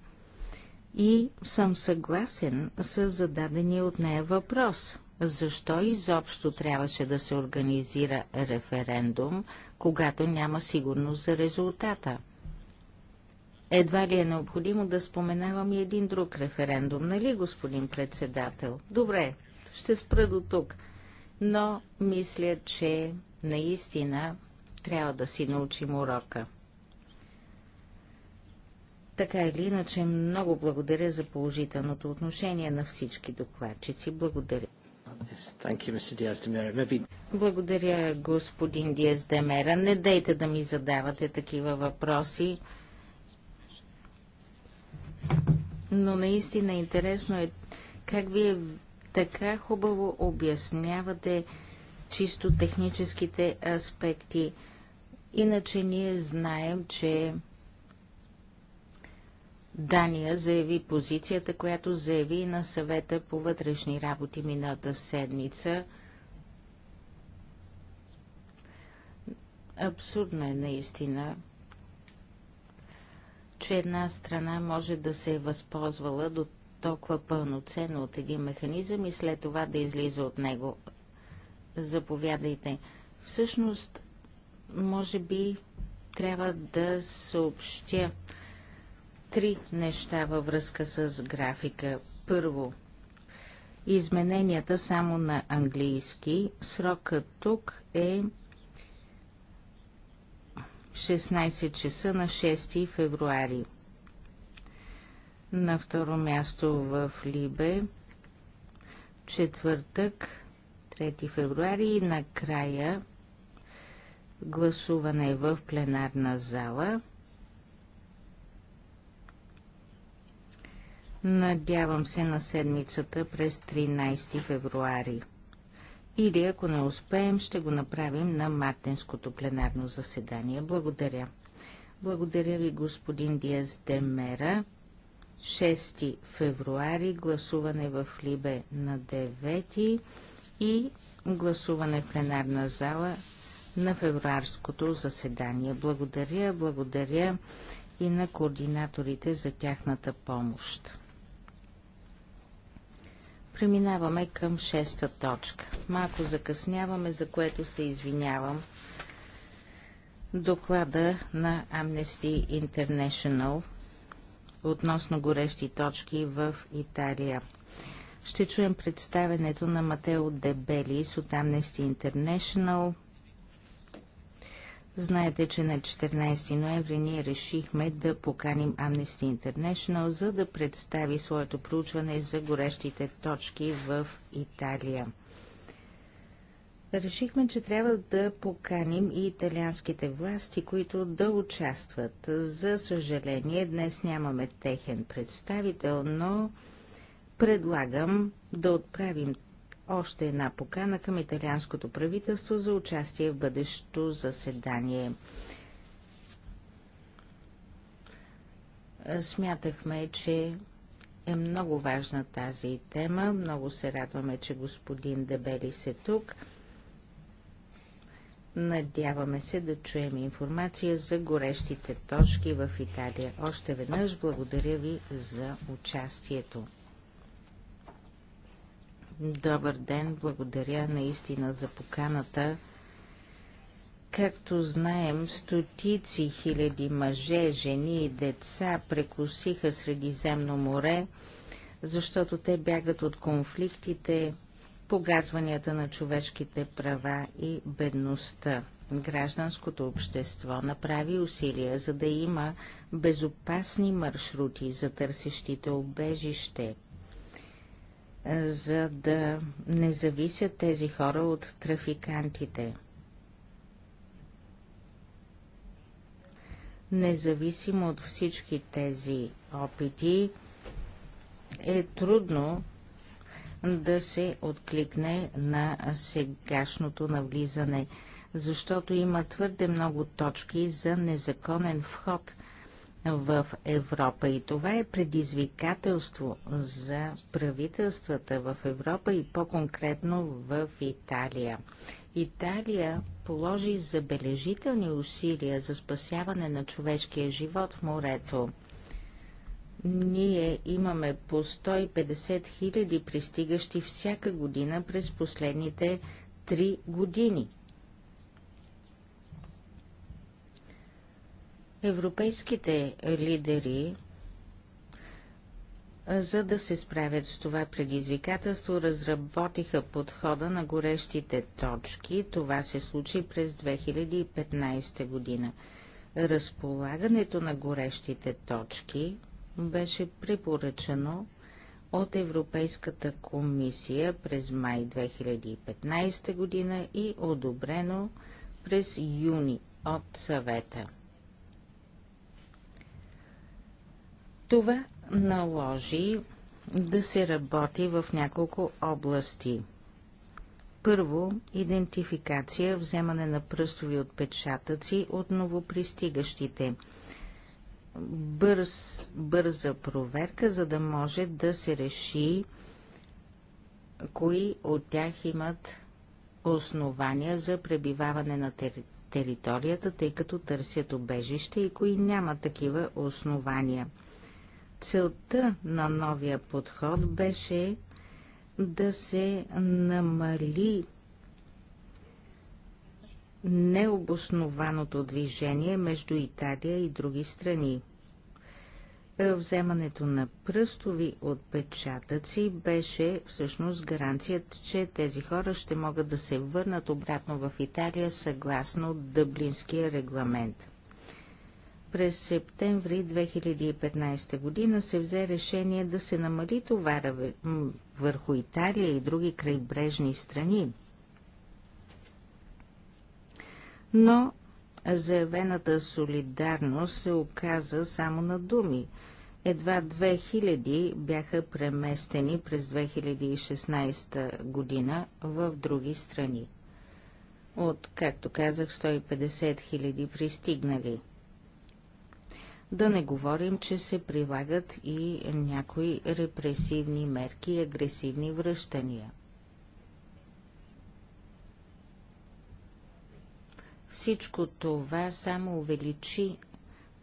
и съм съгласен с зададения от нея въпрос. Защо изобщо трябваше да се организира референдум, когато няма сигурност за резултата? Едва ли е необходимо да споменавам и един друг референдум, нали, господин председател? Добре, ще спра до тук. Но мисля, че наистина трябва да си научим урока. Така или иначе, много благодаря за положителното отношение на всички докладчици. Благодаря. Благодаря, господин Диас Демера. Не дейте да ми задавате такива въпроси. Но наистина интересно е как вие така хубаво обяснявате чисто техническите аспекти. Иначе ние знаем, че Дания заяви позицията, която заяви на съвета по вътрешни работи миналата седмица. Абсурдно е наистина, че една страна може да се е възползвала до толкова пълноценно от един механизъм и след това да излиза от него. Заповядайте. Всъщност, може би трябва да съобщя три неща във връзка с графика. Първо, измененията само на английски. Срокът тук е 16 часа на 6 февруари. На второ място в Либе, четвъртък, 3 февруари и накрая гласуване в пленарна зала – Надявам се на седмицата през 13 февруари. Или ако не успеем, ще го направим на мартинското пленарно заседание. Благодаря. Благодаря ви, господин Диас Демера. 6 февруари, гласуване в Либе на 9 и гласуване в пленарна зала на февруарското заседание. Благодаря, благодаря и на координаторите за тяхната помощ. Преминаваме към шеста точка. Малко закъсняваме, за което се извинявам. Доклада на Amnesty International относно горещи точки в Италия. Ще чуем представенето на Матео Дебелис от Amnesty International – Знаете, че на 14 ноември ние решихме да поканим Amnesty International, за да представи своето проучване за горещите точки в Италия. Решихме, че трябва да поканим и италианските власти, които да участват. За съжаление, днес нямаме техен представител, но предлагам да отправим още една покана към италианското правителство за участие в бъдещото заседание. Смятахме, че е много важна тази тема. Много се радваме, че господин Дебели се тук. Надяваме се да чуем информация за горещите точки в Италия. Още веднъж благодаря ви за участието. Добър ден, благодаря наистина за поканата. Както знаем, стотици хиляди мъже, жени и деца прекусиха Средиземно море, защото те бягат от конфликтите, погазванията на човешките права и бедността. Гражданското общество направи усилия, за да има безопасни маршрути за търсещите обежище за да не зависят тези хора от трафикантите. Независимо от всички тези опити, е трудно да се откликне на сегашното навлизане, защото има твърде много точки за незаконен вход – в Европа. И това е предизвикателство за правителствата в Европа и по-конкретно в Италия. Италия положи забележителни усилия за спасяване на човешкия живот в морето. Ние имаме по 150 хиляди пристигащи всяка година през последните три години. европейските лидери, за да се справят с това предизвикателство, разработиха подхода на горещите точки. Това се случи през 2015 година. Разполагането на горещите точки беше препоръчано от Европейската комисия през май 2015 година и одобрено през юни от съвета. Това наложи да се работи в няколко области. Първо, идентификация, вземане на пръстови отпечатъци от новопристигащите. Бърз, бърза проверка, за да може да се реши кои от тях имат основания за пребиваване на територията територията, тъй като търсят обежище и кои няма такива основания. Целта на новия подход беше да се намали необоснованото движение между Италия и други страни. Вземането на пръстови отпечатъци беше всъщност гаранцията, че тези хора ще могат да се върнат обратно в Италия съгласно Дъблинския регламент през септември 2015 година се взе решение да се намали товара върху Италия и други крайбрежни страни. Но заявената солидарност се оказа само на думи. Едва 2000 бяха преместени през 2016 година в други страни. От, както казах, 150 000 пристигнали – да не говорим, че се прилагат и някои репресивни мерки и агресивни връщания. Всичко това само увеличи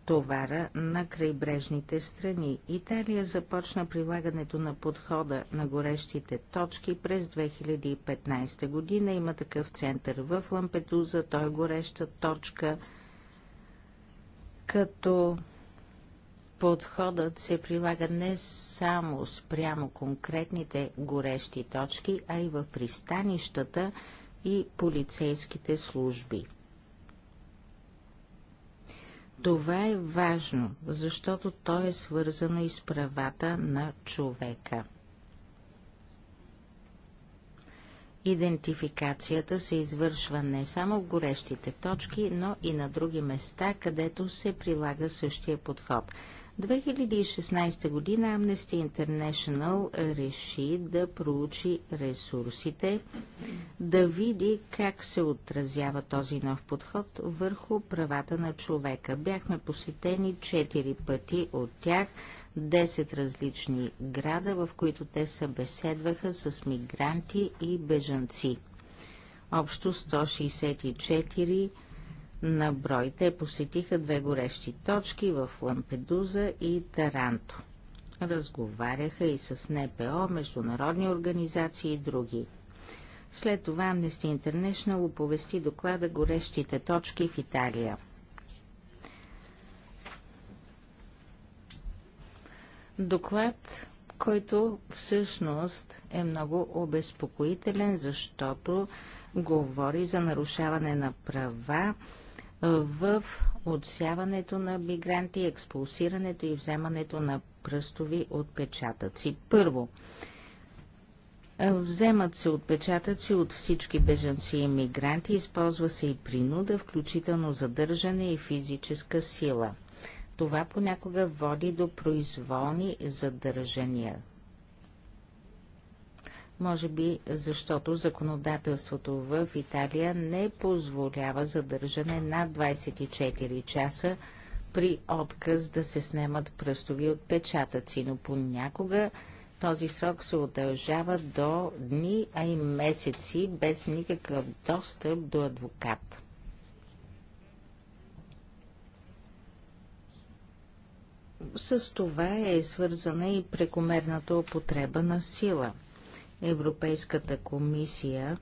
товара на крайбрежните страни. Италия започна прилагането на подхода на горещите точки през 2015 година. Има такъв център в Лампедуза, той е гореща точка, като подходът се прилага не само спрямо конкретните горещи точки, а и в пристанищата и полицейските служби. Това е важно, защото то е свързано и с правата на човека. Идентификацията се извършва не само в горещите точки, но и на други места, където се прилага същия подход – 2016 година Amnesty International реши да проучи ресурсите, да види как се отразява този нов подход върху правата на човека. Бяхме посетени 4 пъти от тях, 10 различни града, в които те събеседваха с мигранти и бежанци. Общо 164 на брой. Те посетиха две горещи точки в Лампедуза и Таранто. Разговаряха и с НПО, международни организации и други. След това Amnesty International оповести доклада горещите точки в Италия. Доклад, който всъщност е много обезпокоителен, защото говори за нарушаване на права в отсяването на мигранти, експулсирането и вземането на пръстови отпечатъци. Първо, вземат се отпечатъци от всички бежанци и мигранти, използва се и принуда, включително задържане и физическа сила. Това понякога води до произволни задържания. Може би защото законодателството в Италия не позволява задържане над 24 часа при отказ да се снемат пръстови отпечатъци, но понякога този срок се удължава до дни, а и месеци, без никакъв достъп до адвокат. С това е свързана и прекомерната употреба на сила – Европейската комисия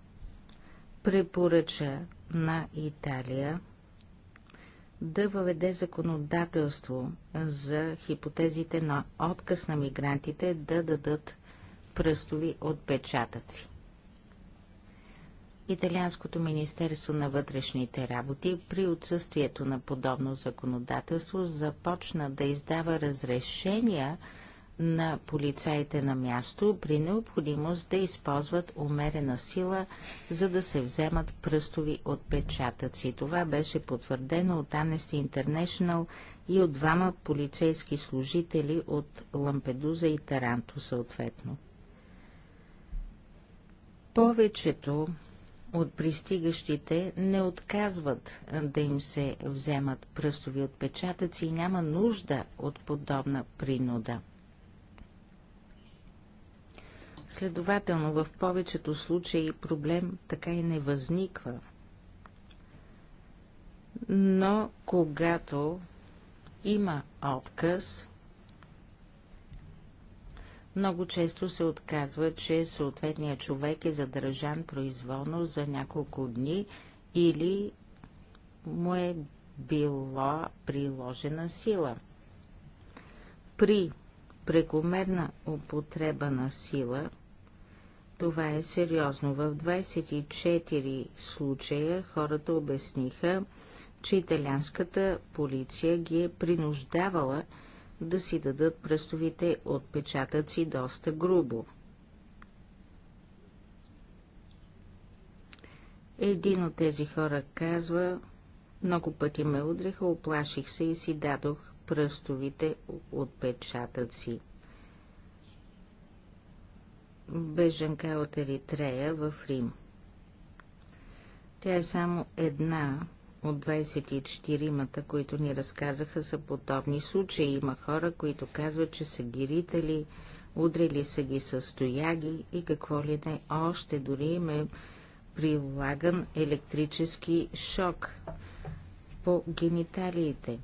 препоръча на Италия да въведе законодателство за хипотезите на отказ на мигрантите да дадат пръстови отпечатъци. Италианското Министерство на вътрешните работи при отсъствието на подобно законодателство започна да издава разрешения на полицаите на място при необходимост да използват умерена сила, за да се вземат пръстови отпечатъци. Това беше потвърдено от Amnesty International и от двама полицейски служители от Лампедуза и Таранто съответно. Повечето от пристигащите не отказват да им се вземат пръстови отпечатъци и няма нужда от подобна принуда. Следователно, в повечето случаи проблем така и не възниква. Но когато има отказ, много често се отказва, че съответният човек е задържан произволно за няколко дни или му е била приложена сила. При прекомерна употреба на сила това е сериозно. В 24 случая хората обясниха, че италианската полиция ги е принуждавала да си дадат пръстовите отпечатъци доста грубо. Един от тези хора казва, много пъти ме удреха, оплаших се и си дадох пръстовите отпечатъци беженка от Еритрея в Рим. Тя е само една от 24-мата, които ни разказаха за подобни случаи. Има хора, които казват, че са ги ритали, удрили са ги с стояги и какво ли не. Още дори им е прилаган електрически шок по гениталиите.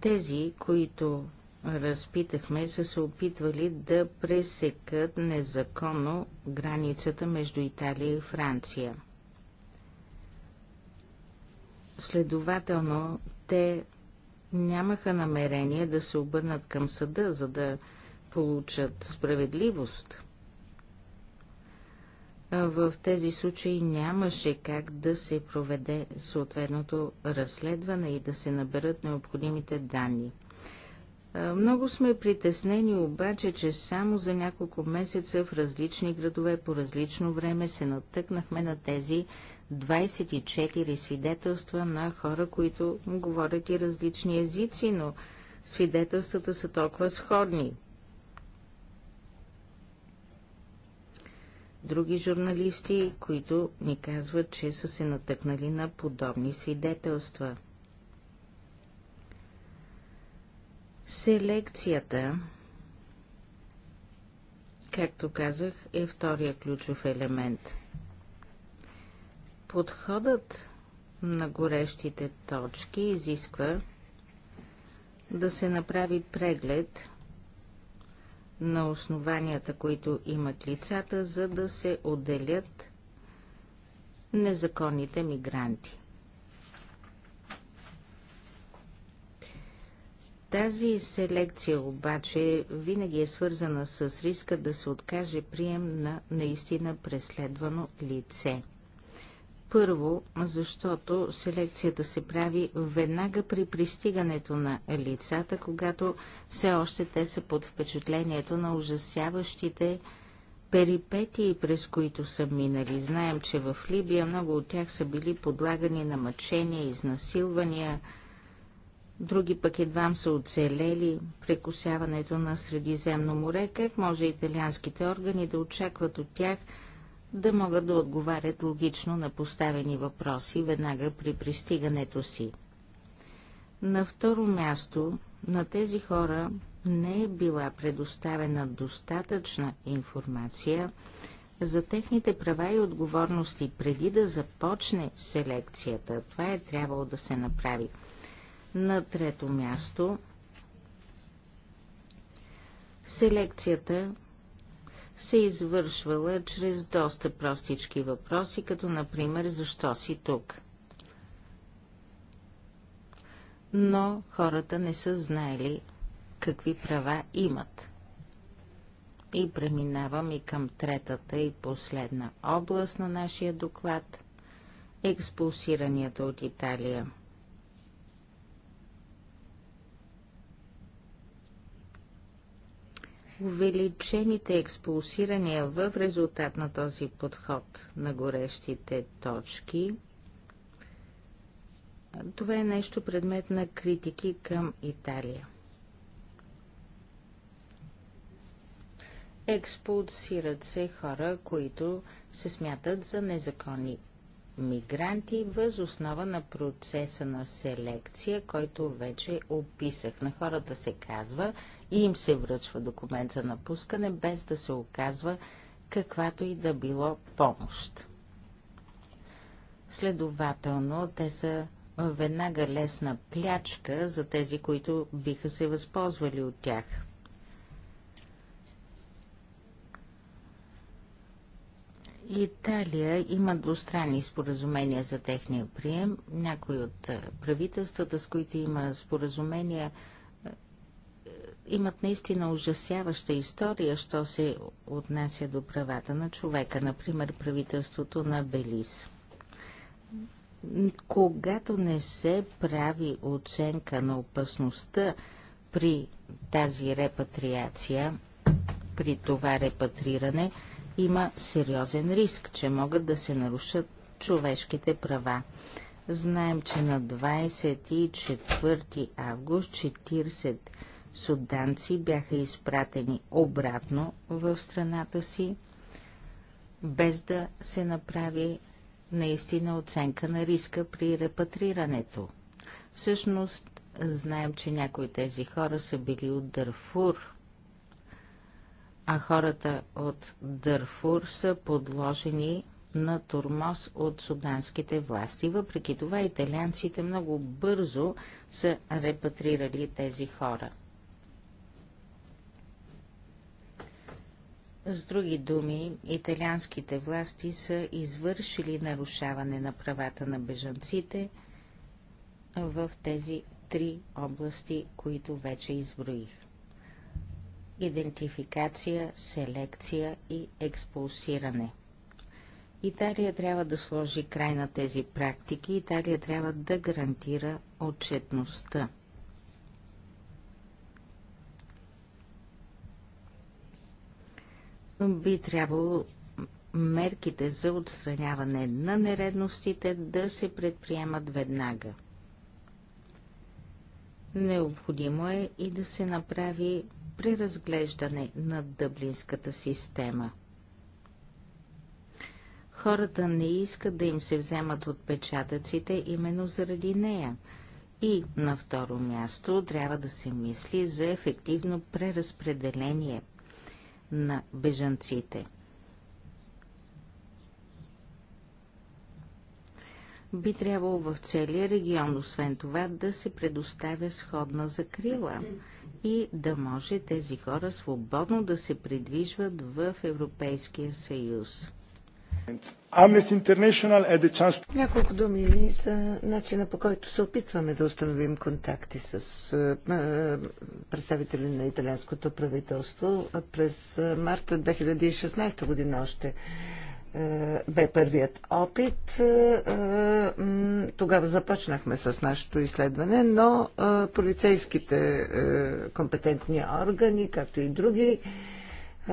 Тези, които разпитахме, са се опитвали да пресекат незаконно границата между Италия и Франция. Следователно, те нямаха намерение да се обърнат към съда, за да получат справедливост. В тези случаи нямаше как да се проведе съответното разследване и да се наберат необходимите данни. Много сме притеснени обаче, че само за няколко месеца в различни градове по различно време се натъкнахме на тези 24 свидетелства на хора, които говорят и различни езици, но свидетелствата са толкова сходни. Други журналисти, които ни казват, че са се натъкнали на подобни свидетелства – Селекцията, както казах, е втория ключов елемент. Подходът на горещите точки изисква да се направи преглед на основанията, които имат лицата, за да се отделят незаконните мигранти. Тази селекция обаче винаги е свързана с риска да се откаже прием на наистина преследвано лице. Първо, защото селекцията се прави веднага при пристигането на лицата, когато все още те са под впечатлението на ужасяващите перипетии, през които са минали. Знаем, че в Либия много от тях са били подлагани на мъчения, изнасилвания, други пък едвам са оцелели прекусяването на Средиземно море, как може италианските органи да очакват от тях да могат да отговарят логично на поставени въпроси веднага при пристигането си. На второ място, на тези хора не е била предоставена достатъчна информация за техните права и отговорности преди да започне селекцията. Това е трябвало да се направи. На трето място селекцията се извършвала чрез доста простички въпроси, като например защо си тук. Но хората не са знаели какви права имат. И преминавам и към третата и последна област на нашия доклад – експулсиранията от Италия – увеличените експулсирания в резултат на този подход на горещите точки. Това е нещо предмет на критики към Италия. Експулсират се хора, които се смятат за незаконни мигранти въз основа на процеса на селекция, който вече описах. На хората се казва и им се връчва документ за напускане, без да се оказва каквато и да било помощ. Следователно, те са веднага лесна плячка за тези, които биха се възползвали от тях – Италия има двустранни споразумения за техния прием. Някои от правителствата, с които има споразумения, имат наистина ужасяваща история, що се отнася до правата на човека, например правителството на Белиз. Когато не се прави оценка на опасността при тази репатриация, при това репатриране, има сериозен риск, че могат да се нарушат човешките права. Знаем, че на 24 август 40 суданци бяха изпратени обратно в страната си, без да се направи наистина оценка на риска при репатрирането. Всъщност, знаем, че някои тези хора са били от Дърфур, а хората от Дърфур са подложени на турмоз от суданските власти. Въпреки това италианците много бързо са репатрирали тези хора. С други думи, италианските власти са извършили нарушаване на правата на бежанците в тези три области, които вече изброих идентификация, селекция и експулсиране. Италия трябва да сложи край на тези практики, Италия трябва да гарантира отчетността. Би трябвало мерките за отстраняване на нередностите да се предприемат веднага. Необходимо е и да се направи преразглеждане на дъблинската система. Хората не искат да им се вземат отпечатъците именно заради нея. И на второ място трябва да се мисли за ефективно преразпределение на бежанците – би трябвало в целия регион, освен това, да се предоставя сходна закрила и да може тези хора свободно да се придвижват в Европейския съюз. Няколко думи за начина по който се опитваме да установим контакти с е, е, представители на италианското правителство през е, марта 2016 година още е, бе първият опит. Е, е, тогава започнахме с нашето изследване, но полицейските компетентни органи, както и други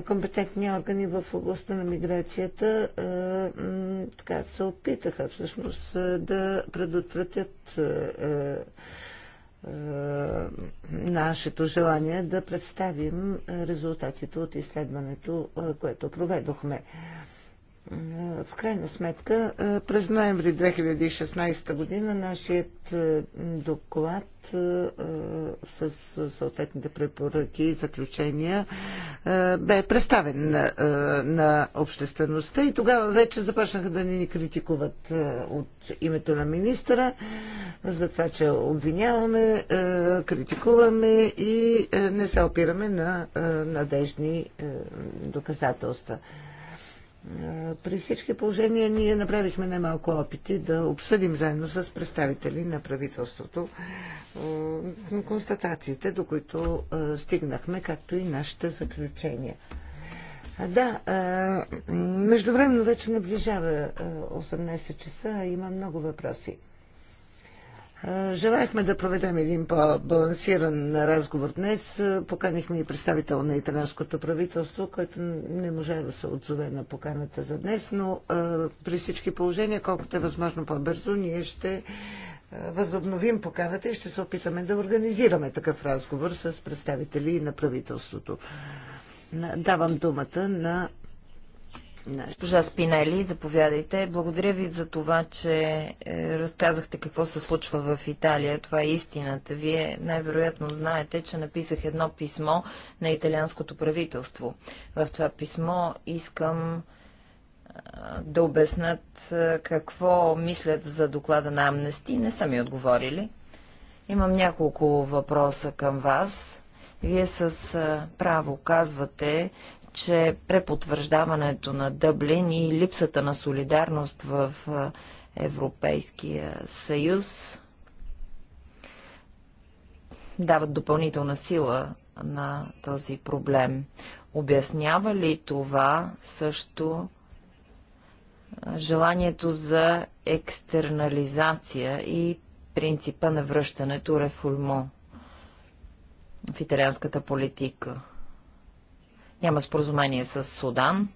компетентни органи в областта на миграцията, така се опитаха всъщност да предотвратят нашето желание да представим резултатите от изследването, което проведохме. В крайна сметка, е, през ноември 2016 година нашият е, доклад е, с съответните препоръки и заключения бе представен на, на обществеността и тогава вече започнаха да ни критикуват от името на министра за това, че обвиняваме, критикуваме и не се опираме на надежни доказателства. Е, при всички положения ние направихме немалко опити да обсъдим заедно с представители на правителството е, констатациите, до които е, стигнахме, както и нашите заключения. Да, междувременно вече наближава 18 часа, има много въпроси. Желаяхме да проведем един по-балансиран разговор днес. Поканихме и представител на италянското правителство, който не може да се отзове на поканата за днес, но при всички положения, колкото е възможно по-бързо, ние ще възобновим поканата и ще се опитаме да организираме такъв разговор с представители на правителството. Давам думата на Госпожа Спинели, заповядайте. Благодаря ви за това, че е, разказахте какво се случва в Италия. Това е истината. Вие най-вероятно знаете, че написах едно писмо на италианското правителство. В това писмо искам е, да обяснат е, какво мислят за доклада на Амнести. Не са ми отговорили. Имам няколко въпроса към вас. Вие с право казвате, че препотвърждаването на Дъблин и липсата на солидарност в Европейския съюз дават допълнителна сила на този проблем. Обяснява ли това също желанието за екстернализация и принципа на връщането реформо в италианската политика? Няма споразумение с Судан.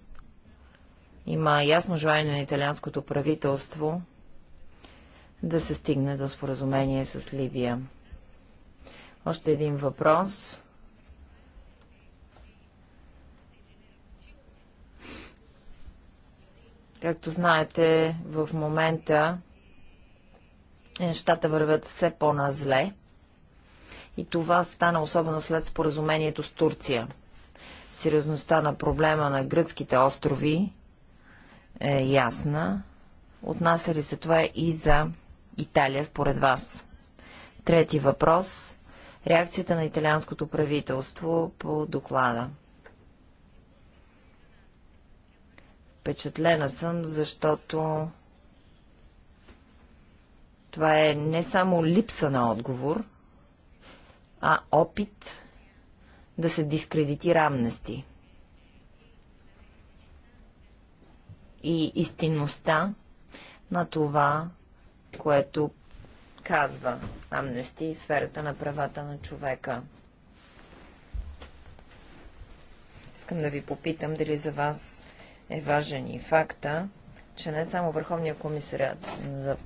Има ясно желание на италианското правителство да се стигне до споразумение с Либия. Още един въпрос. Както знаете, в момента нещата вървят все по-назле. И това стана особено след споразумението с Турция – Сериозността на проблема на гръцките острови е ясна. Отнася ли се това и за Италия, според вас? Трети въпрос. Реакцията на италианското правителство по доклада. Впечатлена съм, защото това е не само липса на отговор, а опит да се дискредитира Амнести. И истинността на това, което казва Амнести в сферата на правата на човека. Искам да ви попитам дали за вас е важен и факта, че не само Върховния комисарят за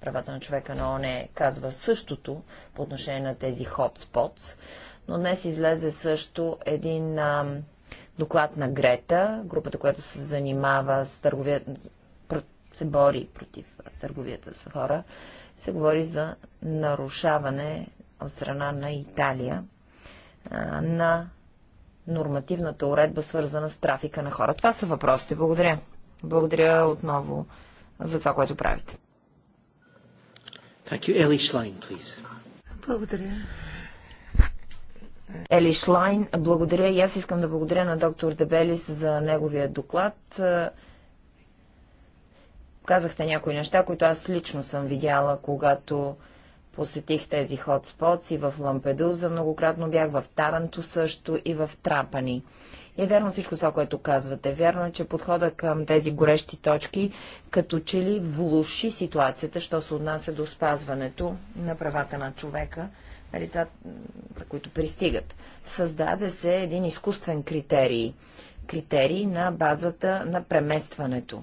правата на човека на ОНЕ казва същото по отношение на тези хотспот но днес излезе също един а, доклад на Грета, групата, която се занимава с търговията, се бори против търговията с хора, се говори за нарушаване от страна на Италия а, на нормативната уредба, свързана с трафика на хора. Това са въпросите. Благодаря. Благодаря отново за това, което правите. Thank you. Ellie Schlein, please. Благодаря. Ели Шлайн, благодаря и аз искам да благодаря на доктор Дебелис за неговия доклад. Казахте някои неща, които аз лично съм видяла, когато посетих тези хотспотс и в Лампедуза, многократно бях в Таранто също и в Трапани. И е вярно всичко това, което казвате. Вярно е, че подхода към тези горещи точки като че ли влуши ситуацията, що се отнася до спазването на правата на човека лицата, нали, които пристигат. Създаде се един изкуствен критерий. Критерий на базата на преместването.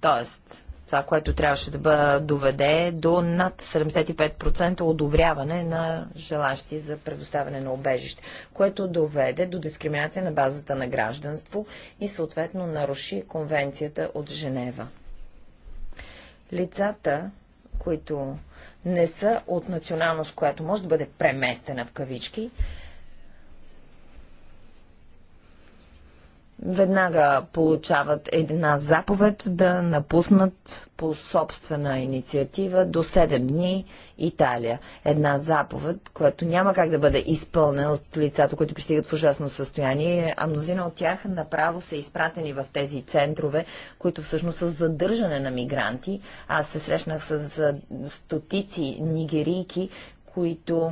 Тоест, това, което трябваше да бъде, доведе до над 75% одобряване на желащи за предоставяне на обежище, което доведе до дискриминация на базата на гражданство и съответно наруши конвенцията от Женева лицата, които не са от националност, която може да бъде преместена в кавички, веднага получават една заповед да напуснат по собствена инициатива до 7 дни Италия. Една заповед, която няма как да бъде изпълнена от лицата, които пристигат в ужасно състояние, а мнозина от тях направо са изпратени в тези центрове, които всъщност са задържане на мигранти. Аз се срещнах с стотици нигерийки, които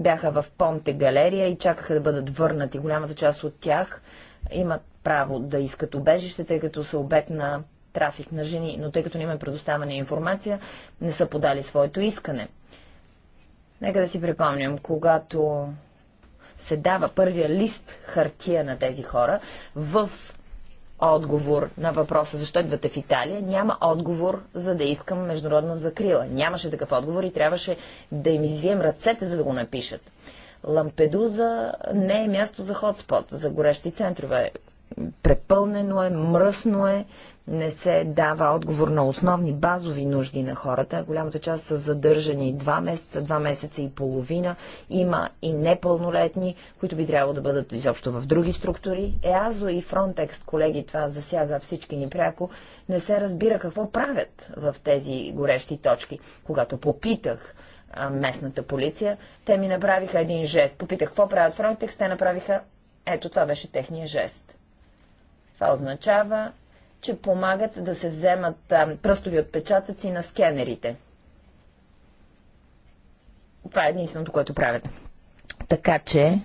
бяха в Помте галерия и чакаха да бъдат върнати. Голямата част от тях – имат право да искат убежище, тъй като са обект на трафик на жени, но тъй като не има предоставена информация, не са подали своето искане. Нека да си припомням, когато се дава първия лист хартия на тези хора в отговор на въпроса защо идвате в Италия, няма отговор за да искам международна закрила. Нямаше такъв отговор и трябваше да им извием ръцете, за да го напишат. Лампедуза не е място за хотспот, за горещи центрове. Препълнено е, мръсно е, не се дава отговор на основни базови нужди на хората. Голямата част са задържани два месеца, два месеца и половина. Има и непълнолетни, които би трябвало да бъдат изобщо в други структури. ЕАЗО и Фронтекст, колеги, това засяга всички ни пряко, не се разбира какво правят в тези горещи точки. Когато попитах местната полиция. Те ми направиха един жест. Попитах какво правят Фронтекс, те направиха... Ето, това беше техния жест. Това означава, че помагат да се вземат а, пръстови отпечатъци на скенерите. Това е единственото, което правят. Така че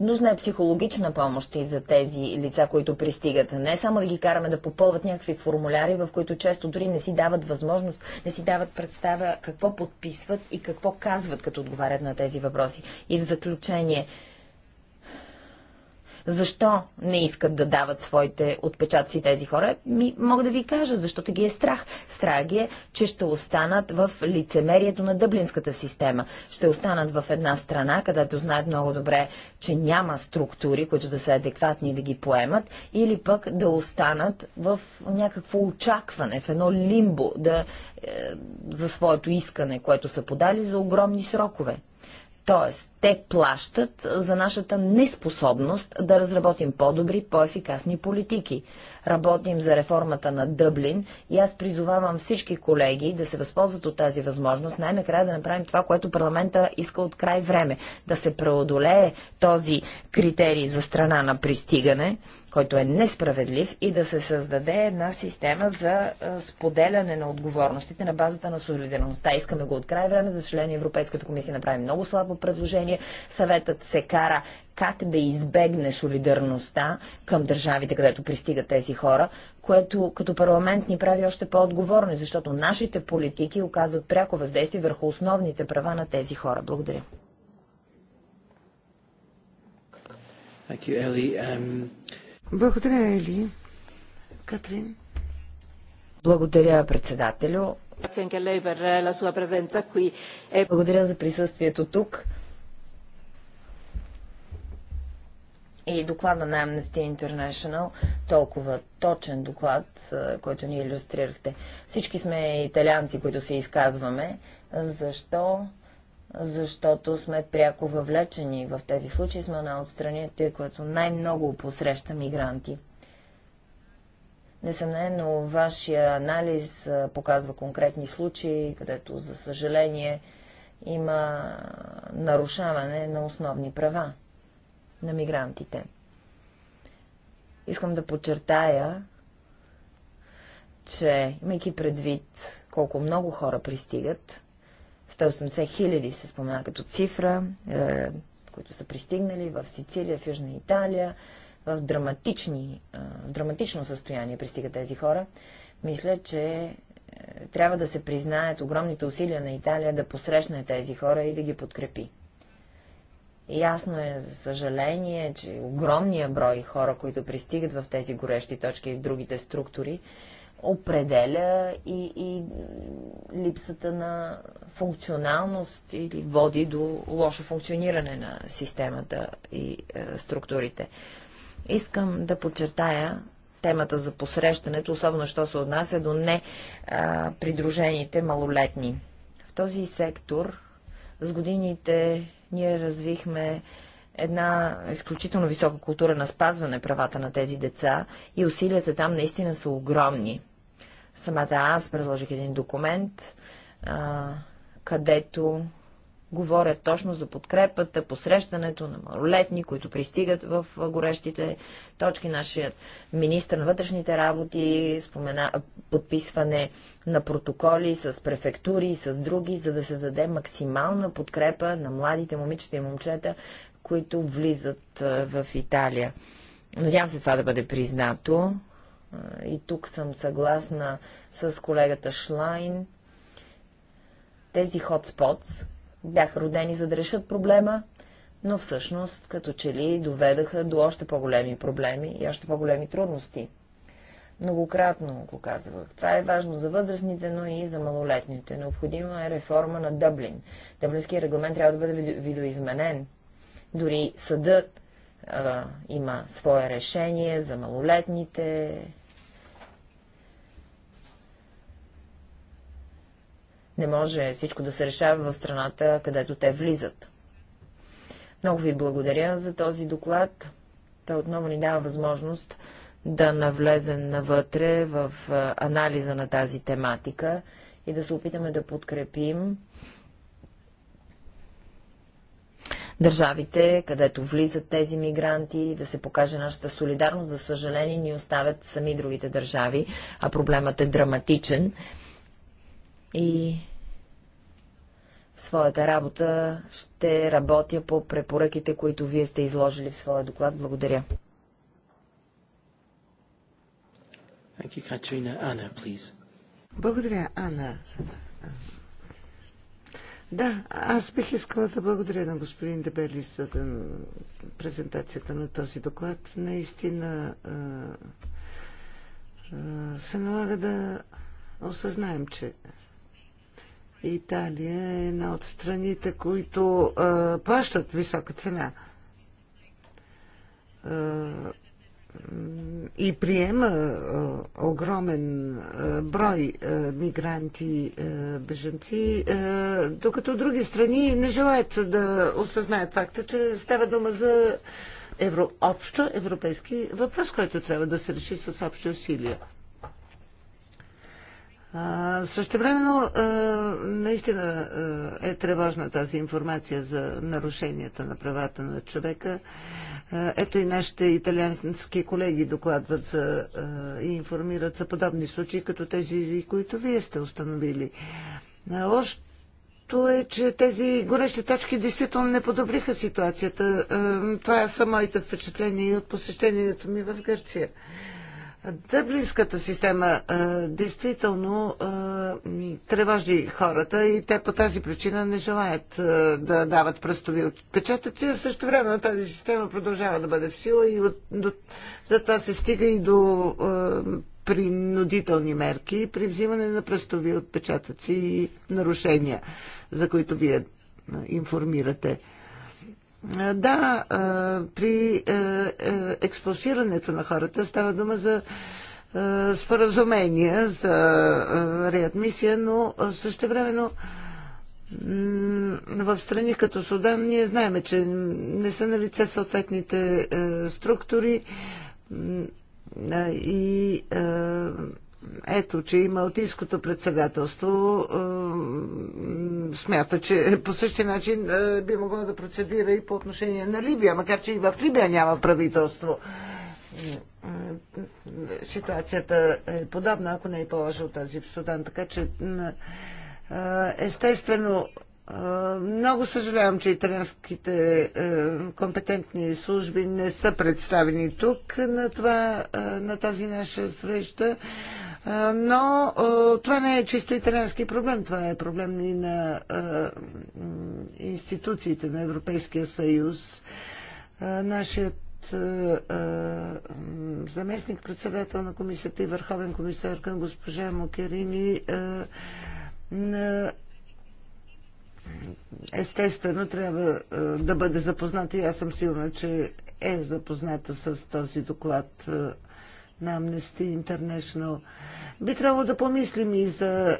Нужна е психологична помощ и за тези лица, които пристигат. Не само да ги караме да попълват някакви формуляри, в които често дори не си дават възможност, не си дават представа какво подписват и какво казват, като отговарят на тези въпроси. И в заключение, защо не искат да дават своите отпечатци тези хора? Ми, мога да ви кажа, защото ги е страх. Страх ги е, че ще останат в лицемерието на дъблинската система. Ще останат в една страна, където знаят много добре, че няма структури, които да са адекватни да ги поемат, или пък да останат в някакво очакване, в едно лимбо да, е, за своето искане, което са подали за огромни срокове. Тоест, те плащат за нашата неспособност да разработим по-добри, по-ефикасни политики. Работим за реформата на Дъблин и аз призовавам всички колеги да се възползват от тази възможност, най-накрая да направим това, което парламента иска от край време, да се преодолее този критерий за страна на пристигане, който е несправедлив и да се създаде една система за споделяне на отговорностите на базата на солидарността. Искаме го от край време, за член Европейската комисия направи много слабо предложение отношение. Съветът се кара как да избегне солидарността към държавите, където пристигат тези хора, което като парламент ни прави още по-отговорни, защото нашите политики оказват пряко въздействие върху основните права на тези хора. Благодаря. Um, Благодаря, Ели. Катрин. Благодаря, председателю. Благодаря за присъствието тук. и доклада на Amnesty International, толкова точен доклад, който ни иллюстрирахте. Всички сме италианци, които се изказваме. Защо? Защото сме пряко въвлечени в тези случаи. Сме една от страните, която най-много посреща мигранти. Несъмнено, вашия анализ показва конкретни случаи, където, за съжаление, има нарушаване на основни права на мигрантите. Искам да подчертая, че имайки предвид колко много хора пристигат, 180 хиляди се спомена като цифра, е, които са пристигнали в Сицилия, в Южна Италия, в, драматични, е, драматично състояние пристигат тези хора, мисля, че е, трябва да се признаят огромните усилия на Италия да посрещне тези хора и да ги подкрепи. Ясно е, за съжаление, че огромния брой хора, които пристигат в тези горещи точки и в другите структури, определя и, и липсата на функционалност или води до лошо функциониране на системата и е, структурите. Искам да подчертая темата за посрещането, особено що се отнася до не а, е, придружените малолетни. В този сектор с годините ние развихме една изключително висока култура на спазване правата на тези деца и усилията там наистина са огромни. Самата аз предложих един документ, а, където говорят точно за подкрепата, посрещането на малолетни, които пристигат в горещите точки. Нашият министр на вътрешните работи спомена подписване на протоколи с префектури и с други, за да се даде максимална подкрепа на младите момичета и момчета, които влизат в Италия. Надявам се това да бъде признато. И тук съм съгласна с колегата Шлайн. Тези хотспотс, бяха родени за да решат проблема, но всъщност като че ли доведаха до още по-големи проблеми и още по-големи трудности. Многократно го казвах. Това е важно за възрастните, но и за малолетните. Необходима е реформа на Дъблин. Дъблинският регламент трябва да бъде видоизменен. Дори съдът а, има свое решение за малолетните, Не може всичко да се решава в страната, където те влизат. Много ви благодаря за този доклад. Той отново ни дава възможност да навлезем навътре в анализа на тази тематика и да се опитаме да подкрепим държавите, където влизат тези мигранти, да се покаже нашата солидарност. За съжаление, ни оставят сами другите държави, а проблемът е драматичен. И своята работа ще работя по препоръките, които вие сте изложили в своя доклад. Благодаря. Благодаря, Анна. Да, аз бих искала да благодаря на господин Дебели за презентацията на този доклад. Наистина се налага да осъзнаем, че Италия е една от страните, които а, плащат висока цена а, и приема а, огромен а, брой а, мигранти, а, беженци, а, докато други страни не желаят да осъзнаят факта, че става дума за евро, общо европейски въпрос, който трябва да се реши с общи усилия. Същевременно наистина е тревожна тази информация за нарушенията на правата на човека. Ето и нашите италиански колеги докладват за, и информират за подобни случаи, като тези, които вие сте установили. Лошото е, че тези горещи точки действително не подобриха ситуацията. Това са моите впечатления и от посещението ми в Гърция. Дъблинската система а, действително а, тревожи хората и те по тази причина не желаят а, да дават пръстови отпечатъци, а също време тази система продължава да бъде в сила и от, до, затова се стига и до а, принудителни мерки при взимане на пръстови отпечатъци и нарушения, за които вие информирате. Да, при експлосирането на хората става дума за споразумения за реадмисия, но също времено в страни като Судан ние знаем, че не са на лице съответните структури и ето, че и Малтийското председателство е, смята, че по същия начин е, би могло да процедира и по отношение на Либия, макар че и в Либия няма правителство. Ситуацията е подобна, ако не е по-лъжа от тази в Судан. Така че, е, естествено, много съжалявам, че италианските компетентни служби не са представени тук на, това, на тази наша среща. Но това не е чисто италиански проблем, това е проблем и на институциите на Европейския съюз. Нашият заместник-председател на комисията и върховен комисар към госпожа Мокерини естествено трябва да бъде запозната и аз съм сигурна, че е запозната с този доклад на Amnesty International. Би трябвало да помислим и за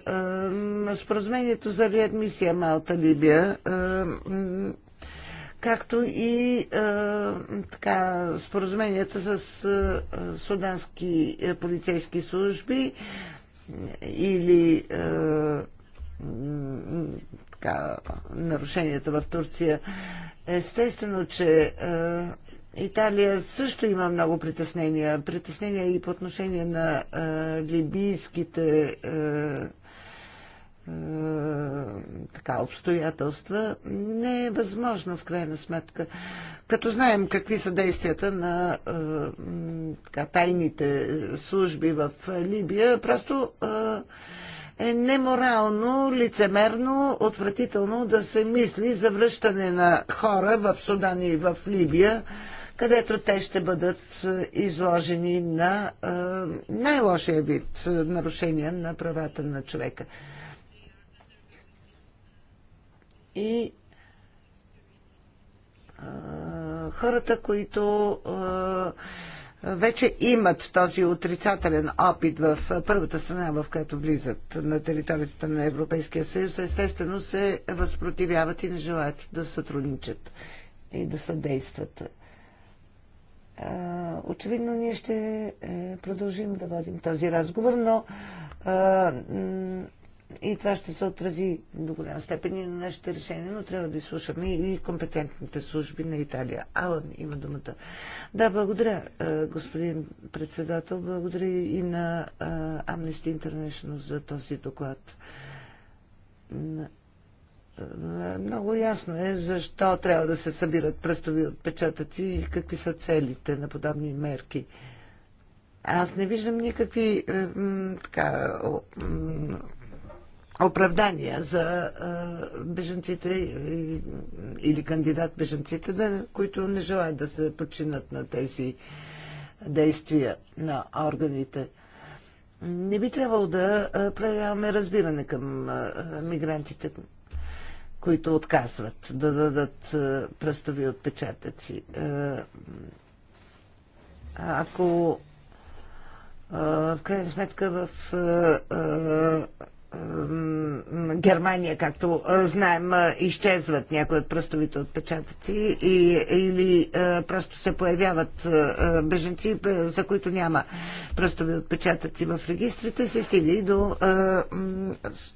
а, споразумението за реадмисия Малта-Либия, а, както и а, така, споразуменията с а, е, судански а, е, полицейски служби или а, така, нарушенията в Турция. Естествено, че е, Италия също има много притеснения. Притеснения и по отношение на а, либийските а, а, така, обстоятелства. Не е възможно, в крайна сметка. Като знаем какви са действията на а, така, тайните служби в Либия, просто а, е неморално, лицемерно, отвратително да се мисли за връщане на хора в Судан и в Либия където те ще бъдат е, изложени на е, най-лошия вид е, нарушения на правата на човека. И хората, които вече имат този отрицателен опит в първата страна, в която влизат на територията на Европейския съюз, естествено се възпротивяват и не желаят да сътрудничат и да съдействат очевидно ние ще е, продължим да водим този разговор, но и това ще се отрази до голяма степен и на нашите решения, но трябва да изслушаме и компетентните служби на Италия. Алън има думата. Да, благодаря, господин председател. Благодаря и на Amnesty International за този доклад. Много ясно е защо трябва да се събират пръстови отпечатъци и какви са целите на подобни мерки. Аз не виждам никакви е, така, оправдания за е, беженците или кандидат-беженците, които не желаят да се починат на тези действия на органите. Не би трябвало да е, проявяваме разбиране към мигрантите, които отказват да дадат е, пръстови отпечатъци. Е, ако е, в крайна сметка в Германия, както знаем, изчезват някои от пръстовите отпечатъци и, или просто се появяват беженци, за които няма пръстови отпечатъци в регистрите, се стига и до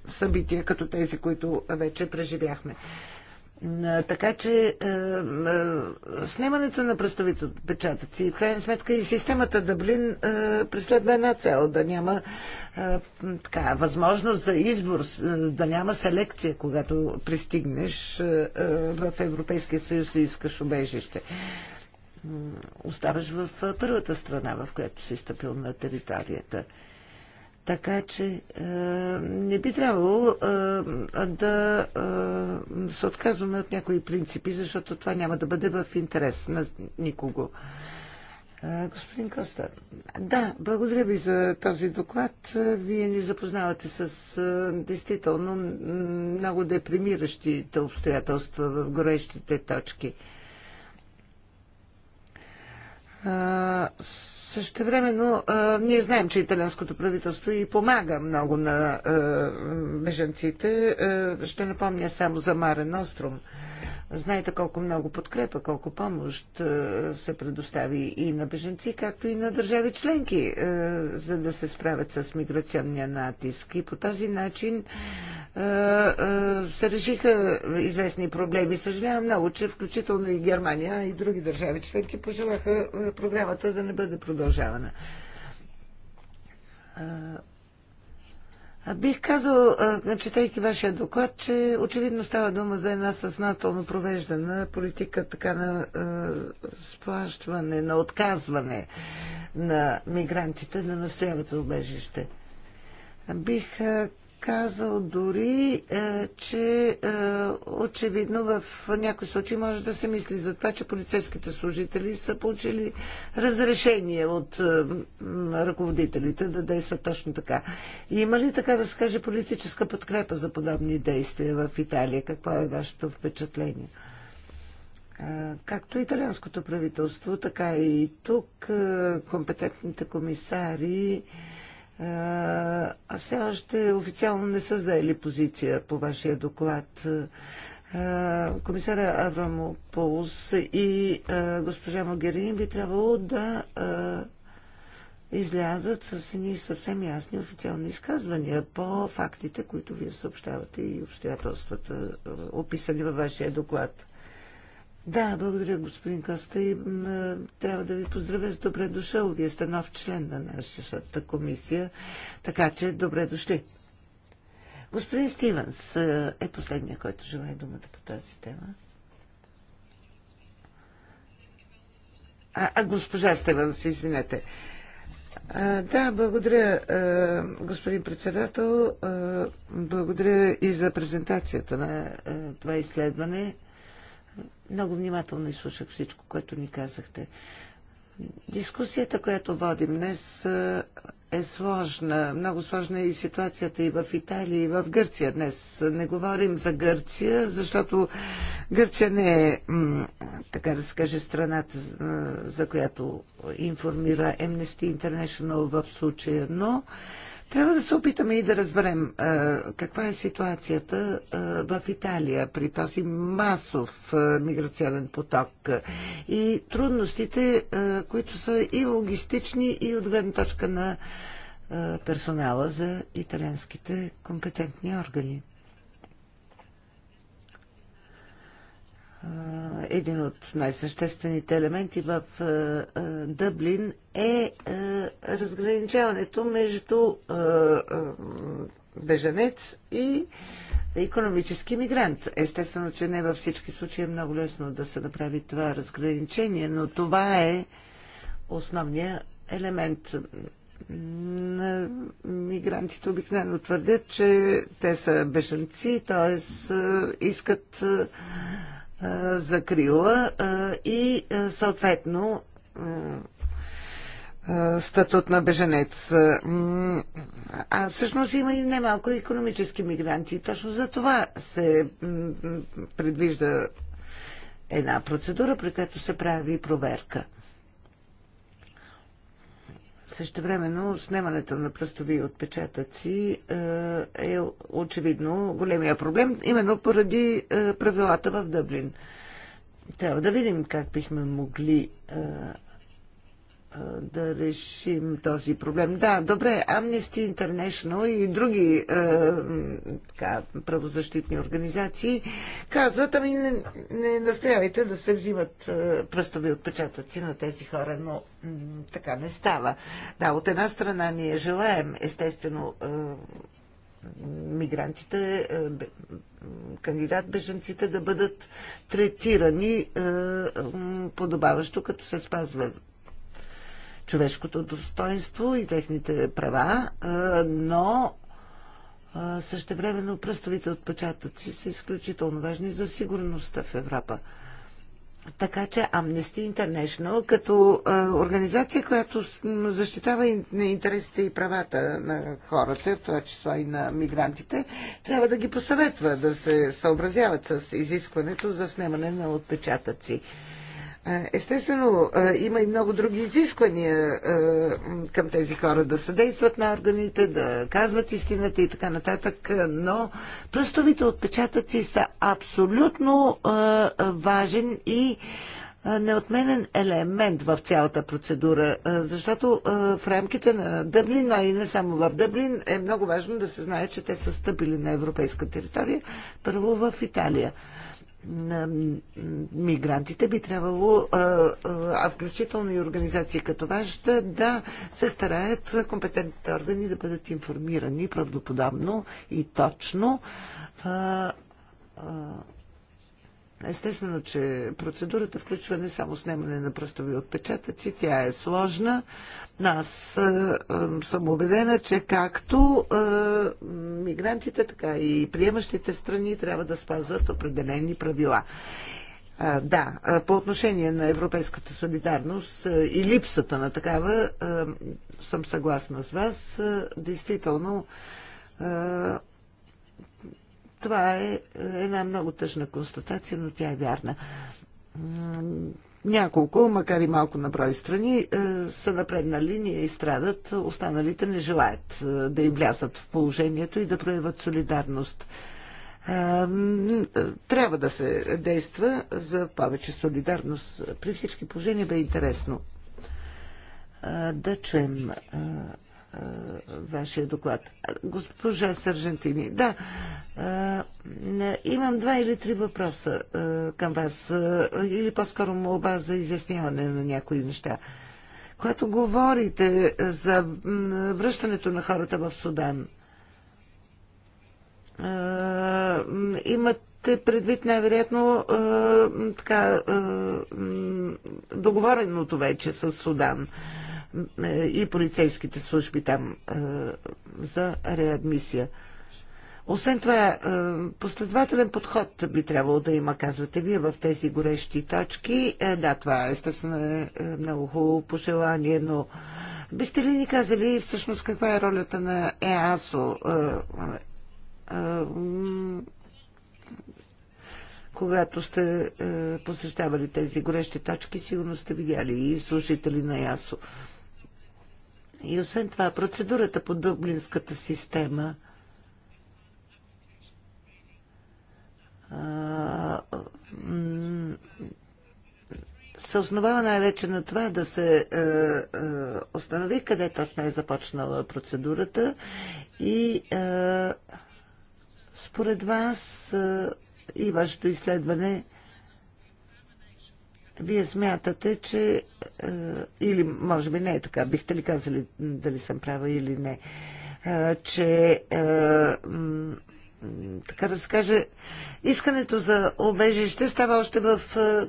събития като тези, които вече преживяхме. Така че е, снимането на пръстовите отпечатъци и в крайна сметка и системата Дъблин е, преследва една цел да няма е, така, възможност за избор, да няма селекция, когато пристигнеш в Европейския съюз и искаш убежище. Оставаш в първата страна, в която си стъпил на територията. Така че е, не би трябвало е, да е, се отказваме от някои принципи, защото това няма да бъде в интерес на никого. Е, господин Коста, да, благодаря ви за този доклад. Е, вие ни запознавате с е, действително много депримиращите обстоятелства в горещите точки. Е, също а, ние знаем, че италианското правителство и помага много на бежанците. Ще напомня само за Марен Ностром. Знаете колко много подкрепа, колко помощ е, се предостави и на беженци, както и на държави членки, е, за да се справят с миграционния натиск. И по този начин е, се решиха известни проблеми. Съжалявам много, че включително и Германия и други държави членки пожелаха програмата да не бъде продължавана. Бих казал, четейки вашия доклад, че очевидно става дума за една съзнателно провеждана политика така на е, сплащване, на отказване на мигрантите да настояват за убежище. Бих казал дори, е, че е, очевидно в някои случаи може да се мисли за това, че полицейските служители са получили разрешение от е, ръководителите да действат точно така. И има ли така да се каже политическа подкрепа за подобни действия в Италия? Какво е вашето впечатление? Както италианското правителство, така и тук компетентните комисари а все още официално не са заели позиция по вашия доклад. Комисаря Аврамополус и госпожа Могерин би трябвало да излязат с едни съвсем ясни официални изказвания по фактите, които вие съобщавате и обстоятелствата, описани във вашия доклад. Да, благодаря, господин Коста. И трябва да ви поздравя с добре дошъл. Вие сте нов член на нашата комисия, така че добре дошли. Господин Стивенс е последния, който желая думата по тази тема. А, а госпожа Стивенс, извинете. А, да, благодаря, а, господин председател. А, благодаря и за презентацията на а, това изследване. Много внимателно изслушах всичко, което ни казахте. Дискусията, която водим днес, е сложна. Много сложна е и ситуацията и в Италия, и в Гърция днес. Не говорим за Гърция, защото Гърция не е, така да се каже, страната, за която информира Amnesty International в случая, но трябва да се опитаме и да разберем а, каква е ситуацията а, в Италия при този масов а, миграционен поток и трудностите, а, които са и логистични, и от гледна точка на а, персонала за италянските компетентни органи. един от най-съществените елементи в Дъблин е разграничаването между беженец и економически мигрант. Естествено, че не във всички случаи е много лесно да се направи това разграничение, но това е основният елемент. Мигрантите обикновено твърдят, че те са бежанци, т.е. искат закрила и съответно статут на беженец. А всъщност има и немалко економически мигранти. Точно за това се предвижда една процедура, при която се прави проверка времено, снимането на пръстови отпечатъци е, е очевидно големия проблем, именно поради е, правилата в Дъблин. Трябва да видим как бихме могли е, да решим този проблем. Да, добре, Amnesty International и други е, така, правозащитни организации казват, ами не, не настоявайте да се взимат е, пръстови отпечатъци на тези хора, но така не става. Да, от една страна ние желаем, естествено, е, мигрантите, кандидат-беженците да бъдат третирани подобаващо, като се спазват човешкото достоинство и техните права, но същевременно пръстовите отпечатъци са изключително важни за сигурността в Европа. Така че Amnesty International, като организация, която защитава интересите и правата на хората, в това число и на мигрантите, трябва да ги посъветва да се съобразяват с изискването за снимане на отпечатъци. Естествено, има и много други изисквания към тези хора да съдействат на органите, да казват истината и така нататък, но пръстовите отпечатъци са абсолютно важен и неотменен елемент в цялата процедура, защото в рамките на Дъблин, а и не само в Дъблин, е много важно да се знае, че те са стъпили на европейска територия, първо в Италия на мигрантите би трябвало, а включително и организации като вашата, да се стараят компетентните органи да бъдат информирани правдоподобно и точно. Естествено, че процедурата включва не само снимане на пръстови отпечатъци, тя е сложна, аз е, съм убедена, че както е, мигрантите, така и приемащите страни трябва да спазват определени правила. Да, е, по отношение на европейската солидарност и липсата на такава, съм съгласна с вас. Действително, това е една много тъжна констатация, но тя е вярна няколко, макар и малко на брой страни, е, са на предна линия и страдат. Останалите не желаят е, да им влязат в положението и да проявят солидарност. Е, трябва да се действа за повече солидарност. При всички положения бе интересно да чуем вашия доклад. Госпожа Сържентини, да, имам два или три въпроса към вас, или по-скоро молба за изясняване на някои неща. Когато говорите за връщането на хората в Судан, имате предвид най-вероятно така, договореното вече с Судан. Е, и полицейските служби там е, за реадмисия. Освен това, е, последователен подход би трябвало да има, казвате вие, в тези горещи точки. Да, това естествено е много хубаво пожелание, но бихте ли ни казали всъщност каква е ролята на ЕАСО? Когато сте посещавали тези горещи точки, сигурно сте видяли и служители на ЕАСО. И освен това, процедурата по дублинската система се основава най-вече на това да се установи къде точно е започнала процедурата и според вас и вашето изследване вие смятате, че е, или може би не е така, бихте ли казали дали съм права или не, е, че е, така да се каже, искането за обежище става още в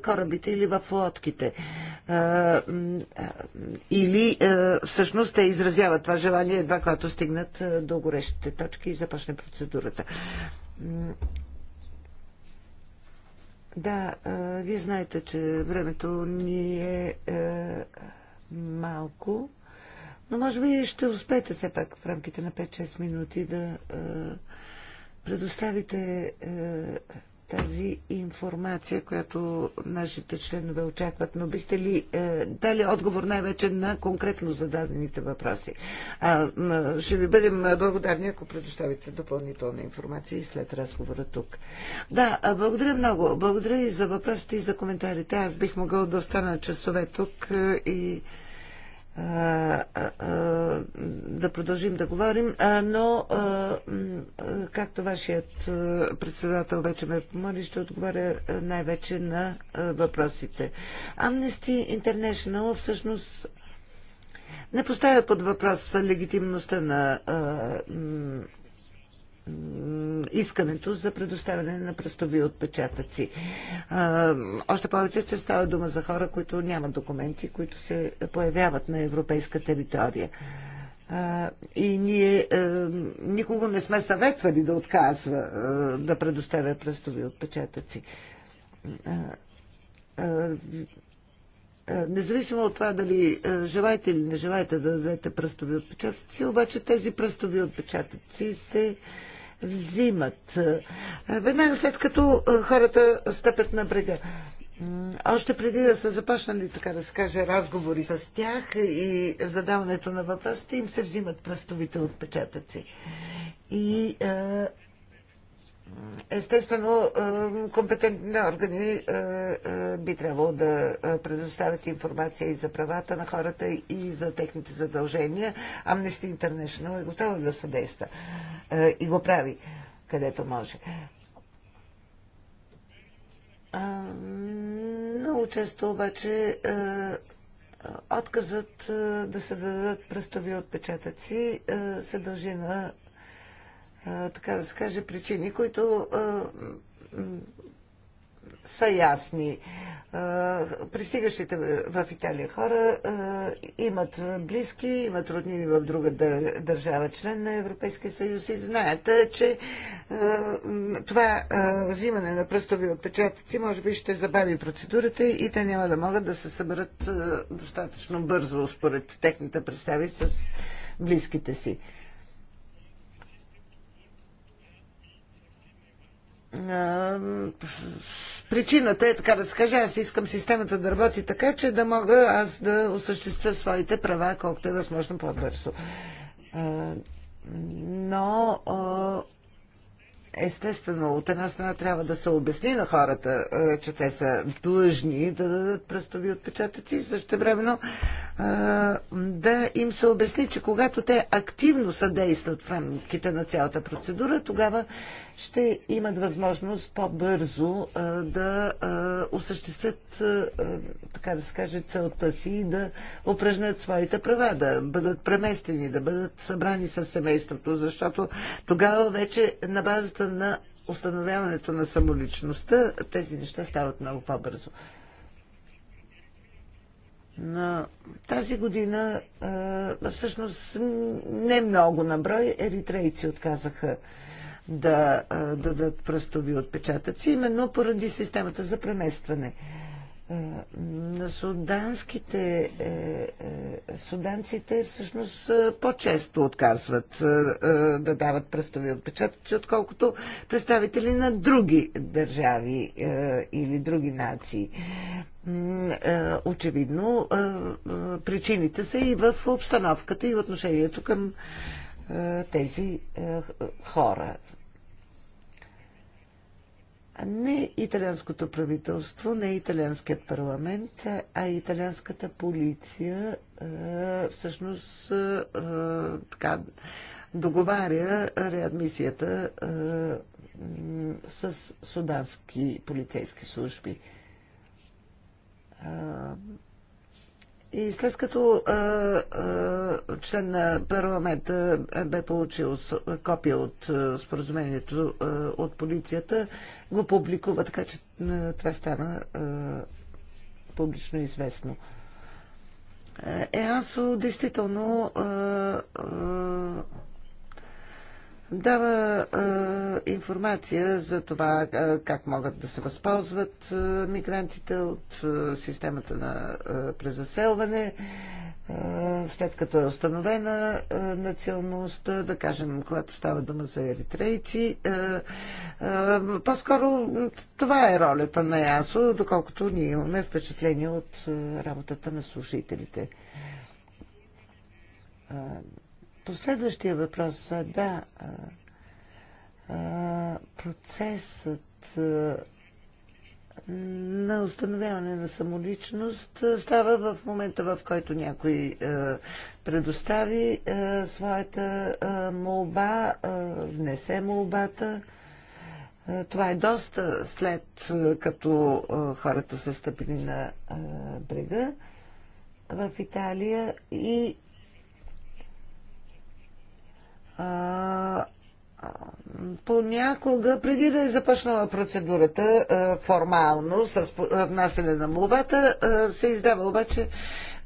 корабите или в лодките. Или всъщност те изразяват това желание едва когато стигнат до горещите точки и започне процедурата. Да, вие знаете, че времето ни е, е малко, но може би ще успеете все пак в рамките на 5-6 минути да е, предоставите е, тази информация, която нашите членове очакват, но бихте ли е, дали отговор най-вече на конкретно зададените въпроси? А, ще ви бъдем благодарни, ако предоставите допълнителна информация и след разговора тук. Да, благодаря много. Благодаря и за въпросите и за коментарите. Аз бих могъл да остана часове тук е, и е, да продължим да говорим, но както вашият председател вече ме помоли, ще отговоря най-вече на въпросите. Amnesty International всъщност не поставя под въпрос легитимността на искането за предоставяне на пръстови отпечатъци. Още повече, че става дума за хора, които нямат документи, които се появяват на европейска територия. И ние никога не сме съветвали да отказва да предоставя пръстови отпечатъци независимо от това дали желаете или не желаете да дадете пръстови отпечатъци, обаче тези пръстови отпечатъци се взимат. Е, веднага след като е, хората стъпят на брега. Още преди да са започнали, така да се каже, разговори с тях и задаването на въпросите, им се взимат пръстовите отпечатъци. И е, Естествено, компетентни органи е, е, би трябвало да е, предоставят информация и за правата на хората, и за техните задължения. Amnesty International е готова да съдейства и го прави, където може. Много често обаче отказът да се дадат пръстови отпечатъци се дължи на така да се каже, причини, които са ясни. Пристигащите в Италия хора имат близки, имат роднини в друга държава, член на Европейския съюз и знаят, че това взимане на пръстови отпечатъци може би ще забави процедурата и те няма да могат да се съберат достатъчно бързо, според техните представи с близките си. причината е, така да се каже, аз искам системата да работи така, че да мога аз да осъществя своите права, колкото е възможно по-бързо. Но Естествено, от една страна трябва да се обясни на хората, е, че те са длъжни да дадат пръстови отпечатъци и също времено е, да им се обясни, че когато те активно съдействат в рамките на цялата процедура, тогава ще имат възможност по-бързо е, да осъществят, така да се каже, целта си и да упражнят своите права, да бъдат преместени, да бъдат събрани с семейството, защото тогава вече на базата областта на установяването на самоличността тези неща стават много по-бързо. На тази година, всъщност не много на брой, еритрейци отказаха да дадат пръстови отпечатъци, именно поради системата за преместване на суданските е, е, суданците всъщност е, по-често отказват да дават пръстови отпечатъци, отколкото представители на други държави или други нации. Очевидно, причините са и в обстановката и в отношението към тези хора не италианското правителство, не италианският парламент, а италианската полиция е, всъщност е, така, договаря реадмисията е, с судански полицейски служби. И след като а, а, член на парламента бе получил копия от а, споразумението а, от полицията, го публикува, така че а, това стана а, публично известно. Еансо, е, действително а, а, дава а, информация за това а, как могат да се възползват а, мигрантите от а, системата на а, презаселване, а, след като е установена а, националността, да кажем, когато става дума за еритрейци. по-скоро това е ролята на ЯСО, доколкото ние имаме впечатление от а, работата на служителите. А, последващия въпрос, да, процесът на установяване на самоличност става в момента, в който някой предостави своята молба, внесе молбата. Това е доста след като хората са стъпили на брега в Италия и понякога, преди да е започнала процедурата формално с внасяне на молбата, се издава обаче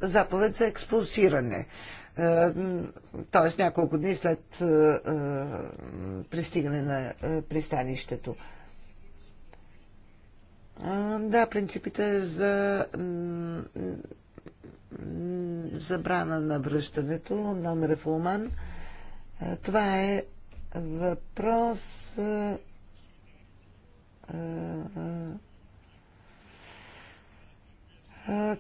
заповед за експулсиране. Т.е. няколко дни след пристигане на пристанището. Да, принципите за забрана на връщането на Рефулман. Е, това е въпрос е, е,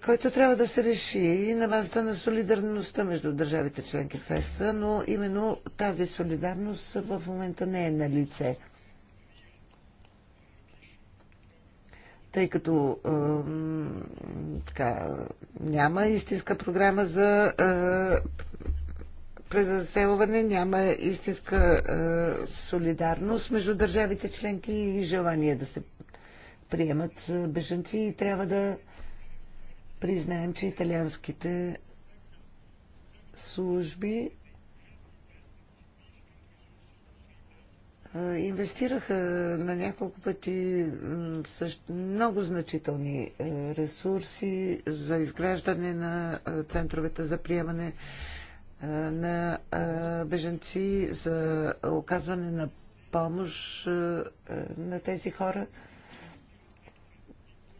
който трябва да се реши на базата на солидарността между държавите членки в ЕС, но именно тази солидарност в момента не е на лице. Тъй като така, няма истинска програма за презаселване, няма истинска е, солидарност между държавите членки и желание да се приемат е, бежанци и трябва да признаем, че италианските служби е, инвестираха на няколко пъти много значителни ресурси за изграждане на центровете за приемане на беженци, за оказване на помощ на тези хора.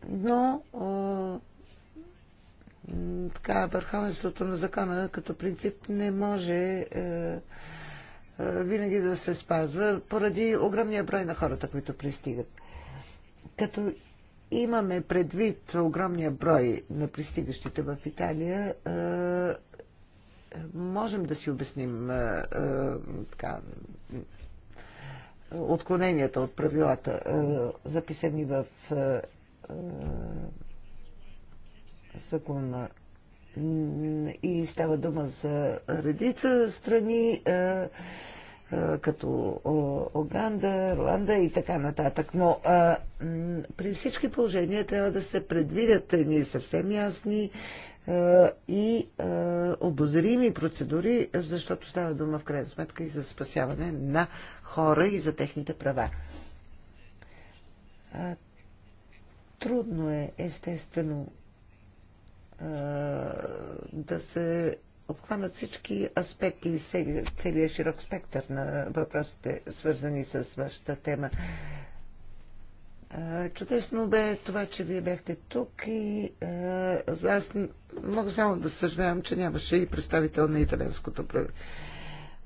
Но така, върховенството на закона като принцип не може винаги да се спазва поради огромния брой на хората, които пристигат. Като имаме предвид огромния брой на пристигащите в Италия, можем да си обясним е, е, така, отклоненията от правилата, е, записани в закона. И става дума за редица страни, като Оганда, Руанда и така нататък. Но при всички положения трябва да се предвидят едни съвсем ясни и обозрими процедури, защото става дума в крайна сметка и за спасяване на хора и за техните права. Трудно е, естествено, да се обхванат всички аспекти и целият широк спектър на въпросите, свързани с вашата тема. Чудесно бе това, че вие бяхте тук и аз мога само да съжалявам, че нямаше и представител на италянското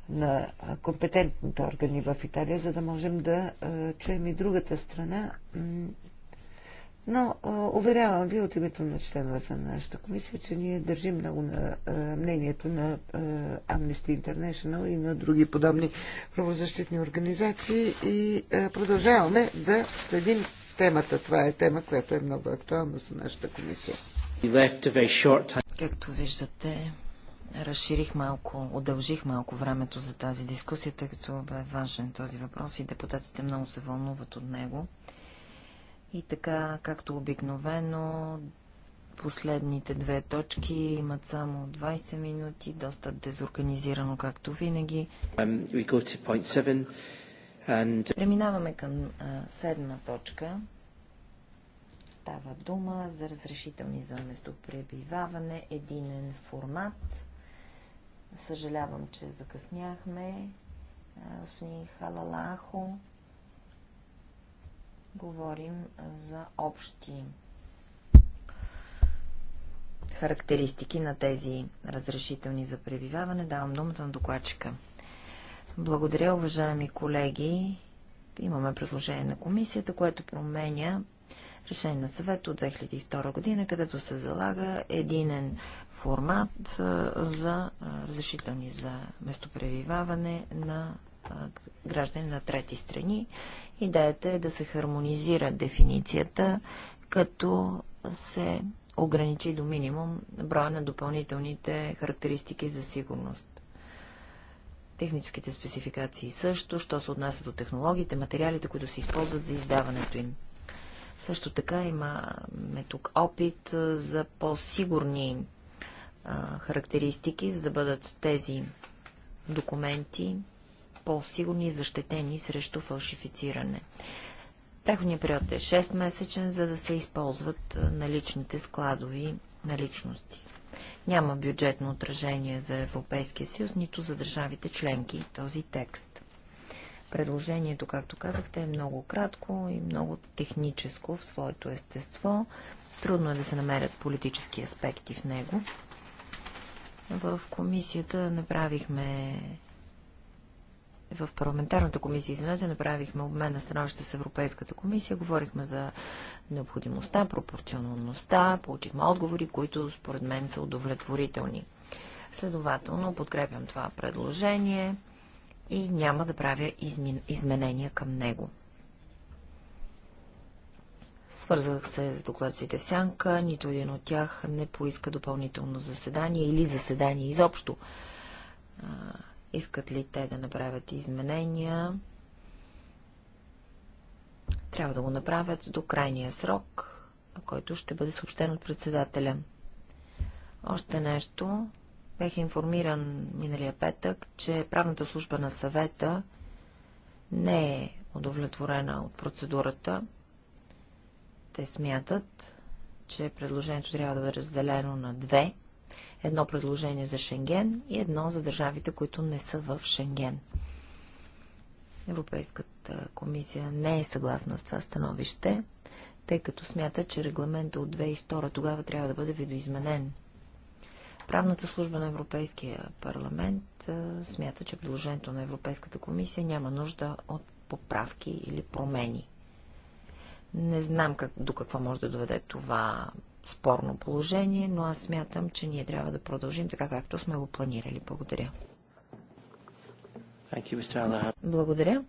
на компетентните органи в Италия, за да можем да чуем и другата страна. Но уверявам ви от името на членовете на нашата комисия, че ние държим много на мнението на Amnesty International и на други подобни правозащитни организации и продължаваме да следим темата. Това е тема, която е много актуална за нашата комисия. Както виждате, разширих малко, удължих малко времето за тази дискусия, тъй като бе важен този въпрос и депутатите много се вълнуват от него. И така, както обикновено, последните две точки имат само 20 минути, доста дезорганизирано, както винаги. Um, uh, Преминаваме към а, седма точка. Става дума за разрешителни за местопребиваване, единен формат. Съжалявам, че закъсняхме. Господин Халалахо говорим за общи характеристики на тези разрешителни за пребиваване. Давам думата на докладчика. Благодаря, уважаеми колеги. Имаме предложение на комисията, което променя решение на съвет от 2002 година, където се залага единен формат за разрешителни за местопревиваване на граждани на трети страни. Идеята е да се хармонизира дефиницията, като се ограничи до минимум броя на допълнителните характеристики за сигурност. Техническите спецификации също, що се отнася до технологиите, материалите, които се използват за издаването им. Също така имаме тук опит за по-сигурни характеристики, за да бъдат тези документи по-сигурни и защитени срещу фалшифициране. Преходният период е 6-месечен, за да се използват наличните складови наличности. Няма бюджетно отражение за Европейския съюз, нито за държавите членки този текст. Предложението, както казахте, е много кратко и много техническо в своето естество. Трудно е да се намерят политически аспекти в него. В комисията направихме в парламентарната комисия, извинете, направихме обмен на становище с Европейската комисия, говорихме за необходимостта, пропорционалността, получихме отговори, които според мен са удовлетворителни. Следователно, подкрепям това предложение и няма да правя измен... изменения към него. Свързах се с докладците в сянка, нито един от тях не поиска допълнително заседание или заседание изобщо искат ли те да направят изменения. Трябва да го направят до крайния срок, който ще бъде съобщен от председателя. Още нещо. Бех информиран миналия петък, че правната служба на съвета не е удовлетворена от процедурата. Те смятат, че предложението трябва да бъде разделено на две Едно предложение за Шенген и едно за държавите, които не са в Шенген. Европейската комисия не е съгласна с това становище, тъй като смята, че регламента от 2002 тогава трябва да бъде видоизменен. Правната служба на Европейския парламент смята, че предложението на Европейската комисия няма нужда от поправки или промени. Не знам как, до какво може да доведе това спорно положение, но аз смятам, че ние трябва да продължим така, както сме го планирали. Благодаря. Благодаря.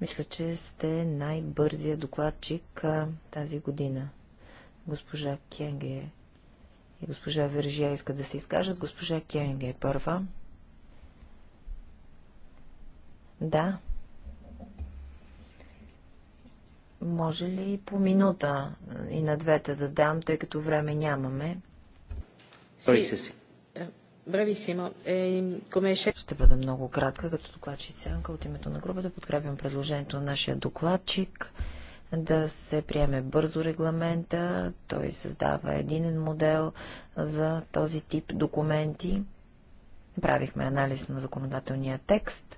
Мисля, че сте най-бързия докладчик тази година. Госпожа Кенге и госпожа Вержия иска да се изкажат. Госпожа Кенге е първа. Да. Може ли по минута е, и на двете да дам, тъй като време нямаме? Е, е, ще бъда много кратка, като докладчи Сянка от името на групата. Подкрепям предложението на нашия докладчик да се приеме бързо регламента. Той създава единен модел за този тип документи. Правихме анализ на законодателния текст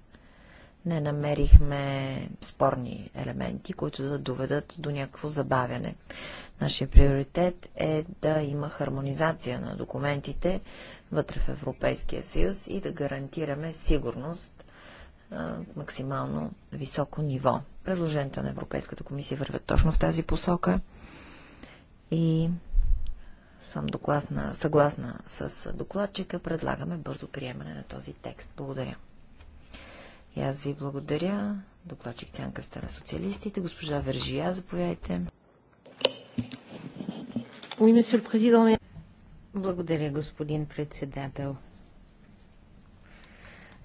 не намерихме спорни елементи, които да доведат до някакво забавяне. Нашия приоритет е да има хармонизация на документите вътре в Европейския съюз и да гарантираме сигурност а, максимално високо ниво. Предложенията на Европейската комисия вървят точно в тази посока и съм докласна, съгласна с докладчика. Предлагаме бързо приемане на този текст. Благодаря. И аз ви благодаря. Докладчик Цянка сте на социалистите. Госпожа Вержия, заповядайте. Благодаря, господин председател.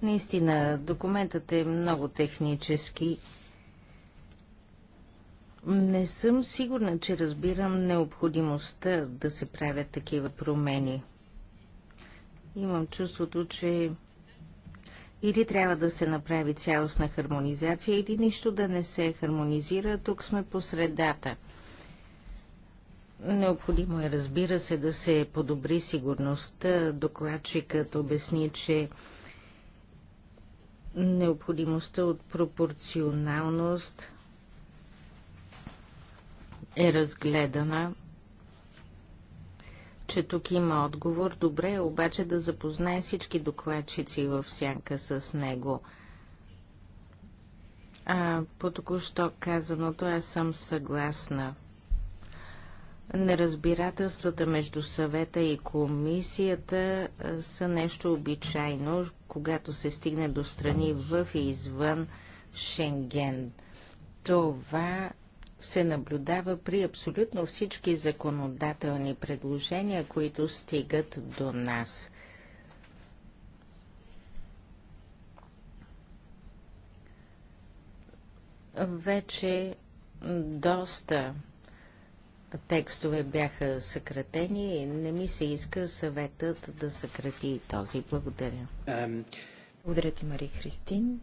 Наистина, документът е много технически. Не съм сигурна, че разбирам необходимостта да се правят такива промени. Имам чувството, че или трябва да се направи цялостна хармонизация, или нищо да не се хармонизира. Тук сме по средата. Необходимо е, разбира се, да се подобри сигурността. Докладчикът обясни, че необходимостта от пропорционалност е разгледана че тук има отговор. Добре е обаче да запознае всички докладчици в сянка с него. А, по току-що казаното аз съм съгласна. Неразбирателствата между съвета и комисията са нещо обичайно, когато се стигне до страни в и извън Шенген. Това се наблюдава при абсолютно всички законодателни предложения, които стигат до нас. Вече доста текстове бяха съкратени и не ми се иска съветът да съкрати този. Благодаря. Благодаря ти, Мари Христин.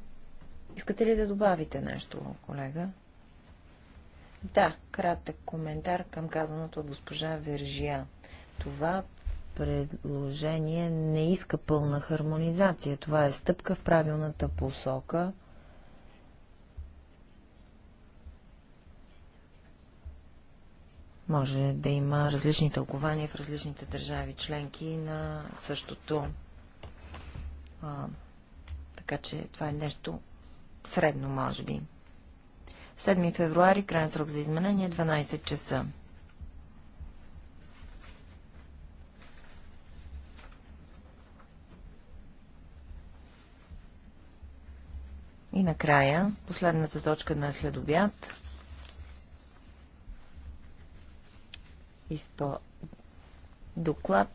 Искате ли да добавите нещо, колега? Да, кратък коментар към казаното от госпожа Вержия. Това предложение не иска пълна хармонизация. Това е стъпка в правилната посока. Може да има различни тълкования в различните държави членки на същото. А, така че това е нещо средно, може би. 7 февруари, крайен срок за изменение, 12 часа. И накрая, последната точка на следобяд. Изпо доклад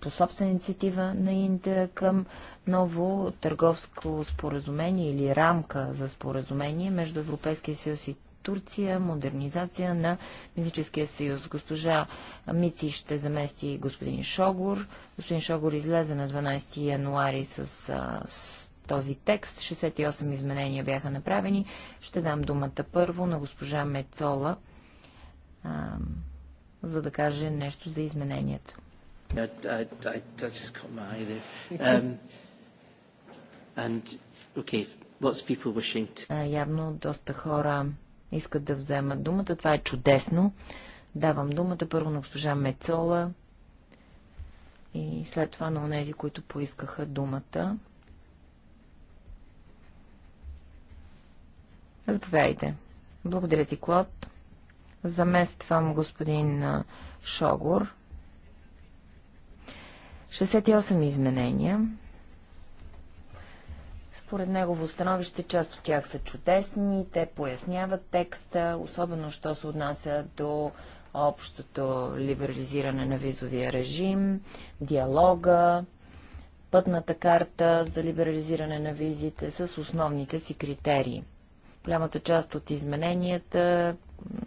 по собствена инициатива на Индия към ново търговско споразумение или рамка за споразумение между Европейския съюз и Турция, модернизация на Митническия съюз. Госпожа Мици ще замести господин Шогор. Господин Шогор излезе на 12 януари с, с този текст. 68 изменения бяха направени. Ще дам думата първо на госпожа Мецола за да каже нещо за измененията. Явно доста хора искат да вземат думата. Това е чудесно. Давам думата първо на госпожа Мецола и след това на онези, които поискаха думата. Заповядайте. Благодаря ти, Клод. Замествам господин Шогор. 68 изменения. Според негово становище, част от тях са чудесни, те поясняват текста, особено що се отнася до общото либерализиране на визовия режим, диалога, пътната карта за либерализиране на визите с основните си критерии. Голямата част от измененията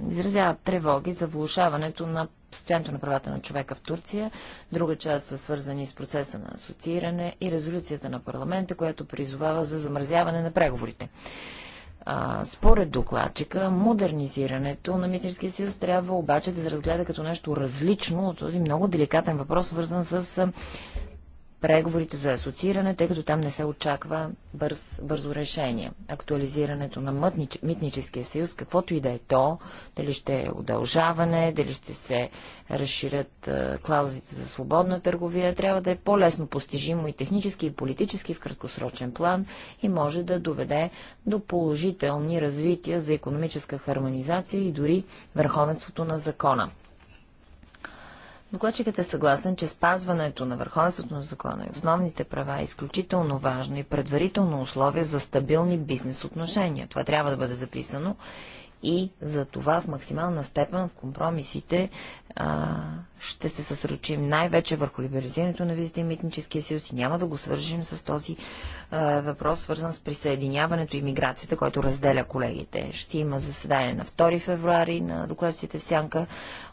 изразяват тревоги за влушаването на състоянието на правата на човека в Турция. Друга част са свързани с процеса на асоцииране и резолюцията на парламента, която призовава за замразяване на преговорите. според докладчика, модернизирането на Митническия съюз трябва обаче да се разгледа като нещо различно от този много деликатен въпрос, свързан с преговорите за асоцииране, тъй като там не се очаква бърз, бързо решение. Актуализирането на мътнич, митническия съюз, каквото и да е то, дали ще е удължаване, дали ще се разширят е, клаузите за свободна търговия, трябва да е по-лесно постижимо и технически, и политически в краткосрочен план и може да доведе до положителни развития за економическа хармонизация и дори върховенството на закона. Докладчикът е съгласен, че спазването на върховенството на закона и основните права е изключително важно и предварително условие за стабилни бизнес отношения. Това трябва да бъде записано и за това в максимална степен в компромисите а, ще се съсрочим най-вече върху либерализирането на визите и митническия съюз и няма да го свържим с този а, въпрос, свързан с присъединяването и миграцията, който разделя колегите. Ще има заседание на 2 февруари на докладците в Сянка.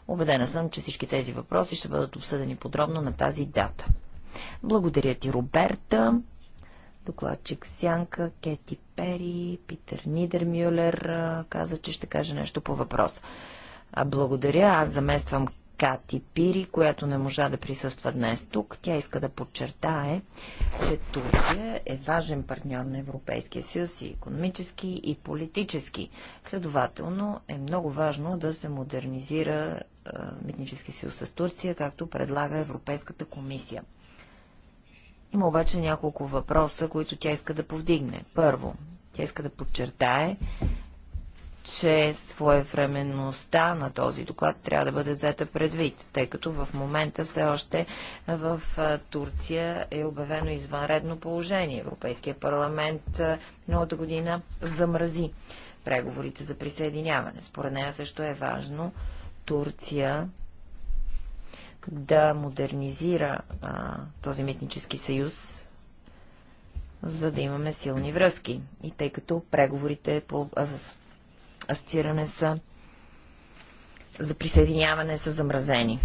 Обедена съм, че всички тези въпроси ще бъдат обсъдени подробно на тази дата. Благодаря ти, Роберта. Докладчик в Сянка, Кети Пери, Питър Нидермюлер каза, че ще каже нещо по въпрос. А благодаря, аз замествам Кати Пири, която не можа да присъства днес тук. Тя иска да подчертае, че Турция е важен партньор на Европейския съюз и економически, и политически. Следователно е много важно да се модернизира е, митнически съюз с Турция, както предлага Европейската комисия. Има обаче няколко въпроса, които тя иска да повдигне. Първо, тя иска да подчертае, че своевременността на този доклад трябва да бъде взета предвид, тъй като в момента все още в Турция е обявено извънредно положение. Европейския парламент миналата година замрази преговорите за присъединяване. Според нея също е важно Турция да модернизира а, този митнически съюз, за да имаме силни връзки. И тъй като преговорите по асоцииране са за присъединяване са замразени.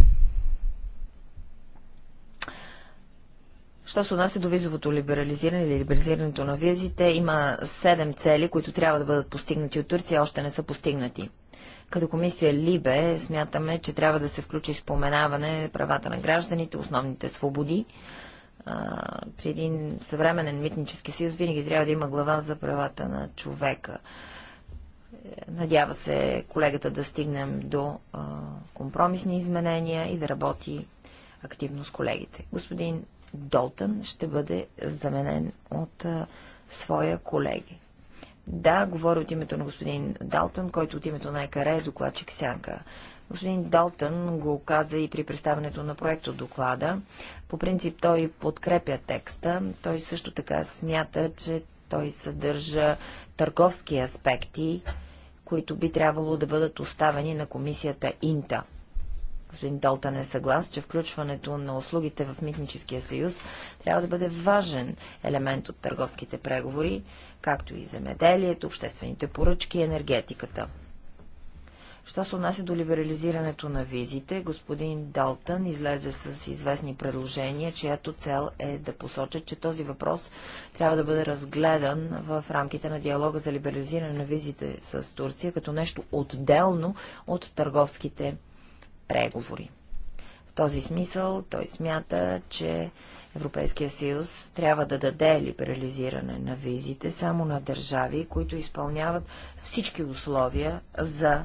Що се отнася до визовото либерализиране или либерализирането на визите, има седем цели, които трябва да бъдат постигнати от Турция, още не са постигнати. Като комисия Либе смятаме, че трябва да се включи споменаване правата на гражданите, основните свободи. при един съвременен митнически съюз винаги трябва да има глава за правата на човека. Надява се колегата да стигнем до компромисни изменения и да работи активно с колегите. Господин Долтън ще бъде заменен от своя колеги. Да, говоря от името на господин Далтън, който от името на ЕКАРЕ е докладчик Сянка. Господин Далтън го каза и при представането на от доклада. По принцип той подкрепя текста. Той също така смята, че той съдържа търговски аспекти, които би трябвало да бъдат оставени на комисията Инта господин Долтан е съглас, че включването на услугите в Митническия съюз трябва да бъде важен елемент от търговските преговори, както и земеделието, обществените поръчки и енергетиката. Що се отнася до либерализирането на визите, господин Далтън излезе с известни предложения, чиято цел е да посочат, че този въпрос трябва да бъде разгледан в рамките на диалога за либерализиране на визите с Турция като нещо отделно от търговските преговори. В този смисъл той смята, че Европейския съюз трябва да даде либерализиране на визите само на държави, които изпълняват всички условия за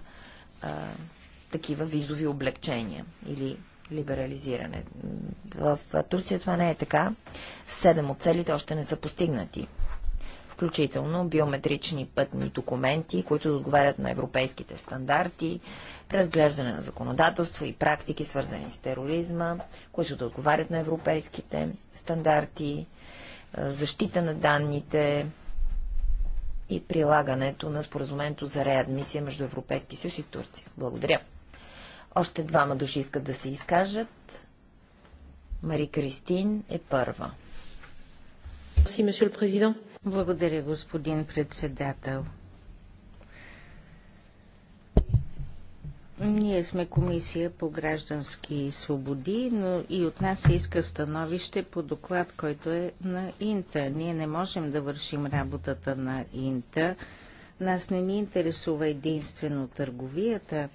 а, такива визови облегчения или либерализиране. В Турция това не е така. Седем от целите още не са постигнати включително биометрични пътни документи, които отговарят на европейските стандарти разглеждане на законодателство и практики, свързани с тероризма, които да отговарят на европейските стандарти, е, защита на данните и прилагането на споразумението за реадмисия между Европейски съюз и Турция. Благодаря. Още двама души искат да се изкажат. Мари Кристин е първа. Благодаря, господин председател. Ние сме комисия по граждански свободи, но и от нас се иска становище по доклад, който е на Инта. Ние не можем да вършим работата на Инта. Нас не ни интересува единствено търговията.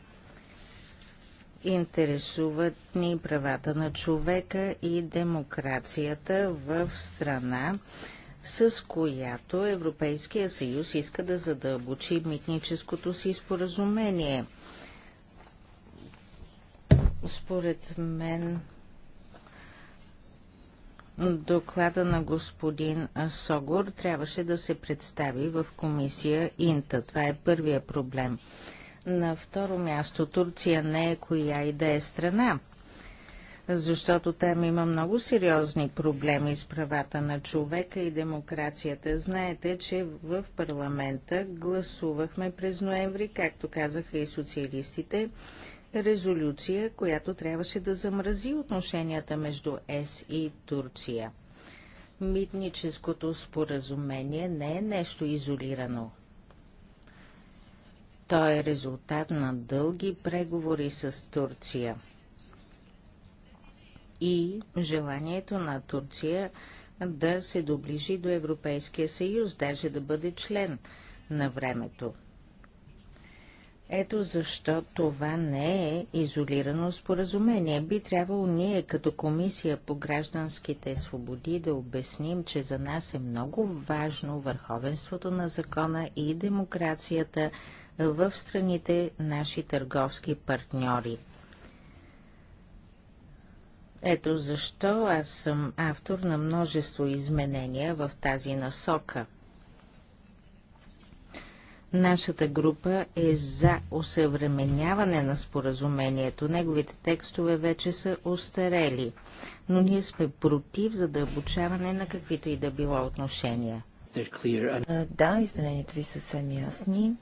Интересуват ни правата на човека и демокрацията в страна, с която Европейския съюз иска да задълбочи митническото си споразумение – според мен доклада на господин Согор трябваше да се представи в комисия Инта. Това е първия проблем. На второ място Турция не е коя и да е страна, защото там има много сериозни проблеми с правата на човека и демокрацията. Знаете, че в парламента гласувахме през ноември, както казаха и социалистите, резолюция, която трябваше да замрази отношенията между ЕС и Турция. Митническото споразумение не е нещо изолирано. То е резултат на дълги преговори с Турция. И желанието на Турция да се доближи до Европейския съюз, даже да бъде член на времето. Ето защо това не е изолирано споразумение. Би трябвало ние като Комисия по гражданските свободи да обясним, че за нас е много важно върховенството на закона и демокрацията в страните наши търговски партньори. Ето защо аз съм автор на множество изменения в тази насока – Нашата група е за усъвременяване на споразумението. Неговите текстове вече са устарели, но ние сме против задълбочаване на каквито и да било отношения. да, измененията ви са съвсем ясни.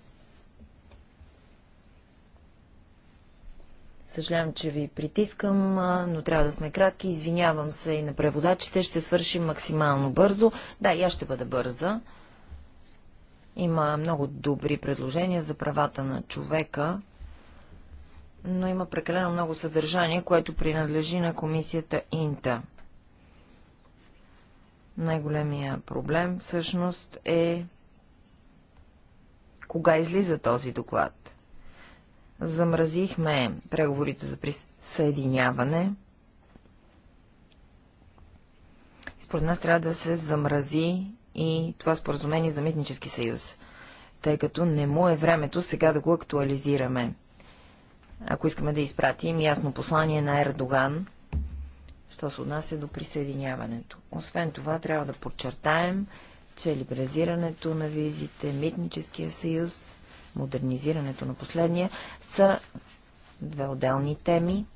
Съжалявам, че ви притискам, но трябва да сме кратки. Извинявам се и на преводачите. Ще свършим максимално бързо. Да, и аз ще бъда бърза. Има много добри предложения за правата на човека, но има прекалено много съдържание, което принадлежи на комисията Инта. Най-големия проблем всъщност е кога излиза този доклад. Замразихме преговорите за присъединяване. Според нас трябва да се замрази и това споразумение за митнически съюз, тъй като не му е времето сега да го актуализираме. Ако искаме да изпратим ясно послание на Ердоган, що се отнася до присъединяването. Освен това, трябва да подчертаем, че либерализирането на визите, митническия съюз, модернизирането на последния са две отделни теми,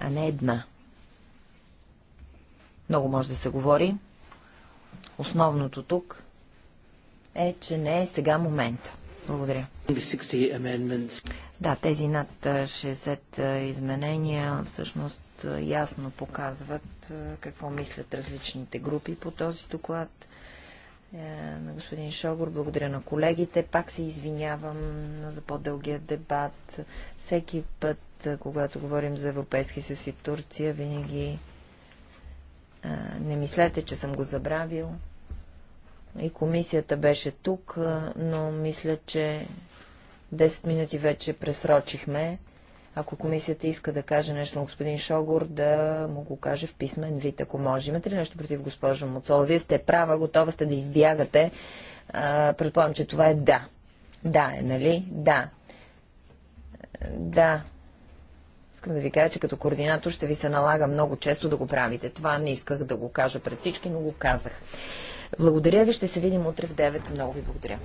а не една. Много може да се говори. Основното тук е, че не е сега момента. Благодаря. Да, тези над 60 изменения всъщност ясно показват какво мислят различните групи по този доклад. Е, на господин Шогор, благодаря на колегите. Пак се извинявам за по-дългия дебат. Всеки път, когато говорим за Европейски съюз и Турция, винаги не мислете, че съм го забравил. И комисията беше тук, но мисля, че 10 минути вече пресрочихме. Ако комисията иска да каже нещо на господин Шогор, да му го каже в писмен вид, ако може. Имате ли нещо против госпожа Моцола? Вие сте права, готова сте да избягате. А, предполагам, че това е да. Да е, нали? Да. Да, искам да ви кажа, че като координатор ще ви се налага много често да го правите. Това не исках да го кажа пред всички, но го казах. Благодаря ви, ще се видим утре в 9. Много ви благодаря.